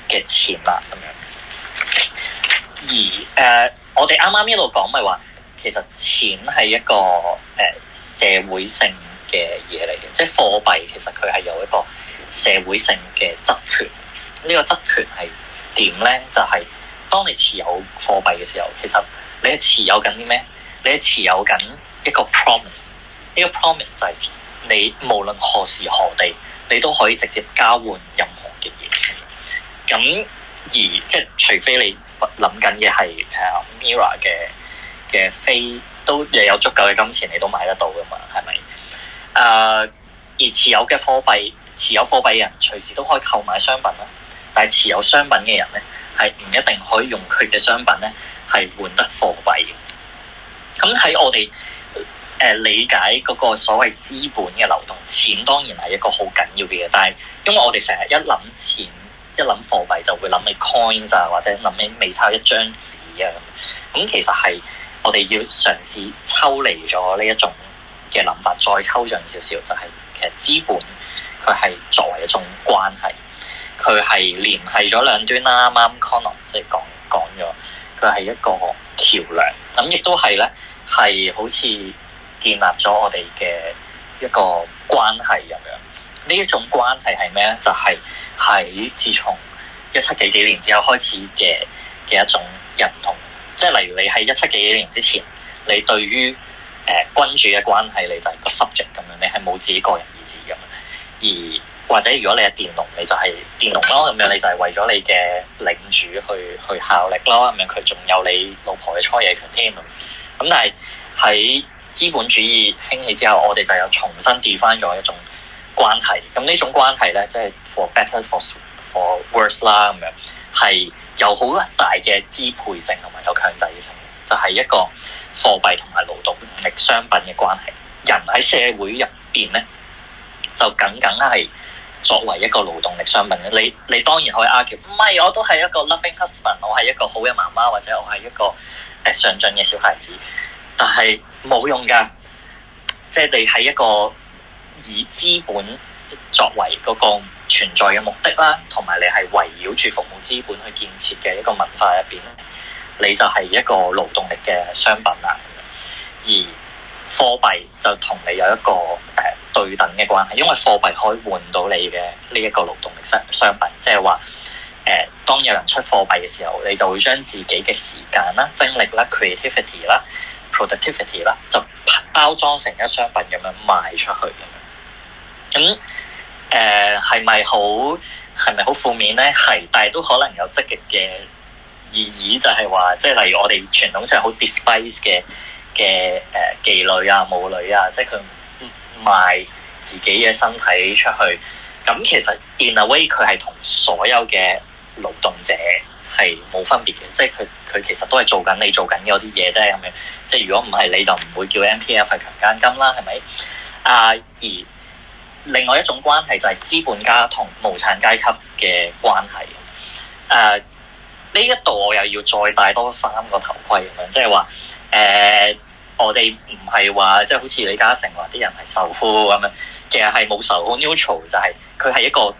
嘅錢啦，咁樣。而誒、呃，我哋啱啱呢度講咪話，其實錢係一個誒、呃、社會性嘅嘢嚟嘅，即係貨幣其實佢係有一個社會性嘅質權。這個、權呢個質權係點咧？就係、是、當你持有貨幣嘅時候，其實你係持有緊啲咩？你係持有緊。一個 promise，呢個 promise 就係你無論何時何地，你都可以直接交換任何嘅嘢。咁而即係除非你諗緊嘅係誒 Mira 嘅嘅飛，都又有足夠嘅金錢你都買得到噶嘛？係咪？誒、uh，而持有嘅貨幣持有貨幣嘅人隨時都可以購買商品啦。但係持有商品嘅人咧，係唔一定可以用佢嘅商品咧，係換得貨幣。咁喺我哋誒、呃、理解嗰個所謂資本嘅流動，錢當然係一個好緊要嘅嘢。但係因為我哋成日一諗錢、一諗貨幣就會諗起 coins 啊，或者諗起美鈔、一張紙啊。咁、嗯、其實係我哋要嘗試抽離咗呢一種嘅諗法，再抽象少少，就係、是、其實資本佢係作為一種關係，佢係聯繫咗兩端啦。啱啱 Conor 即係講講咗，佢係一個橋樑。咁亦都係咧，係好似建立咗我哋嘅一個關係咁樣。呢一種關係係咩咧？就係、係、喺自從一七幾幾年之後開始嘅嘅一種人同，即係例如你喺一七幾幾年之前，你對於誒君主嘅關係，你就係個 subject 咁樣，你係冇自己個人意志咁樣，而。或者如果你係佃農，你就係佃農咯，咁樣你就係為咗你嘅領主去去效力咯，咁樣佢仲有你老婆嘅初夜權添。咁但係喺資本主義興起之後，我哋就又重新調翻咗一種關係。咁呢種關係咧，即係 for better for for worse 啦，咁樣係有好大嘅支配性同埋有強制性，就係一個貨幣同埋勞動力商品嘅關係。人喺社會入邊咧，就僅僅係。作為一個勞動力商品，你你當然可以 argue，唔係我都係一個 loving husband，我係一個好嘅媽媽或者我係一個上進嘅小孩子，但係冇用㗎，即係你係一個以資本作為嗰個存在嘅目的啦，同埋你係圍繞住服務資本去建設嘅一個文化入邊，你就係一個勞動力嘅商品啦。而貨幣就同你有一個誒、呃、對等嘅關係，因為貨幣可以換到你嘅呢一個勞動力商商品，即係話誒，當有人出貨幣嘅時候，你就會將自己嘅時間啦、精力啦、creativity 啦、productivity 啦，就包裝成一商品咁樣賣出去。咁誒係咪好係咪好負面呢？係，但係都可能有積極嘅意義，就係、是、話，即係例如我哋傳統上好 despise 嘅。嘅誒妓女啊、舞女啊，即係佢賣自己嘅身體出去。咁其實 in a way 佢係同所有嘅勞動者係冇分別嘅，即係佢佢其實都係做緊你做緊嗰啲嘢啫咁嘅。即係如果唔係你就唔會叫 MPF 係強奸金啦，係咪？啊，而另外一種關係就係資本家同無產階級嘅關係。誒、啊，呢一度我又要再戴多三個頭盔咁樣，即係話。誒，uh, 我哋唔係話即係好似李嘉誠話啲人係仇富咁樣，其實係冇仇，好 Neutral 就係佢係一個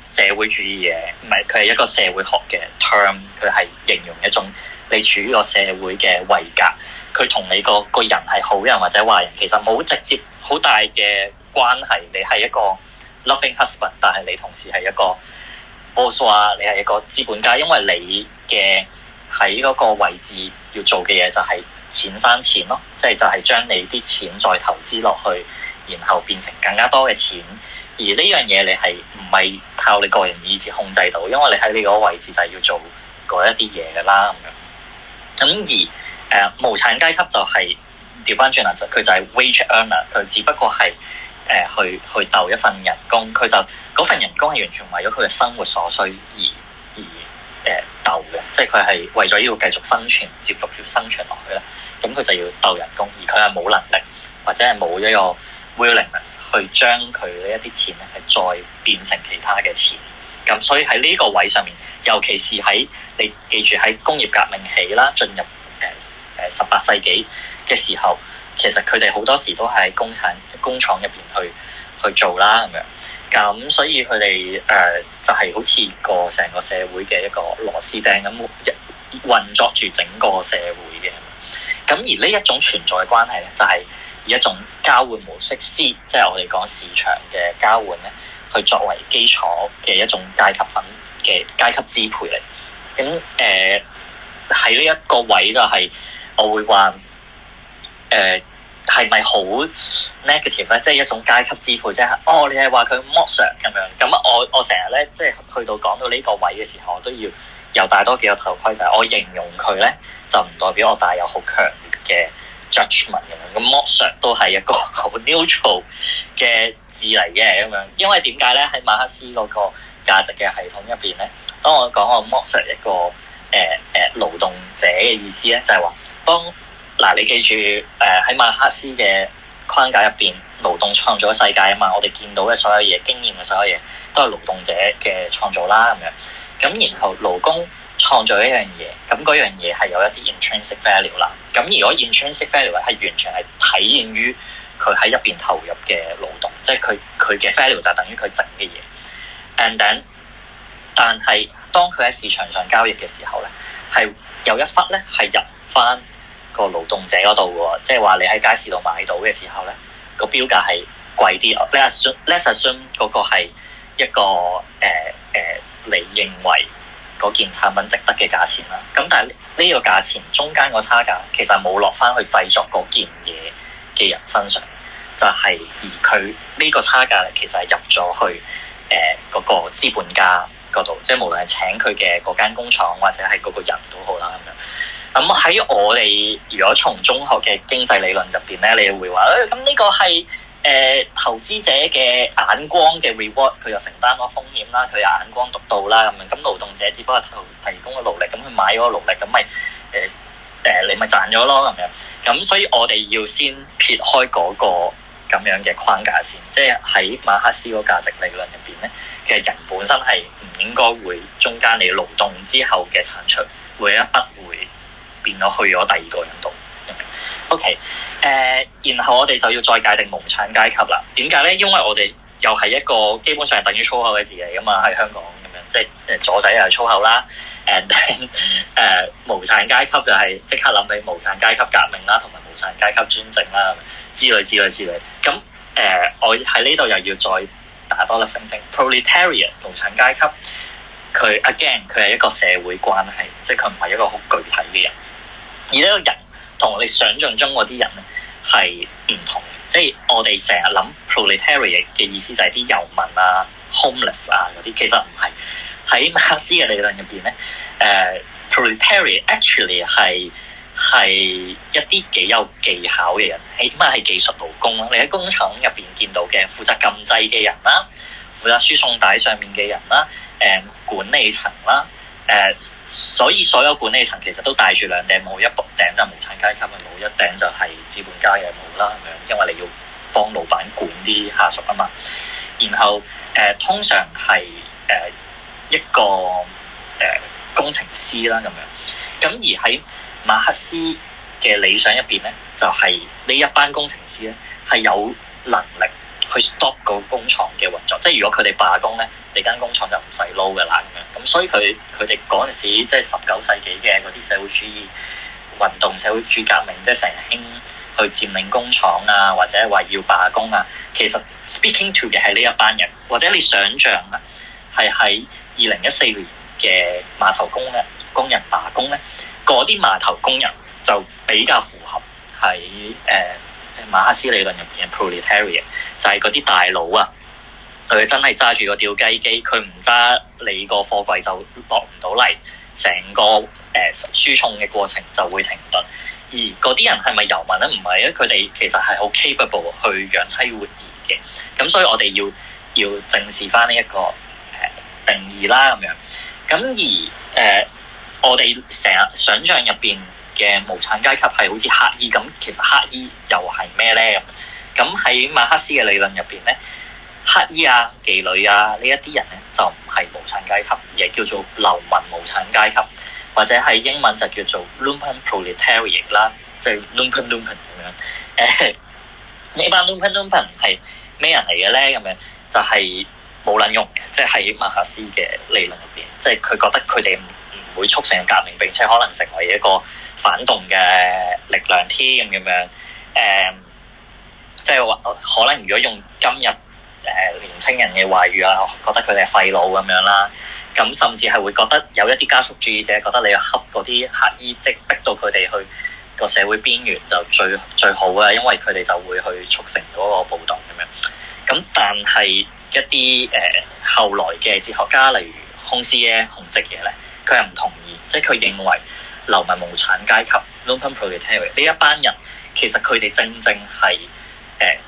社會主義嘢，唔係佢係一個社會學嘅 term。佢係形容一種你處於個社會嘅位格，佢同你個個人係好人或者壞人，其實冇直接好大嘅關係，你係一個 loving husband，但係你同時係一個 boss 啊，你係一個資本家，因為你嘅喺個位置要做嘅嘢就係、是。錢生錢咯，即係就係將你啲錢再投資落去，然後變成更加多嘅錢。而呢樣嘢你係唔係靠你個人意志控制到？因為你喺你嗰個位置就係要做嗰一啲嘢噶啦。咁樣，咁而誒、呃、無產階級就係調翻轉啦，就佢就係 wage earner，佢只不過係誒、呃、去去鬥一份人工，佢就嗰份人工係完全為咗佢嘅生活所需而而誒。呃即係佢係為咗要繼續生存，接續住生存落去咧，咁佢就要鬥人工，而佢係冇能力或者係冇一個 willingness 去將佢呢一啲錢咧，係再變成其他嘅錢。咁所以喺呢個位上面，尤其是喺你記住喺工業革命起啦，進入誒誒十八世紀嘅時候，其實佢哋好多時都係喺工產工廠入邊去去做啦，咁樣。咁所以佢哋誒。呃就係好似個成個社會嘅一個螺絲釘咁，一運作住整個社會嘅。咁而呢一種存在嘅關係咧，就係以一種交換模式，市即係我哋講市場嘅交換咧，去作為基礎嘅一種階級分嘅階級支配嚟。咁誒喺呢一個位就係我會話誒。呃係咪好 negative 咧？即係一種階級支配啫。哦，你係話佢剝削咁樣咁我我成日咧，即係去到講到呢個位嘅時候，我都要又戴多幾個頭盔。就係我形容佢咧，就唔代表我帶有好強烈嘅 judgment 咁樣。咁剝削都係一個好 neutral 嘅字嚟嘅咁樣。因為點解咧？喺馬克思嗰個價值嘅系統入邊咧，當我講我剝削一個誒誒、呃呃、勞動者嘅意思咧，就係話當。嗱，你記住，誒、呃、喺馬克思嘅框架入邊，勞動創造世界啊嘛，我哋見到嘅所有嘢，經驗嘅所有嘢，都係勞動者嘅創造啦咁樣。咁然後，勞工創造一樣嘢，咁嗰樣嘢係有一啲 intrinsic value 啦。咁如果 intrinsic value 係完全係體現於佢喺入邊投入嘅勞動，即係佢佢嘅 value 就等於佢整嘅嘢。And then，但係當佢喺市場上交易嘅時候咧，係有一忽咧係入返個勞動者嗰度喎，即係話你喺街市度買到嘅時候咧，個標價係貴啲。Let's Let's assume 嗰個係一個誒誒、呃呃，你認為嗰件產品值得嘅價錢啦。咁但係呢個價錢中間差、就是、個差價其實冇落翻去製作嗰件嘢嘅人身上，就係而佢呢個差價咧，其實係入咗去誒嗰個資本家嗰度，即、就、係、是、無論係請佢嘅嗰間工廠或者係嗰個人都好啦咁樣。咁喺我哋如果從中學嘅經濟理論入邊咧，你會話，咁、哎、呢個係誒、呃、投資者嘅眼光嘅 reward，佢又承擔咗風險啦，佢有眼光獨到啦，咁樣，咁勞動者只不過提提供個勞力，咁佢買嗰個勞力，咁咪誒誒，你咪賺咗咯，咁樣。咁所以我哋要先撇開嗰個咁樣嘅框架先，即係喺馬克思個價值理論入邊咧，其實人本身係唔應該會中間你勞動之後嘅產出會一筆會變咗去咗第二個人度。OK，誒、uh, 然後我哋就要再界定無產階級啦。點解咧？因為我哋又係一個基本上係等於粗口嘅字嚟噶嘛，喺香港咁樣，即係誒左仔又係粗口啦，誒誒、uh, 無產階級就係即刻諗起無產階級革命啦，同埋無產階級專政啦之類之類之類。咁誒，uh, 我喺呢度又要再打多粒星星。Proletarian 無產階級，佢 again 佢係一個社會關係，即係佢唔係一個好具體嘅人。而呢個人，像人同你想象中嗰啲人咧係唔同，即係我哋成日諗 proletariat 嘅意思就係啲遊民啊、Yeah. homeless 啊嗰啲，其實唔係。喺馬克思嘅理論入邊咧，誒、uh, proletariat actually 係係一啲幾有技巧嘅人，起碼係技術勞工啦。你喺工廠入邊見到嘅負責撳掣嘅人啦、啊，負責輸送帶上面嘅人啦、啊，誒、嗯、管理層啦、啊。誒，所以所有管理層其實都帶住兩頂帽，一頂就係無產階級嘅帽，一頂就係資本家嘅帽啦。咁樣，因為你要幫老闆管啲下屬啊嘛。然後誒、呃，通常係誒、呃、一個誒、呃、工程師啦，咁樣，咁而喺馬克思嘅理想入邊咧，就係、是、呢一班工程師咧係有能力去 stop 個工廠嘅運作，即係如果佢哋罷工咧，你間工廠就唔使撈㗎啦咁樣。咁所以佢佢哋嗰陣時，即係十九世紀嘅嗰啲社會主義運動、社會主義革命，即係成日興去佔領工廠啊，或者話要罷工啊。其實 speaking to 嘅係呢一班人，或者你想象啊，係喺二零一四年嘅碼頭工咧，工人罷工咧，嗰啲碼頭工人就比較符合喺誒。呃馬克思理論入邊嘅 proletariat 就係嗰啲大佬啊，佢真係揸住個吊雞機，佢唔揸你個貨櫃就落唔到嚟，成個誒、呃、輸送嘅過程就會停頓。而嗰啲人係咪遊民咧？唔係啊，佢哋其實係好 capable 去養妻活兒嘅。咁所以我哋要要正視翻呢一個誒、呃、定義啦咁樣。咁而誒、呃、我哋成日想象入邊嘅無產階級係好似乞兒咁，其實乞兒又係咩咧咁？咁喺馬克思嘅理論入邊咧，乞兒啊、妓女啊呢一啲人咧就唔係無產階級，而係叫做流氓無產階級，或者係英文就叫做 lumpen proletariat 啦，即係 lumpen lumpen 咁樣。誒， 呢班 lumpen lumpen 係咩人嚟嘅咧？咁樣就係冇卵用嘅，即係喺馬克思嘅理論入邊，即係佢覺得佢哋會促成革命，並且可能成為一個反動嘅力量添咁樣。誒、嗯，即係話可能如果用今日誒、呃、年輕人嘅話語啊，覺得佢哋係廢老咁樣啦。咁甚至係會覺得有一啲加速主義者覺得你恰嗰啲黑衣即逼到佢哋去、這個社會邊緣就最最好啦，因為佢哋就會去促成嗰個暴動咁樣。咁但係一啲誒、呃、後來嘅哲學家，例如空斯耶、空積嘢咧。佢又唔同意，即係佢認為流氓無產階級，Lumpenproletariat 呢一班人，其實佢哋正正係誒、呃、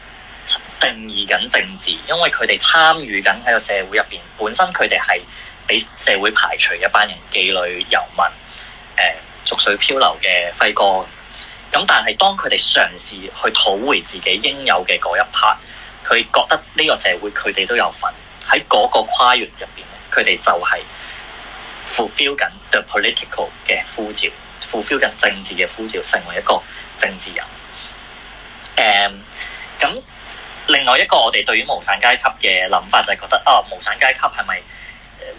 定義緊政治，因為佢哋參與緊喺個社會入邊，本身佢哋係俾社會排除一班人，妓女、遊民、誒、呃、逐水漂流嘅輝哥。咁但係當佢哋嘗試去討回自己應有嘅嗰一 part，佢覺得呢個社會佢哋都有份喺嗰個跨越入邊，佢哋就係、是。fulfill 緊 the political 嘅呼召，fulfill 緊政治嘅呼召，成為一個政治人。誒，咁另外一個我哋對於無產階級嘅諗法就係覺得啊、哦，無產階級係咪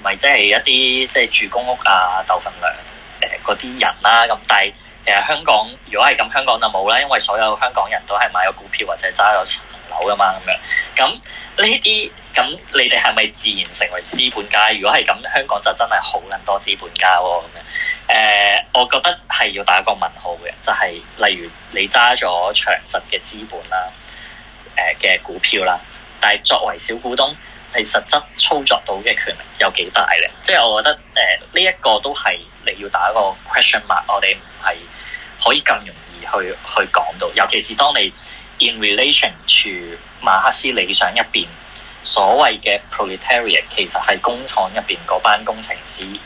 咪即係一啲即係住公屋啊、鬥份糧誒嗰啲人啦、啊、咁，但係。其實香港如果係咁，香港就冇啦，因為所有香港人都係買咗股票或者揸咗層樓噶嘛咁樣。咁呢啲咁你哋係咪自然成為資本家？如果係咁，香港就真係好撚多資本家喎咁樣。誒、呃，我覺得係要打一個問號嘅，就係、是、例如你揸咗長實嘅資本啦，誒嘅股票啦，但係作為小股東。係實質操作到嘅權力有幾大咧？即係我覺得誒，呢一個都係你要打一個 question mark，我哋唔係可以咁容易去去講到。尤其是當你 in relation to 馬克思理想入邊所謂嘅 proletariat，其實係工廠入邊班工程師，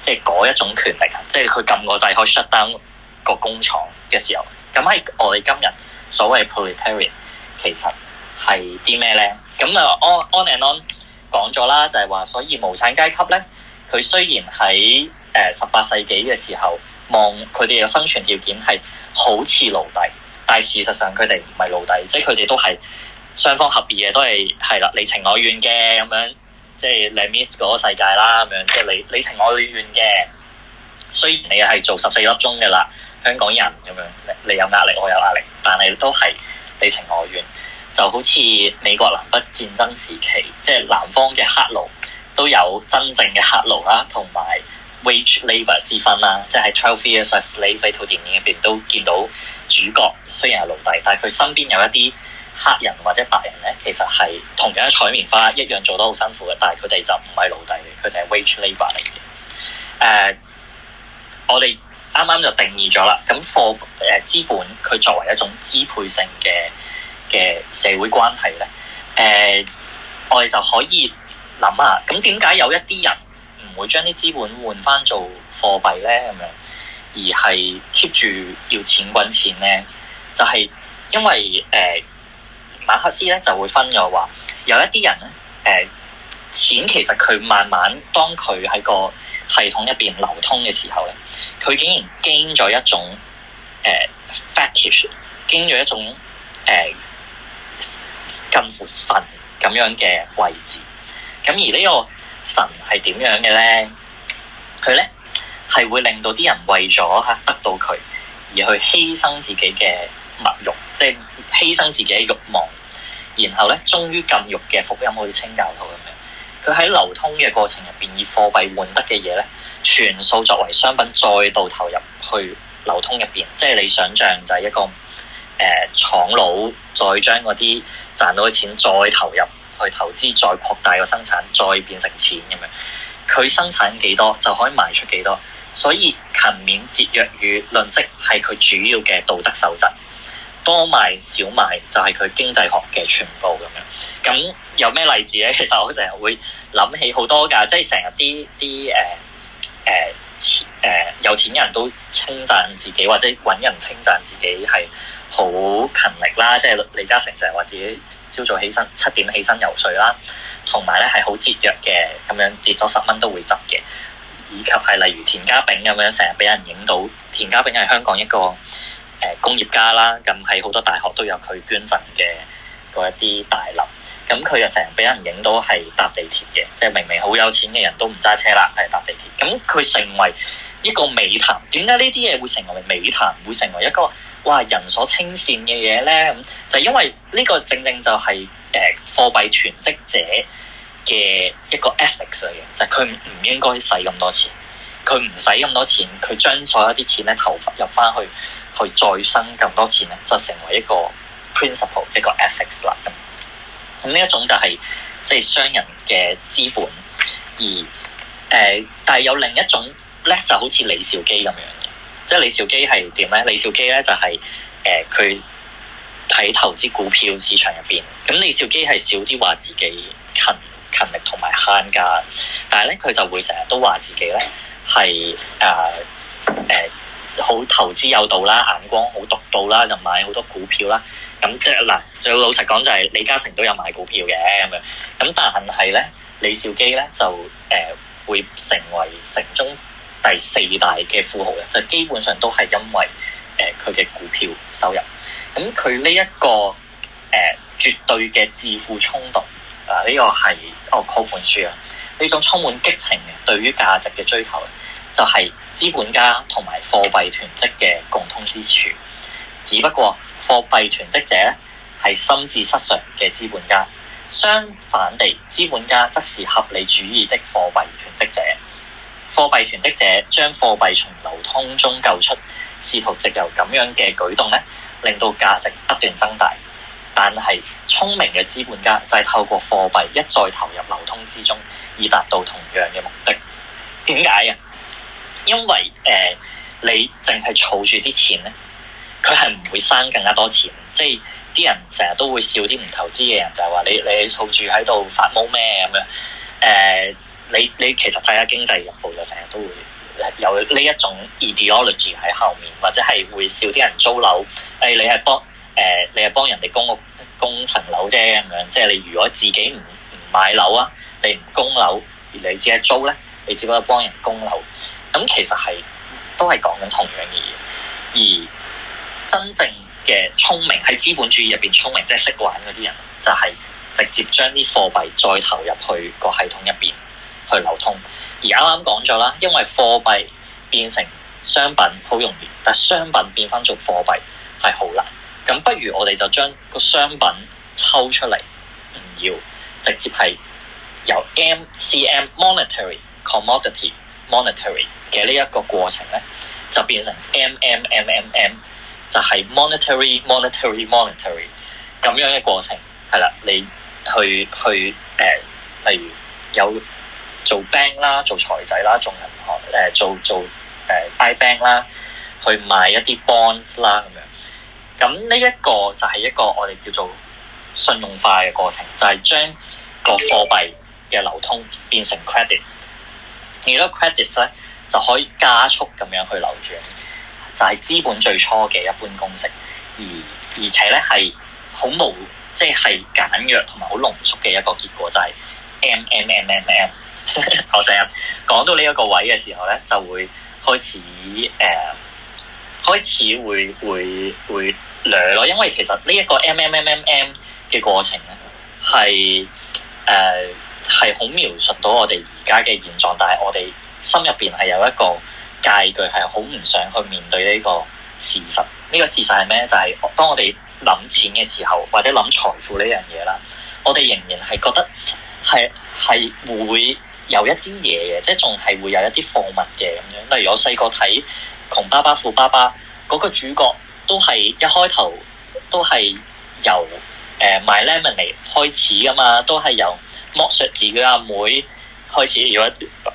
即係一種權力，啊，即係佢撳個掣可以 shut down 個工廠嘅時候。咁係我哋今日所謂 proletariat 其實係啲咩咧？咁啊，安安、嗯、and 安講咗啦，就係、是、話，所以無產階級咧，佢雖然喺誒十八世紀嘅時候，望佢哋嘅生存條件係好似奴隸，但係事實上佢哋唔係奴隸，即係佢哋都係雙方合意嘅，都係係啦，你情我願嘅咁樣，即係你 miss 嗰個世界啦，咁樣即係你你情我願嘅。雖然你係做十四粒鐘嘅啦，香港人咁樣，你，你有壓力我有壓力，但係都係你情我願。就好似美國南北戰爭時期，即係南方嘅黑奴都有真正嘅黑奴啦，同埋 wage labour 之分啦。即係《Twelve Years a Slave》呢套電影入邊都見到主角雖然係奴隸，但係佢身邊有一啲黑人或者白人咧，其實係同樣嘅採棉花一樣做得好辛苦嘅，但係佢哋就唔係奴隸嘅，佢哋係 wage labour 嚟嘅。誒、uh，我哋啱啱就定義咗啦。咁貨誒資本佢作為一種支配性嘅。嘅社會關係咧，誒、呃，我哋就可以諗下，咁點解有一啲人唔會將啲資本換返做貨幣咧咁樣，而係 keep 住要錢揾錢咧？就係、是、因為誒、呃、馬克思咧就會分嘅話，有一啲人咧，誒、呃、錢其實佢慢慢當佢喺個系統入邊流通嘅時候咧，佢竟然經咗一種誒 fetish，經咗一種誒。近乎神咁樣嘅位置，咁而呢個神係點樣嘅咧？佢咧係會令到啲人為咗吓得到佢，而去犧牲自己嘅物欲，即係犧牲自己嘅欲望，然後咧終於禁欲嘅福音好似清教徒咁樣。佢喺流通嘅過程入邊以貨幣換得嘅嘢咧，全數作為商品再度投入去流通入邊，即係你想象就係一個。誒，呃，廠佬再將嗰啲賺到嘅錢再投入去投資，再擴大個生產，再變成錢咁樣。佢生產幾多就可以賣出幾多，所以勤勉節約與吝嗇係佢主要嘅道德守則。多賣少賣就係佢經濟學嘅全部咁樣。咁有咩例子咧？其實我成日會諗起好多㗎，即係成日啲啲誒誒錢有錢人都稱讚自己，或者揾人稱讚自己係，好勤力啦，即係李嘉誠成日話自己朝早起身七點起身游水啦，同埋咧係好節約嘅，咁樣跌咗十蚊都會執嘅，以及係例如田家炳咁樣成日俾人影到，田家炳係香港一個誒、呃、工業家啦，咁喺好多大學都有佢捐贈嘅嗰一啲大樓，咁佢又成日俾人影到係搭地鐵嘅，即係明明好有錢嘅人都唔揸車啦，係搭地鐵，咁佢成為一個美談，點解呢啲嘢會成為美談，會成為一個？哇！人所稱善嘅嘢咧，咁就因為呢個正正就係誒貨幣囤積者嘅一個 ethics 嚟嘅，就係佢唔應該使咁多錢，佢唔使咁多錢，佢將所有啲錢咧投入翻去，去再生咁多錢咧，就成為一個 principle 一個 ethics 啦。咁呢一種就係即係商人嘅資本，而誒、uh, 但係有另一種咧，就好似李兆基咁樣。即係李兆基係點咧？李兆基咧就係誒佢睇投資股票市場入邊，咁李兆基係少啲話自己勤勤力同埋慳家，但係咧佢就會成日都話自己咧係誒誒好投資有道啦，眼光好獨到啦，就買好多股票啦。咁即係嗱，最好老實講就係李嘉誠都有買股票嘅咁樣，咁但係咧李兆基咧就誒、呃、會成為城中，第四大嘅富豪嘅就是，基本上都係因為誒佢嘅股票收入，咁佢呢一個誒、呃、絕對嘅致富衝動啊，呢、這個係哦，嗰本書啊，呢種充滿激情嘅對於價值嘅追求，就係、是、資本家同埋貨幣囤積嘅共通之處。只不過貨幣囤積者咧，係心智失常嘅資本家，相反地，資本家則是合理主義的貨幣囤積者。貨幣囤積者將貨幣從流通中救出，試圖藉由咁樣嘅舉動咧，令到價值不斷增大。但係聰明嘅資本家就係透過貨幣一再投入流通之中，以達到同樣嘅目的。點解啊？因為誒、呃，你淨係儲住啲錢咧，佢係唔會生更加多錢。即係啲人成日都會笑啲唔投資嘅人，就係、是、話你你儲住喺度發毛咩咁樣誒？呃你你其實睇下經濟日報，就成日都會有呢一種 ideology 喺後面，或者係會少啲人租樓。誒、哎，你係幫誒、呃、你係幫人哋供屋供層樓啫咁樣。即係你如果自己唔唔買樓啊，你唔供樓，而你只係租咧，你只不過幫人供樓。咁其實係都係講緊同樣嘅嘢。而真正嘅聰明喺資本主義入邊聰明，即係識玩嗰啲人，就係、是、直接將啲貨幣再投入去個系統入邊。去流通，而啱啱講咗啦，因為貨幣變成商品好容易，但商品變翻做貨幣係好難，咁不如我哋就將個商品抽出嚟，唔要，直接係由 MCM Monetary Commodity Monetary 嘅呢一個過程咧，就變成 MMMMM 就係 Monetary Monetary Monetary 咁樣嘅過程，係啦，你去去誒、呃、例如有。做 bank 啦，做財仔啦，做銀行誒，做做誒、呃、buy bank 啦，去買一啲 bonds 啦咁樣，樣。咁呢一個就係一個我哋叫做信用化嘅過程，就係、是、將個貨幣嘅流通變成 credits。而呢 credits 咧就可以加速咁樣去流轉，就係、是、資本最初嘅一般公式，而而且咧係好無即係、就是、簡約同埋好濃縮嘅一個結果，就係、是 MM MM、M M M M M。 我成日講到呢一個位嘅時候咧，就會開始誒、呃，開始會會會累咯。因為其實呢一個 M、MM、M M M 嘅過程咧，係誒係好描述到我哋而家嘅現狀，但係我哋心入邊係有一個戒懼，係好唔想去面對呢個事實。呢、這個事實係咩？就係、是、當我哋諗錢嘅時候，或者諗財富呢樣嘢啦，我哋仍然係覺得係係會。有一啲嘢嘅，即係仲係會有一啲貨物嘅咁樣。例如我細個睇《窮爸爸富爸爸》，嗰、那個主角都係一開頭都係由誒賣、呃、lemon 嚟開始噶嘛，都係由剝削自己阿妹，妹開始。如果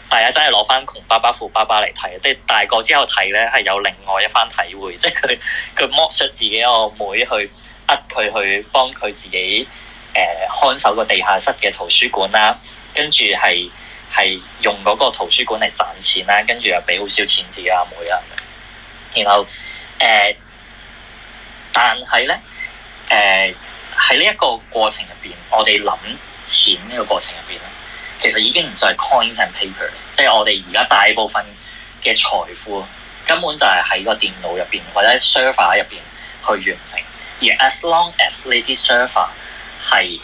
大家真係攞翻《窮爸爸富爸爸》嚟睇，即係大個之後睇咧，係有另外一番體會。即係佢佢剝削自己個妹，妹去呃佢去幫佢自己誒、呃、看守個地下室嘅圖書館啦，跟住係。係用嗰個圖書館嚟賺錢啦，跟住又俾好少錢自己阿妹啦。然後誒、呃，但係咧誒，喺呢一個過程入邊，我哋諗錢呢個過程入邊咧，其實已經唔再係 coins and papers，即係我哋而家大部分嘅財富根本就係喺個電腦入邊或者 server 入邊去完成。而 as long as 呢啲 server 係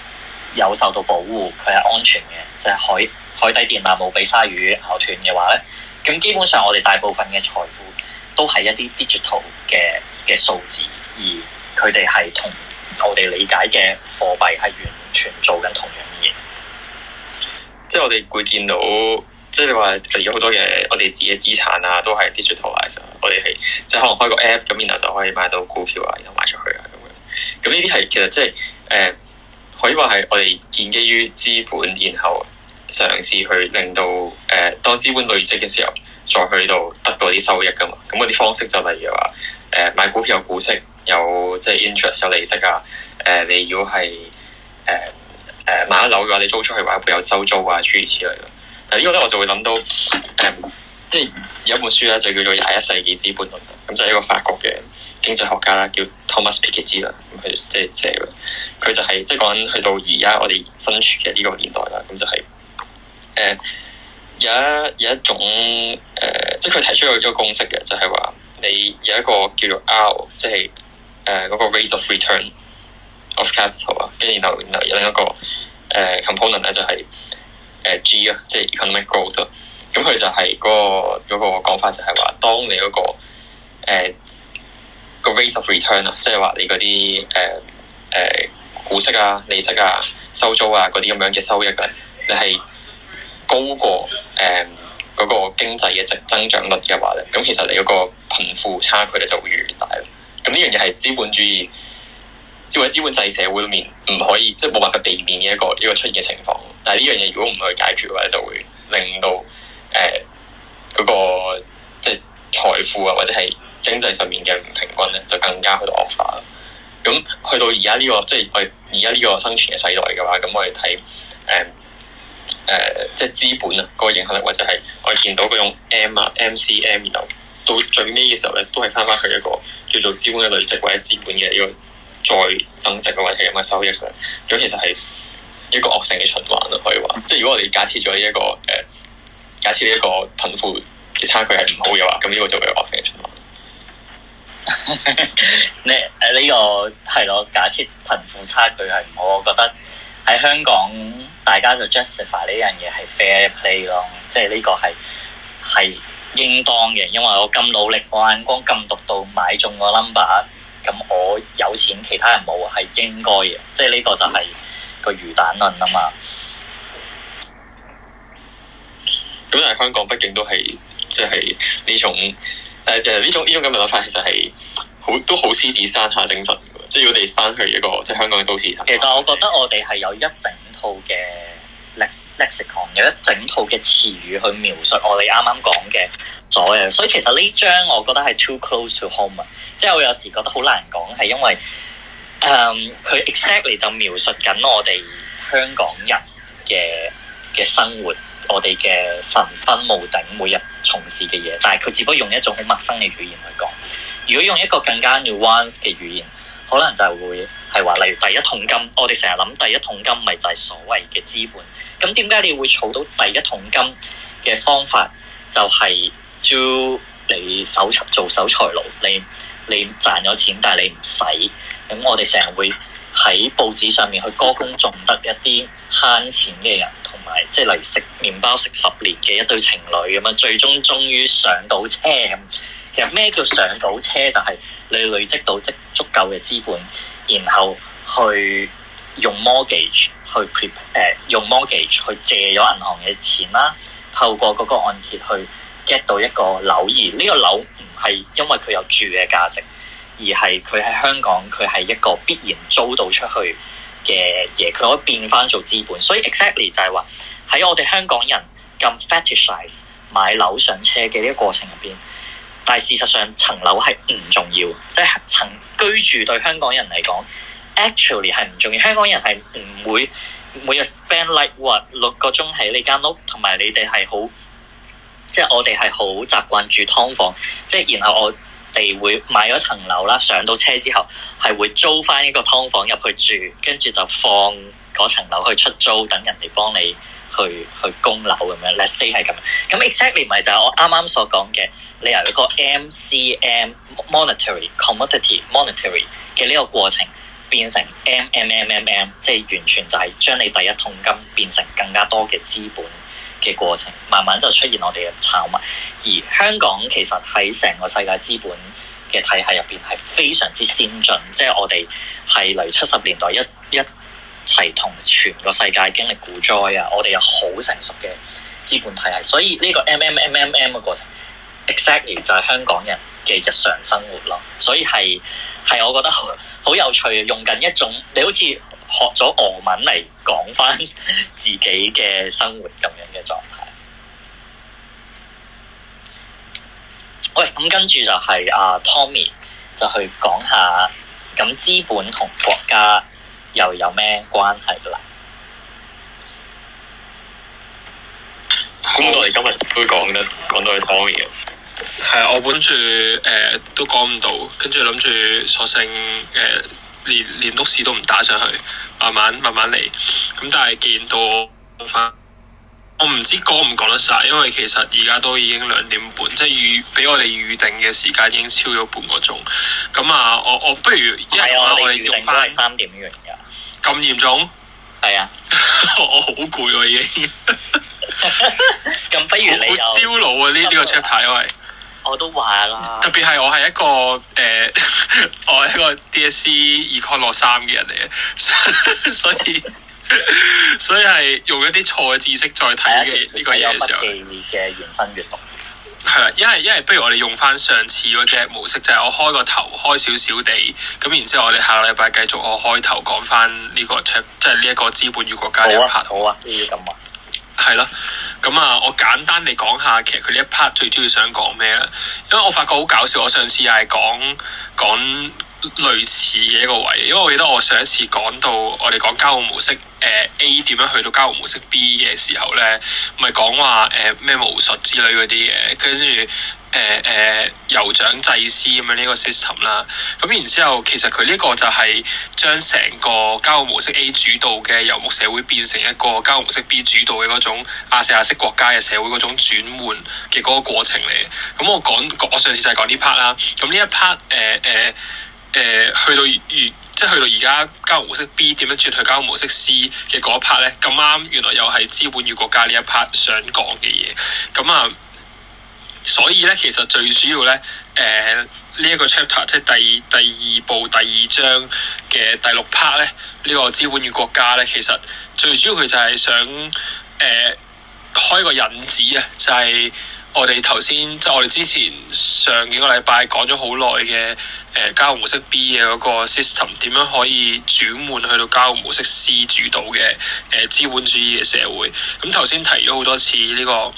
有受到保護，佢係安全嘅，就係、是、可以。海底電纜冇俾鯊魚咬斷嘅話咧，咁基本上我哋大部分嘅財富都係一啲 digital 嘅嘅數字，而佢哋係同我哋理解嘅貨幣係完全做緊同樣嘅嘢。即係我哋會見到，即係你話而家好多嘢，我哋自己資產啊，都係 digital 化咗。我哋係即係可能開個 app，咁然後就可以買到股票啊，然後賣出去啊咁樣。咁呢啲係其實即係誒，可以話係我哋建基於資本，然後。嘗試去令到誒、呃，當資本累積嘅時候，再去到得到啲收益噶嘛。咁嗰啲方式就例如話誒、呃、買股票有股息，有即係、就是、interest 有利息啊。誒、呃，你如果係誒誒買一樓嘅話，你租出去嘅話會有收租啊，諸如此類。誒呢個咧我就會諗到誒，即、呃、係、就是、有一本書咧就叫做《廿一世紀資本論》，咁就係一個法國嘅經濟學家啦，叫 Thomas Piketty 啦。咁佢即係寫佢就係即係講緊去到而家我哋身處嘅呢個年代啦。咁就係、是。誒、uh, 有一有一種誒、uh, 即係佢提出一個公式嘅，就係、是、話你有一個叫做 R，即係誒個 rate of return of capital 啊。跟住然後然後有另一個誒、uh, component 咧就係、是、誒、uh, G 啊，即係 economic growth，啊。咁佢就係、嗰個、嗰個講、嗰個、法就係話當你、嗰個誒個、uh, rate of return 啊，即係話你啲誒誒股息啊、利息啊、收租啊啲咁樣嘅收益嘅，你係，高過誒嗰個經濟嘅增增長率嘅話咧，咁其實你嗰個貧富差距咧就會越嚟越大。咁呢樣嘢係資本主義，即係資本制社會面唔可以，即係冇辦法避免嘅一個一個出現嘅情況。但係呢樣嘢如果唔去解決嘅話，就會令到誒嗰個即係財富啊或者係經濟上面嘅唔平均咧，就更加去到惡化。咁去到而家呢個即係我哋而家呢個生存嘅世代嘅話，咁我哋睇誒。嗯誒、呃，即係資本啊，個影響力或者係我哋見到嗰種 M 啊、MCM，然後到最尾嘅時候咧，都係翻翻佢一個叫做資本嘅累積或者資本嘅呢個再增值嘅話題咁嘅收益嘅。咁其實係一個惡性嘅循環咯，可以話。即係如果我哋假設咗呢一個誒、呃，假設呢一個貧富嘅差距係唔好嘅話，咁呢個就會有惡性嘅循環。 你誒呢、呃呢個係咯，假設貧富差距係唔好，我覺得。喺香港，大家就 justify 呢樣嘢係 fair play 咯，即係呢個係係應當嘅。因為我咁努力，我眼光咁獨到，買中個 number，咁我有錢，其他人冇，係應該嘅。即係呢個就係個魚蛋論啊嘛。咁、嗯、但係香港畢竟都係即係呢種，但係就係呢種呢種咁嘅諗法，其實係好都好獅子山下精神。即係要我哋翻去一個即係香港嘅都市。其實我覺得我哋係有一整套嘅 lex le i c o n 有一整套嘅詞語去描述我哋啱啱講嘅咗嘅。所以其實呢張我覺得係 too close to home 啊！即係我有時覺得好難講，係因為誒佢、um, exactly 就描述緊我哋香港人嘅嘅生活，我哋嘅神分霧頂，每日從事嘅嘢，但係佢只不過用一種好陌生嘅語言去講。如果用一個更加 nuance 嘅語言。可能就係會係話，例如第一桶金，我哋成日諗第一桶金咪就係所謂嘅資本。咁點解你會儲到第一桶金嘅方法就係，招你手做守財奴，你你賺咗錢，但係你唔使。咁我哋成日會喺報紙上面去歌功頌德一啲慳錢嘅人，同埋即係例如食麵包食十年嘅一對情侶咁樣，最終終於上到車咁。其實咩叫上到車就係、是、你累積到足夠嘅資本，然後去用 mortgage 去誒用 mortgage 去借咗銀行嘅錢啦。透過嗰個按揭去 get 到一個樓，而呢個樓唔係因為佢有住嘅價值，而係佢喺香港，佢係一個必然租到出去嘅嘢。佢可以變返做資本。所以 exactly 就係話，喺我哋香港人咁 fetishize 買樓上車嘅呢個過程入邊。但係事實上層樓係唔重要，即係層居住對香港人嚟講，actually 係唔重要。香港人係唔會每日 spend like what，六個鐘喺呢間屋，同埋你哋係好，即係我哋係好習慣住劏房，即係然後我哋會買咗層樓啦，上到車之後係會租返一個劏房入去住，跟住就放嗰層樓去出租，等人哋幫你。去去供樓咁樣，let's say 係咁樣。咁 exactly 咪就係我啱啱所講嘅，你由一個 MCM monetary commodity monetary 嘅呢個過程變成 M、MM、M M M M，即係完全就係將你第一桶金變成更加多嘅資本嘅過程，慢慢就出現我哋嘅炒物。而香港其實喺成個世界資本嘅體系入邊係非常之先進，即係我哋係嚟七十年代一一。係同全個世界經歷股災啊！我哋有好成熟嘅資本體系，所以呢個 M、MM、M M M M 嘅過程，exactly 就係香港人嘅日常生活咯。所以係係，我覺得好有趣嘅，用緊一種你好似學咗俄文嚟講返自己嘅生活咁樣嘅狀態。喂，咁跟住就係、是、阿、啊、Tommy 就去講下咁資本同國家，又有咩關係啦？咁我哋今日都講得講到去荒嘢。係，我本住誒、呃、都講唔到，跟住諗住索性誒、呃、連連錄事都唔打上去，慢慢慢慢嚟。咁但係見到我翻，我唔知講唔講得晒，因為其實而家都已經兩點半，即係預俾我哋預定嘅時間已經超咗半個鐘。咁啊，我我不如夜晚我哋用翻三點嘅。咁嚴重？係啊 我，我好攰喎、啊、已經。咁 不如你 好燒腦啊！呢、這、呢個 chapter 係、呃。我都話啦。特別係我係一個誒，我係一個 D S E 二括號三嘅人嚟嘅，所以所以係用一啲錯嘅知識再睇嘅呢個嘢嘅時候。看係啦，因為因為不如我哋用翻上次嗰隻模式，就係、是、我開個頭開少少地，咁然後之後我哋下個禮拜繼續我開頭講翻呢個即係呢一個資本與國家呢一 part。好啊，好啊，你要咁話。係咯，咁啊，我簡單地講下，其實佢呢一 part 最主要想講咩？因為我發覺好搞笑，我上次又係講講。類似嘅一個位，因為我記得我上一次講到我哋講交換模式誒 A 點樣去到交換模式 B 嘅時候咧，唔係講話誒咩巫術之類嗰啲嘅跟住誒誒酋長祭司咁樣呢個 system 啦。咁然之後，其實佢呢個就係將成個交換模式 A 主導嘅遊牧社會變成一個交換模式 B 主導嘅嗰種亞細亞式國家嘅社會嗰種轉換嘅嗰個過程嚟嘅。咁、嗯、我講我上次就係講呢 part 啦。咁、嗯、呢一 part 誒誒。呃呃誒、呃、去到、呃、即係去到而家交互模式 B 點樣轉去交互模式 C 嘅嗰一 part 咧，咁啱原來又係資本與國家呢一 part 想講嘅嘢，咁啊，所以咧其實最主要咧，誒呢一個 chapter 即係第第二部第二章嘅第六 part 咧，呢個資本與國家咧，其實最主要佢、呃這個這個、就係想誒、呃、開個引子啊，就係、是。我哋頭先即係我哋之前上幾個禮拜講咗好耐嘅誒交換模式 B 嘅嗰個 system 點樣可以轉換去到交換模式 C 主導嘅誒、呃、資本主義嘅社會。咁頭先提咗好多次呢、呢個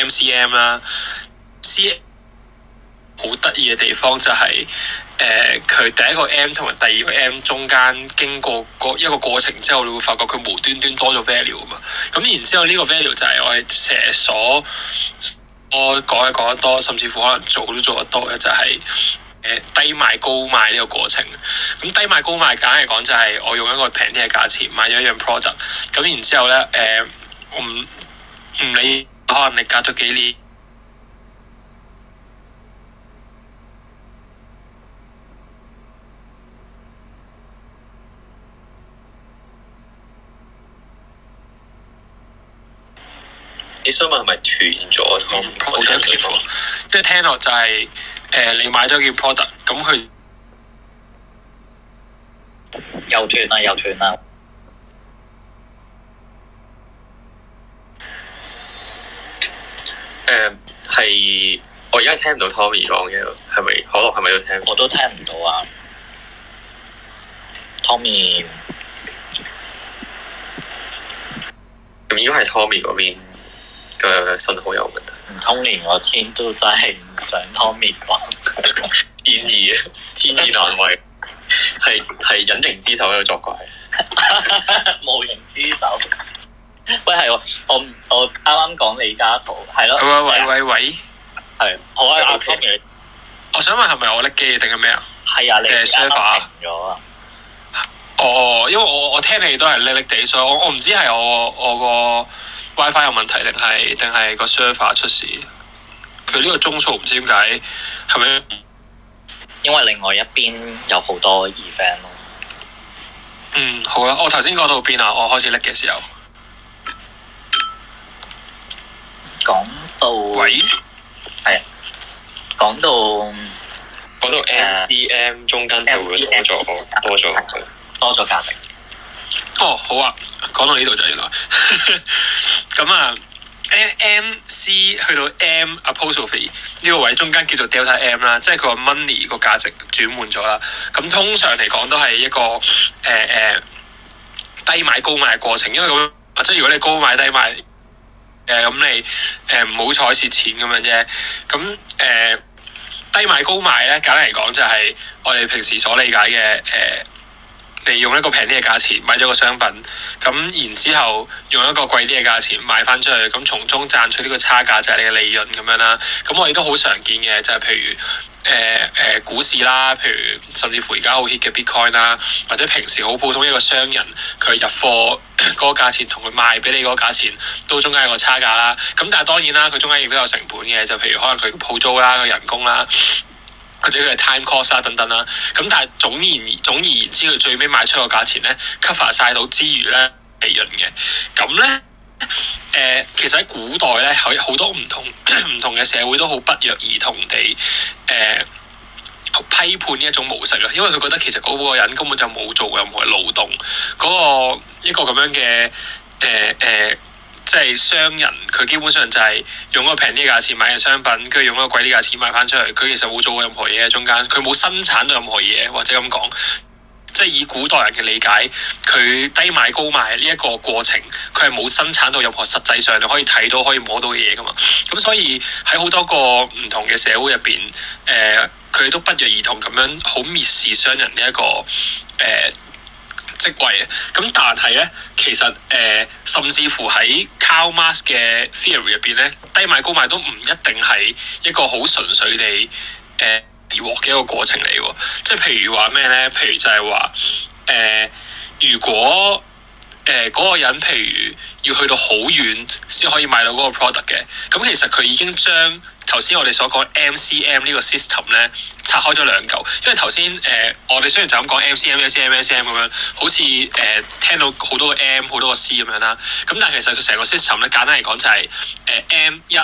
MCM 啦、啊、，C 好得意嘅地方就係誒佢第一個 M 同埋第二個 M 中間經過一個過程之後，你會發覺佢無端端多咗 value 啊嘛。咁然之後呢個 value 就係我哋成日所我講一講得多，甚至乎可能做都做得多嘅就係，誒低賣高賣呢個過程。咁低賣高賣，簡嚟講就係我用一個平啲嘅價錢買咗一樣 product，咁然之後咧，誒我唔唔理，可能你隔咗幾年。你想問係咪斷咗？咁好、嗯、聽幾句，即係聽落就係、是、誒、呃，你買咗件 product，咁佢又斷啦，又斷啦。誒、呃，係我而家聽唔到 Tommy 講嘅。係咪可樂是是？係咪都聽？我都聽唔到啊，Tommy，你如果係 Tommy 嗰邊。嗯都信有信號有問題，唔通連我天都真係唔想湯滅光， 天意難，天意難違，係係隱形之手喺度作怪， 無形之手。 喂，係我我啱啱講李家豪，係咯，喂喂喂喂，係，我喺度講嘢，我想問係咪我甩機定係咩啊？係啊，你 server 咗啊？哦，uh, 因為我我聽你都係叻叻地，所以我我唔知係我我個。WiFi 有問題定係定係個 server 出事？佢呢個中速唔知點解係咪因為另外一邊有好多 event 咯？嗯，好啦，我頭先講到邊啊？我開始拎嘅時候講到，喂，係啊，講到講到 MCM、呃、MCM 中間就會多咗多咗多咗價值。哦，好啊，講到呢度就係原來咁啊，M M C 去到 M a p o s a l f e 呢個位中間叫做 Delta M 啦、啊，即係佢個 money 個價值轉換咗啦。咁、啊、通常嚟講都係一個誒誒、呃呃、低買高賣過程，因為咁樣即係如果你高買低賣誒，咁、呃、你誒唔好彩蝕錢咁樣啫。咁、啊、誒、呃、低買高賣咧，簡單嚟講就係我哋平時所理解嘅誒。呃利用一個平啲嘅價錢買咗個商品，咁然之後用一個貴啲嘅價錢賣翻出去，咁從中賺取呢個差價就係你嘅利潤咁樣啦。咁我亦都好常見嘅，就係譬如誒誒股市啦，譬如甚至乎而家好 hit 嘅 Bitcoin 啦，或者平時好普通一個商人，佢入貨嗰個價錢同佢賣俾你嗰個價錢，都中間有個差價啦。咁但係當然啦，佢中間亦都有成本嘅，就譬如可能佢鋪租啦，佢人工啦。或者佢嘅 time cost 啊，等等啦，咁但係總而言總而言之，佢最尾賣出個價錢咧 cover 曬到之餘咧利潤嘅。咁咧誒，其實喺古代咧，喺好多唔同唔 同嘅社會都好不約而同地誒、呃、批判呢一種模式啊，因為佢覺得其實嗰個人根本就冇做任何嘅勞動，嗰、那個一個咁樣嘅誒誒。呃呃即係商人，佢基本上就係用一個平啲價錢買嘅商品，跟住用一個貴啲價錢買翻出去。佢其實冇做過任何嘢喺中間，佢冇生產到任何嘢，或者咁講，即係以古代人嘅理解，佢低買高賣呢一個過程，佢係冇生產到任何實際上你可以睇到、可以摸到嘅嘢㗎嘛。咁所以喺好多個唔同嘅社會入邊，誒、呃、佢都不約而同咁樣好蔑視商人呢、這、一個誒。呃職位，咁但係咧，其實誒、呃，甚至乎喺 Cowmask 嘅 theory 入邊咧，低賣高賣都唔一定係一個好純粹地誒、呃、而獲嘅一個過程嚟喎。即係譬如話咩咧？譬如就係話誒，如果誒嗰、呃嗰個人譬如要去到好遠先可以買到嗰個 product 嘅，咁其實佢已經將。頭先我哋所講 MCM 呢個 system 咧拆開咗兩嚿，因為頭先誒我哋雖然就咁講 MCM、MCM、MCM 咁樣，好似誒、呃、聽到好多個 M 好多個 C 咁樣啦，咁但係其實佢成個 system 咧簡單嚟講就係誒 M 一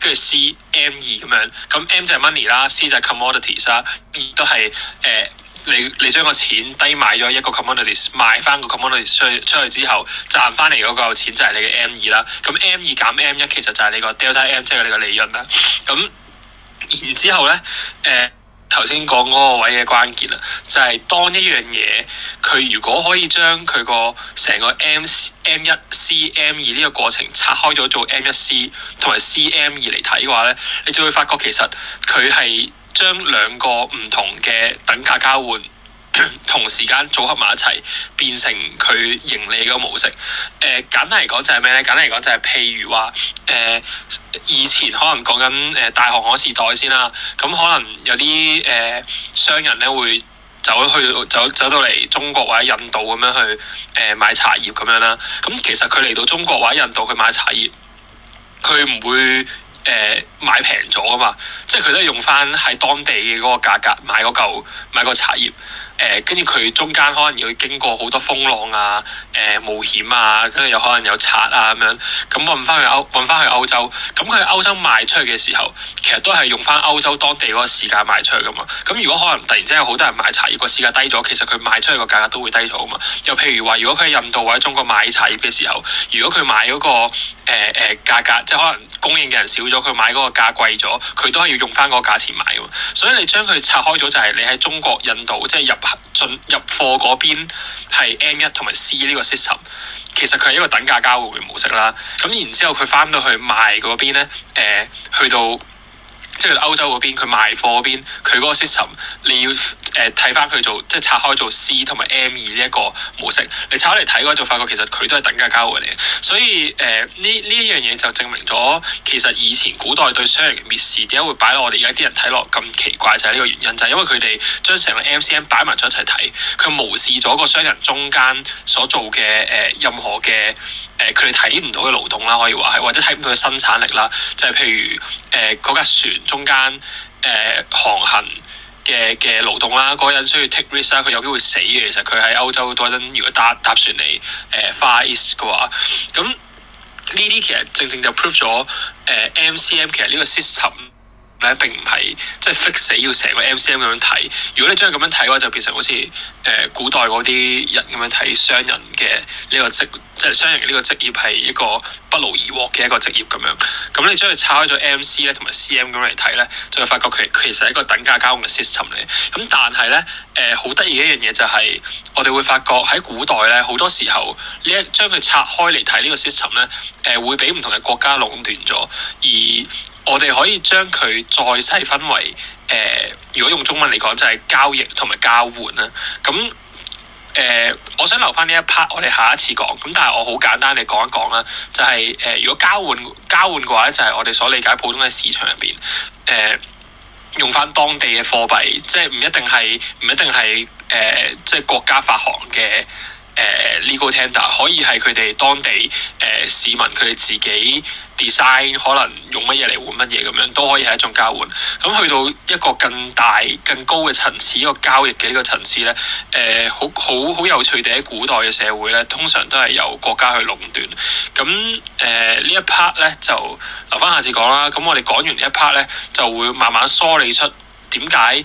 跟住 C、M 二咁樣，咁 M 就係 money 啦，C 就係 commodities 啦，都係誒。你你將個錢低買咗一個 commodities 賣翻個 commodities 出出去之後，賺翻嚟嗰個錢就係你嘅 M 二啦。咁 M 二減 M 一其實就係你個 Delta M，即係你個利潤啦。咁然之後咧，誒頭先講嗰個位嘅關鍵啦，就係、是、當一樣嘢佢如果可以將佢個成個 M 1, M 一 C M 二呢個過程拆開咗做 M 一 C 同埋 C M 二嚟睇嘅話咧，你就會發覺其實佢係。將兩個唔同嘅等價交換 同時間組合埋一齊，變成佢盈利嘅模式。誒、呃，簡單嚟講就係咩呢？簡單嚟講就係、是、譬如話、呃，以前可能講緊大航海時代先啦。咁、嗯、可能有啲、呃、商人咧會走去走走到嚟中國或者印度咁樣去誒、呃、買茶葉咁樣啦。咁、嗯、其實佢嚟到中國或者印度去買茶葉，佢唔會。誒買平咗啊嘛，即係佢都係用翻喺當地嘅嗰個價格買嗰、那、嚿、個、買個茶葉，誒跟住佢中間可能要經過好多風浪啊、誒、呃、冒險啊，跟住又可能有賊啊咁樣，咁運翻去歐運翻去歐洲，咁佢喺歐洲賣出去嘅時候，其實都係用翻歐洲當地嗰個市價賣出去噶嘛。咁如果可能突然之間有好多人買茶葉，個市價低咗，其實佢賣出去個價格都會低咗啊嘛。又譬如話，如果佢喺印度或者中國買茶葉嘅時候，如果佢買嗰、那個誒誒、呃呃、價格，即係可能。供應嘅人少咗，佢買嗰個價貴咗，佢都係要用翻嗰個價錢買喎。所以你將佢拆開咗，就係你喺中國、印度即係入進入貨嗰邊係 M 一同埋 C 呢個 system，其實佢係一個等價交換嘅模式啦。咁然之後佢翻到去賣嗰邊咧，誒、呃、去到。即係歐洲嗰邊，佢賣貨嗰邊，佢嗰個 system，你要誒睇翻佢做，即係拆開做 C 同埋 M 二呢一個模式，你拆開嚟睇嘅話，就發覺其實佢都係等價交換嚟嘅。所以誒，呢、呃、呢一樣嘢就證明咗，其實以前古代對商人嘅蔑視，點解會擺落我哋而家啲人睇落咁奇怪，就係、是、呢個原因，就係、是、因為佢哋將成個 MCM 擺埋咗一齊睇，佢無視咗個商人中間所做嘅誒、呃、任何嘅誒，佢哋睇唔到嘅勞動啦，可以話係，或者睇唔到嘅生產力啦，就係、是、譬如誒嗰架船。中間誒、呃、航行嘅嘅勞動啦，嗰、嗰個、人需要 take risk 啦，佢有機會死嘅。其實佢喺歐洲嗰陣，如果搭搭船嚟誒、呃、Far East 嘅話，咁呢啲其實正正就 prove 咗誒、呃、MCM 其實呢個 system。咧並唔係即係 fix 死要成個、MC、M C M 咁樣睇。如果你將佢咁樣睇嘅話，就變成好似誒古代嗰啲人咁樣睇商人嘅呢個職，即係商人呢個職業係一個不勞而獲嘅一個職業咁樣。咁你將佢拆開咗 M C 咧同埋 C M 咁樣嚟睇咧，就會發覺佢其實係一個等價交換嘅 system 嚟。咁但係咧，誒好得意嘅一樣嘢就係、是、我哋會發覺喺古代咧，好多時候呢你一將佢拆開嚟睇呢個 system 咧，誒、呃、會俾唔同嘅國家壟斷咗而。我哋可以將佢再細分為，誒、呃，如果用中文嚟講就係、是、交易同埋交換啦。咁，誒、呃，我想留翻呢一 part，我哋下一次講。咁但係我好簡單嚟講一講啦，就係、是，誒、呃，如果交換交換嘅話咧，就係、是、我哋所理解普通嘅市場入邊，誒、呃，用翻當地嘅貨幣，即係唔一定係唔一定係，誒、呃，即係國家發行嘅。誒 legal tender 可以係佢哋當地，誒市民佢哋自己 design 可能用乜嘢嚟換乜嘢，咁樣都可以係一種交換。咁去到一個更大更高嘅層次，一個交易嘅呢個層次咧，誒好好好有趣地喺古代嘅社會咧，通常都係由國家去壟斷。咁誒、呃、呢一 part 咧就留翻下次講啦。咁我哋講完呢一 part 咧，就會慢慢梳理出。點解？誒、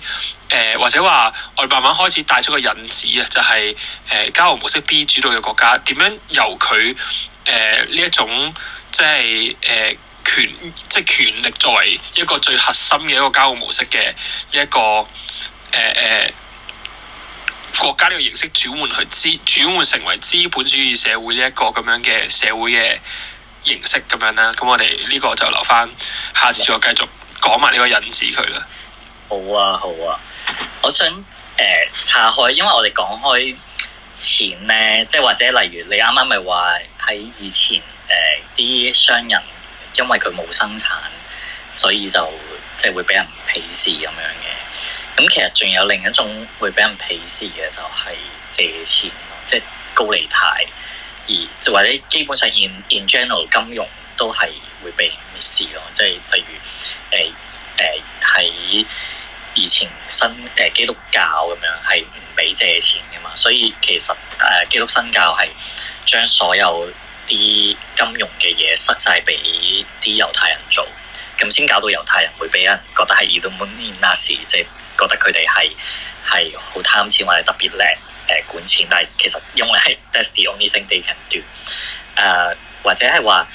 呃，或者話我哋慢慢開始帶出個引子啊，就係、是、誒、呃，交互模式 B 主導嘅國家，點樣由佢誒呢一種即係誒、呃、權即係權力作為一個最核心嘅一個交互模式嘅一個誒誒、呃呃、國家呢個形式轉換去資轉換成為資本主義社會呢一個咁樣嘅社會嘅形式咁樣啦。咁我哋呢個就留返，下次我繼續講埋呢個引子佢啦。好啊，好啊，我想誒岔、呃、開，因為我哋講開錢咧，即係或者例如你啱啱咪話喺以前誒啲、呃、商人因為佢冇生產，所以就即係會俾人鄙視咁樣嘅。咁其實仲有另一種會俾人鄙視嘅就係借錢咯，即係高利貸，而就或者基本上 in in general 金融都係會被鄙視咯，即係。新誒基督教咁樣係唔俾借錢噶嘛，所以其實誒基督新教係將所有啲金融嘅嘢塞曬俾啲猶太人做，咁先搞到猶太人會俾人覺得係以東滿納士，即係覺得佢哋係係好貪錢或者特別叻誒管錢。但係其實因為係 That's the only thing they can do 誒，或者係話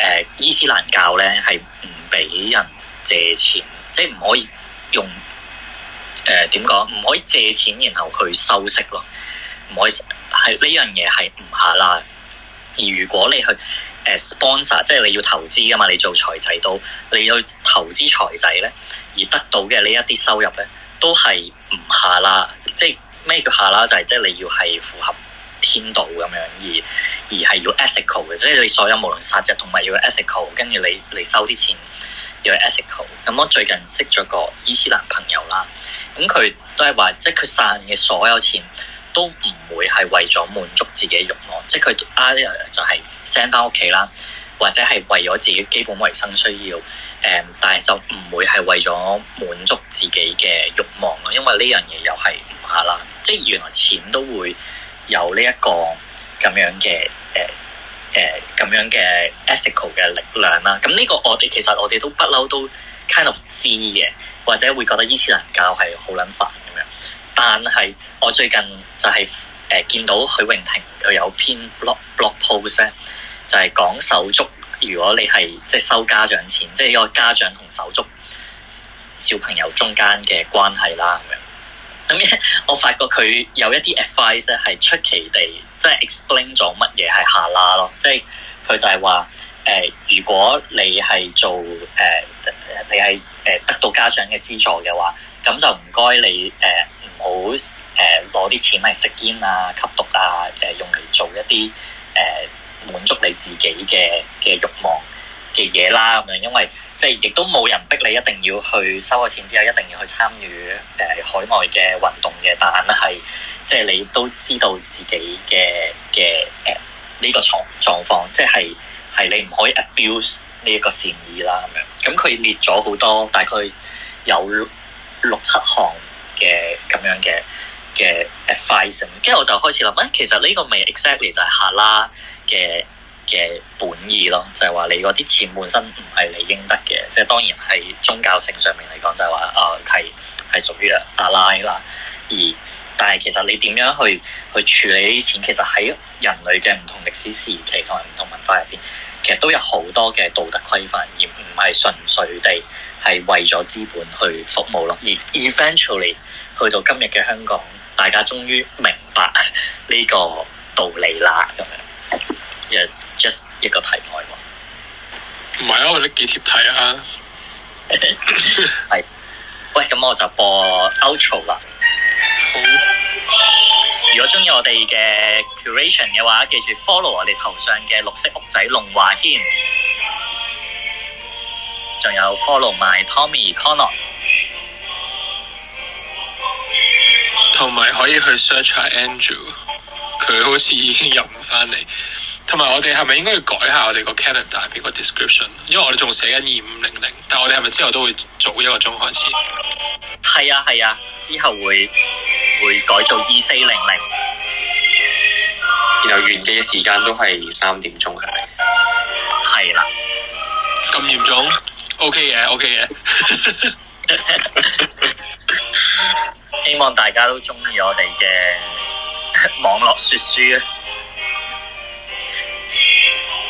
誒伊斯蘭教咧係唔俾人借錢，即係唔可以用。誒點講？唔、呃、可以借錢然後去收息咯，唔可以係呢樣嘢係唔下啦。而如果你去誒、呃、sponsor，即係你要投資噶嘛，你做財仔，都你去投資財仔咧，而得到嘅呢一啲收入咧，都係唔下啦。即係咩叫下啦？就係、是、即係你要係符合天道咁樣，而而係要 ethical 嘅，即係你所有無論殺隻同埋要 ethical，跟住你嚟收啲錢。叫 ethical 咁我最近識咗個伊斯蘭朋友啦，咁佢都係話，即係佢散嘅所有錢都唔會係為咗滿足自己嘅欲望，即係佢啊就係 send 翻屋企啦，或者係為咗自己基本衞生需要誒、嗯，但係就唔會係為咗滿足自己嘅欲望咯，因為呢樣嘢又係唔下啦，即、就、係、是、原來錢都會有呢、這、一個咁樣嘅誒。呃誒咁樣嘅 ethical 嘅力量啦，咁呢個我哋其實我哋都不嬲都 kind of 知嘅，或者會覺得伊斯蘭教係好捻煩咁樣，但係我最近就係、是、誒、呃、見到許穎婷佢有篇 blog blog post 咧，就係講手足，如果你係即係收家長錢，即係呢個家長同手足小朋友中間嘅關係啦咁樣。咁咧， 我發覺佢有一啲 advice 咧，係出奇地即係、就是、explain 咗乜嘢係下拉咯。即係佢就係話誒，如果你係做誒、呃，你係誒、呃、得到家長嘅資助嘅話，咁就唔該你誒，唔好誒攞啲錢嚟食煙啊、吸毒啊，誒、呃、用嚟做一啲誒、呃、滿足你自己嘅嘅慾望嘅嘢啦咁樣。因為即係亦都冇人逼你一定要去收咗錢之後一定要去參與誒海外嘅運動嘅，但係即係你都知道自己嘅嘅誒呢個狀狀況，即係係你唔可以 abuse 呢一個善意啦咁樣，咁佢列咗好多大概有六七項嘅咁樣嘅嘅 advice。跟住我就開始諗誒、啊、其實呢個咪 exactly 就係克啦嘅。嘅本意咯，就係話你嗰啲錢本身唔係你應得嘅，即係當然係宗教性上面嚟講，就係話啊係係屬於阿拉啦。而但係其實你點樣去去處理啲錢，其實喺人類嘅唔同歷史時期同埋唔同文化入邊，其實都有好多嘅道德規範，而唔係純粹地係為咗資本去服務咯。而 eventually 去到今日嘅香港，大家終於明白呢個道理啦，咁樣、就係。just 一個題外話喎，唔係啊，我覺得幾貼題啊。係，喂，咁我就播 outro 啦。好，如果中意我哋嘅 curation 嘅話，記住 follow 我哋頭上嘅綠色屋仔龍華軒，仲有 follow 埋 Tommy Connor，同埋可以去 search 下 Andrew，佢好似已經入唔翻嚟。同埋我哋係咪應該要改下我哋個 Canada 畀個 description？因為我哋仲寫緊二五零零，但係我哋係咪之後都會早一個鐘開始？係啊係啊，之後會會改做二四零零，然後完嘅時間都係三點鐘係咪？係啦，啊，咁嚴、啊、重？OK 嘅 OK 嘅 希望大家都中意我哋嘅網絡說書啊！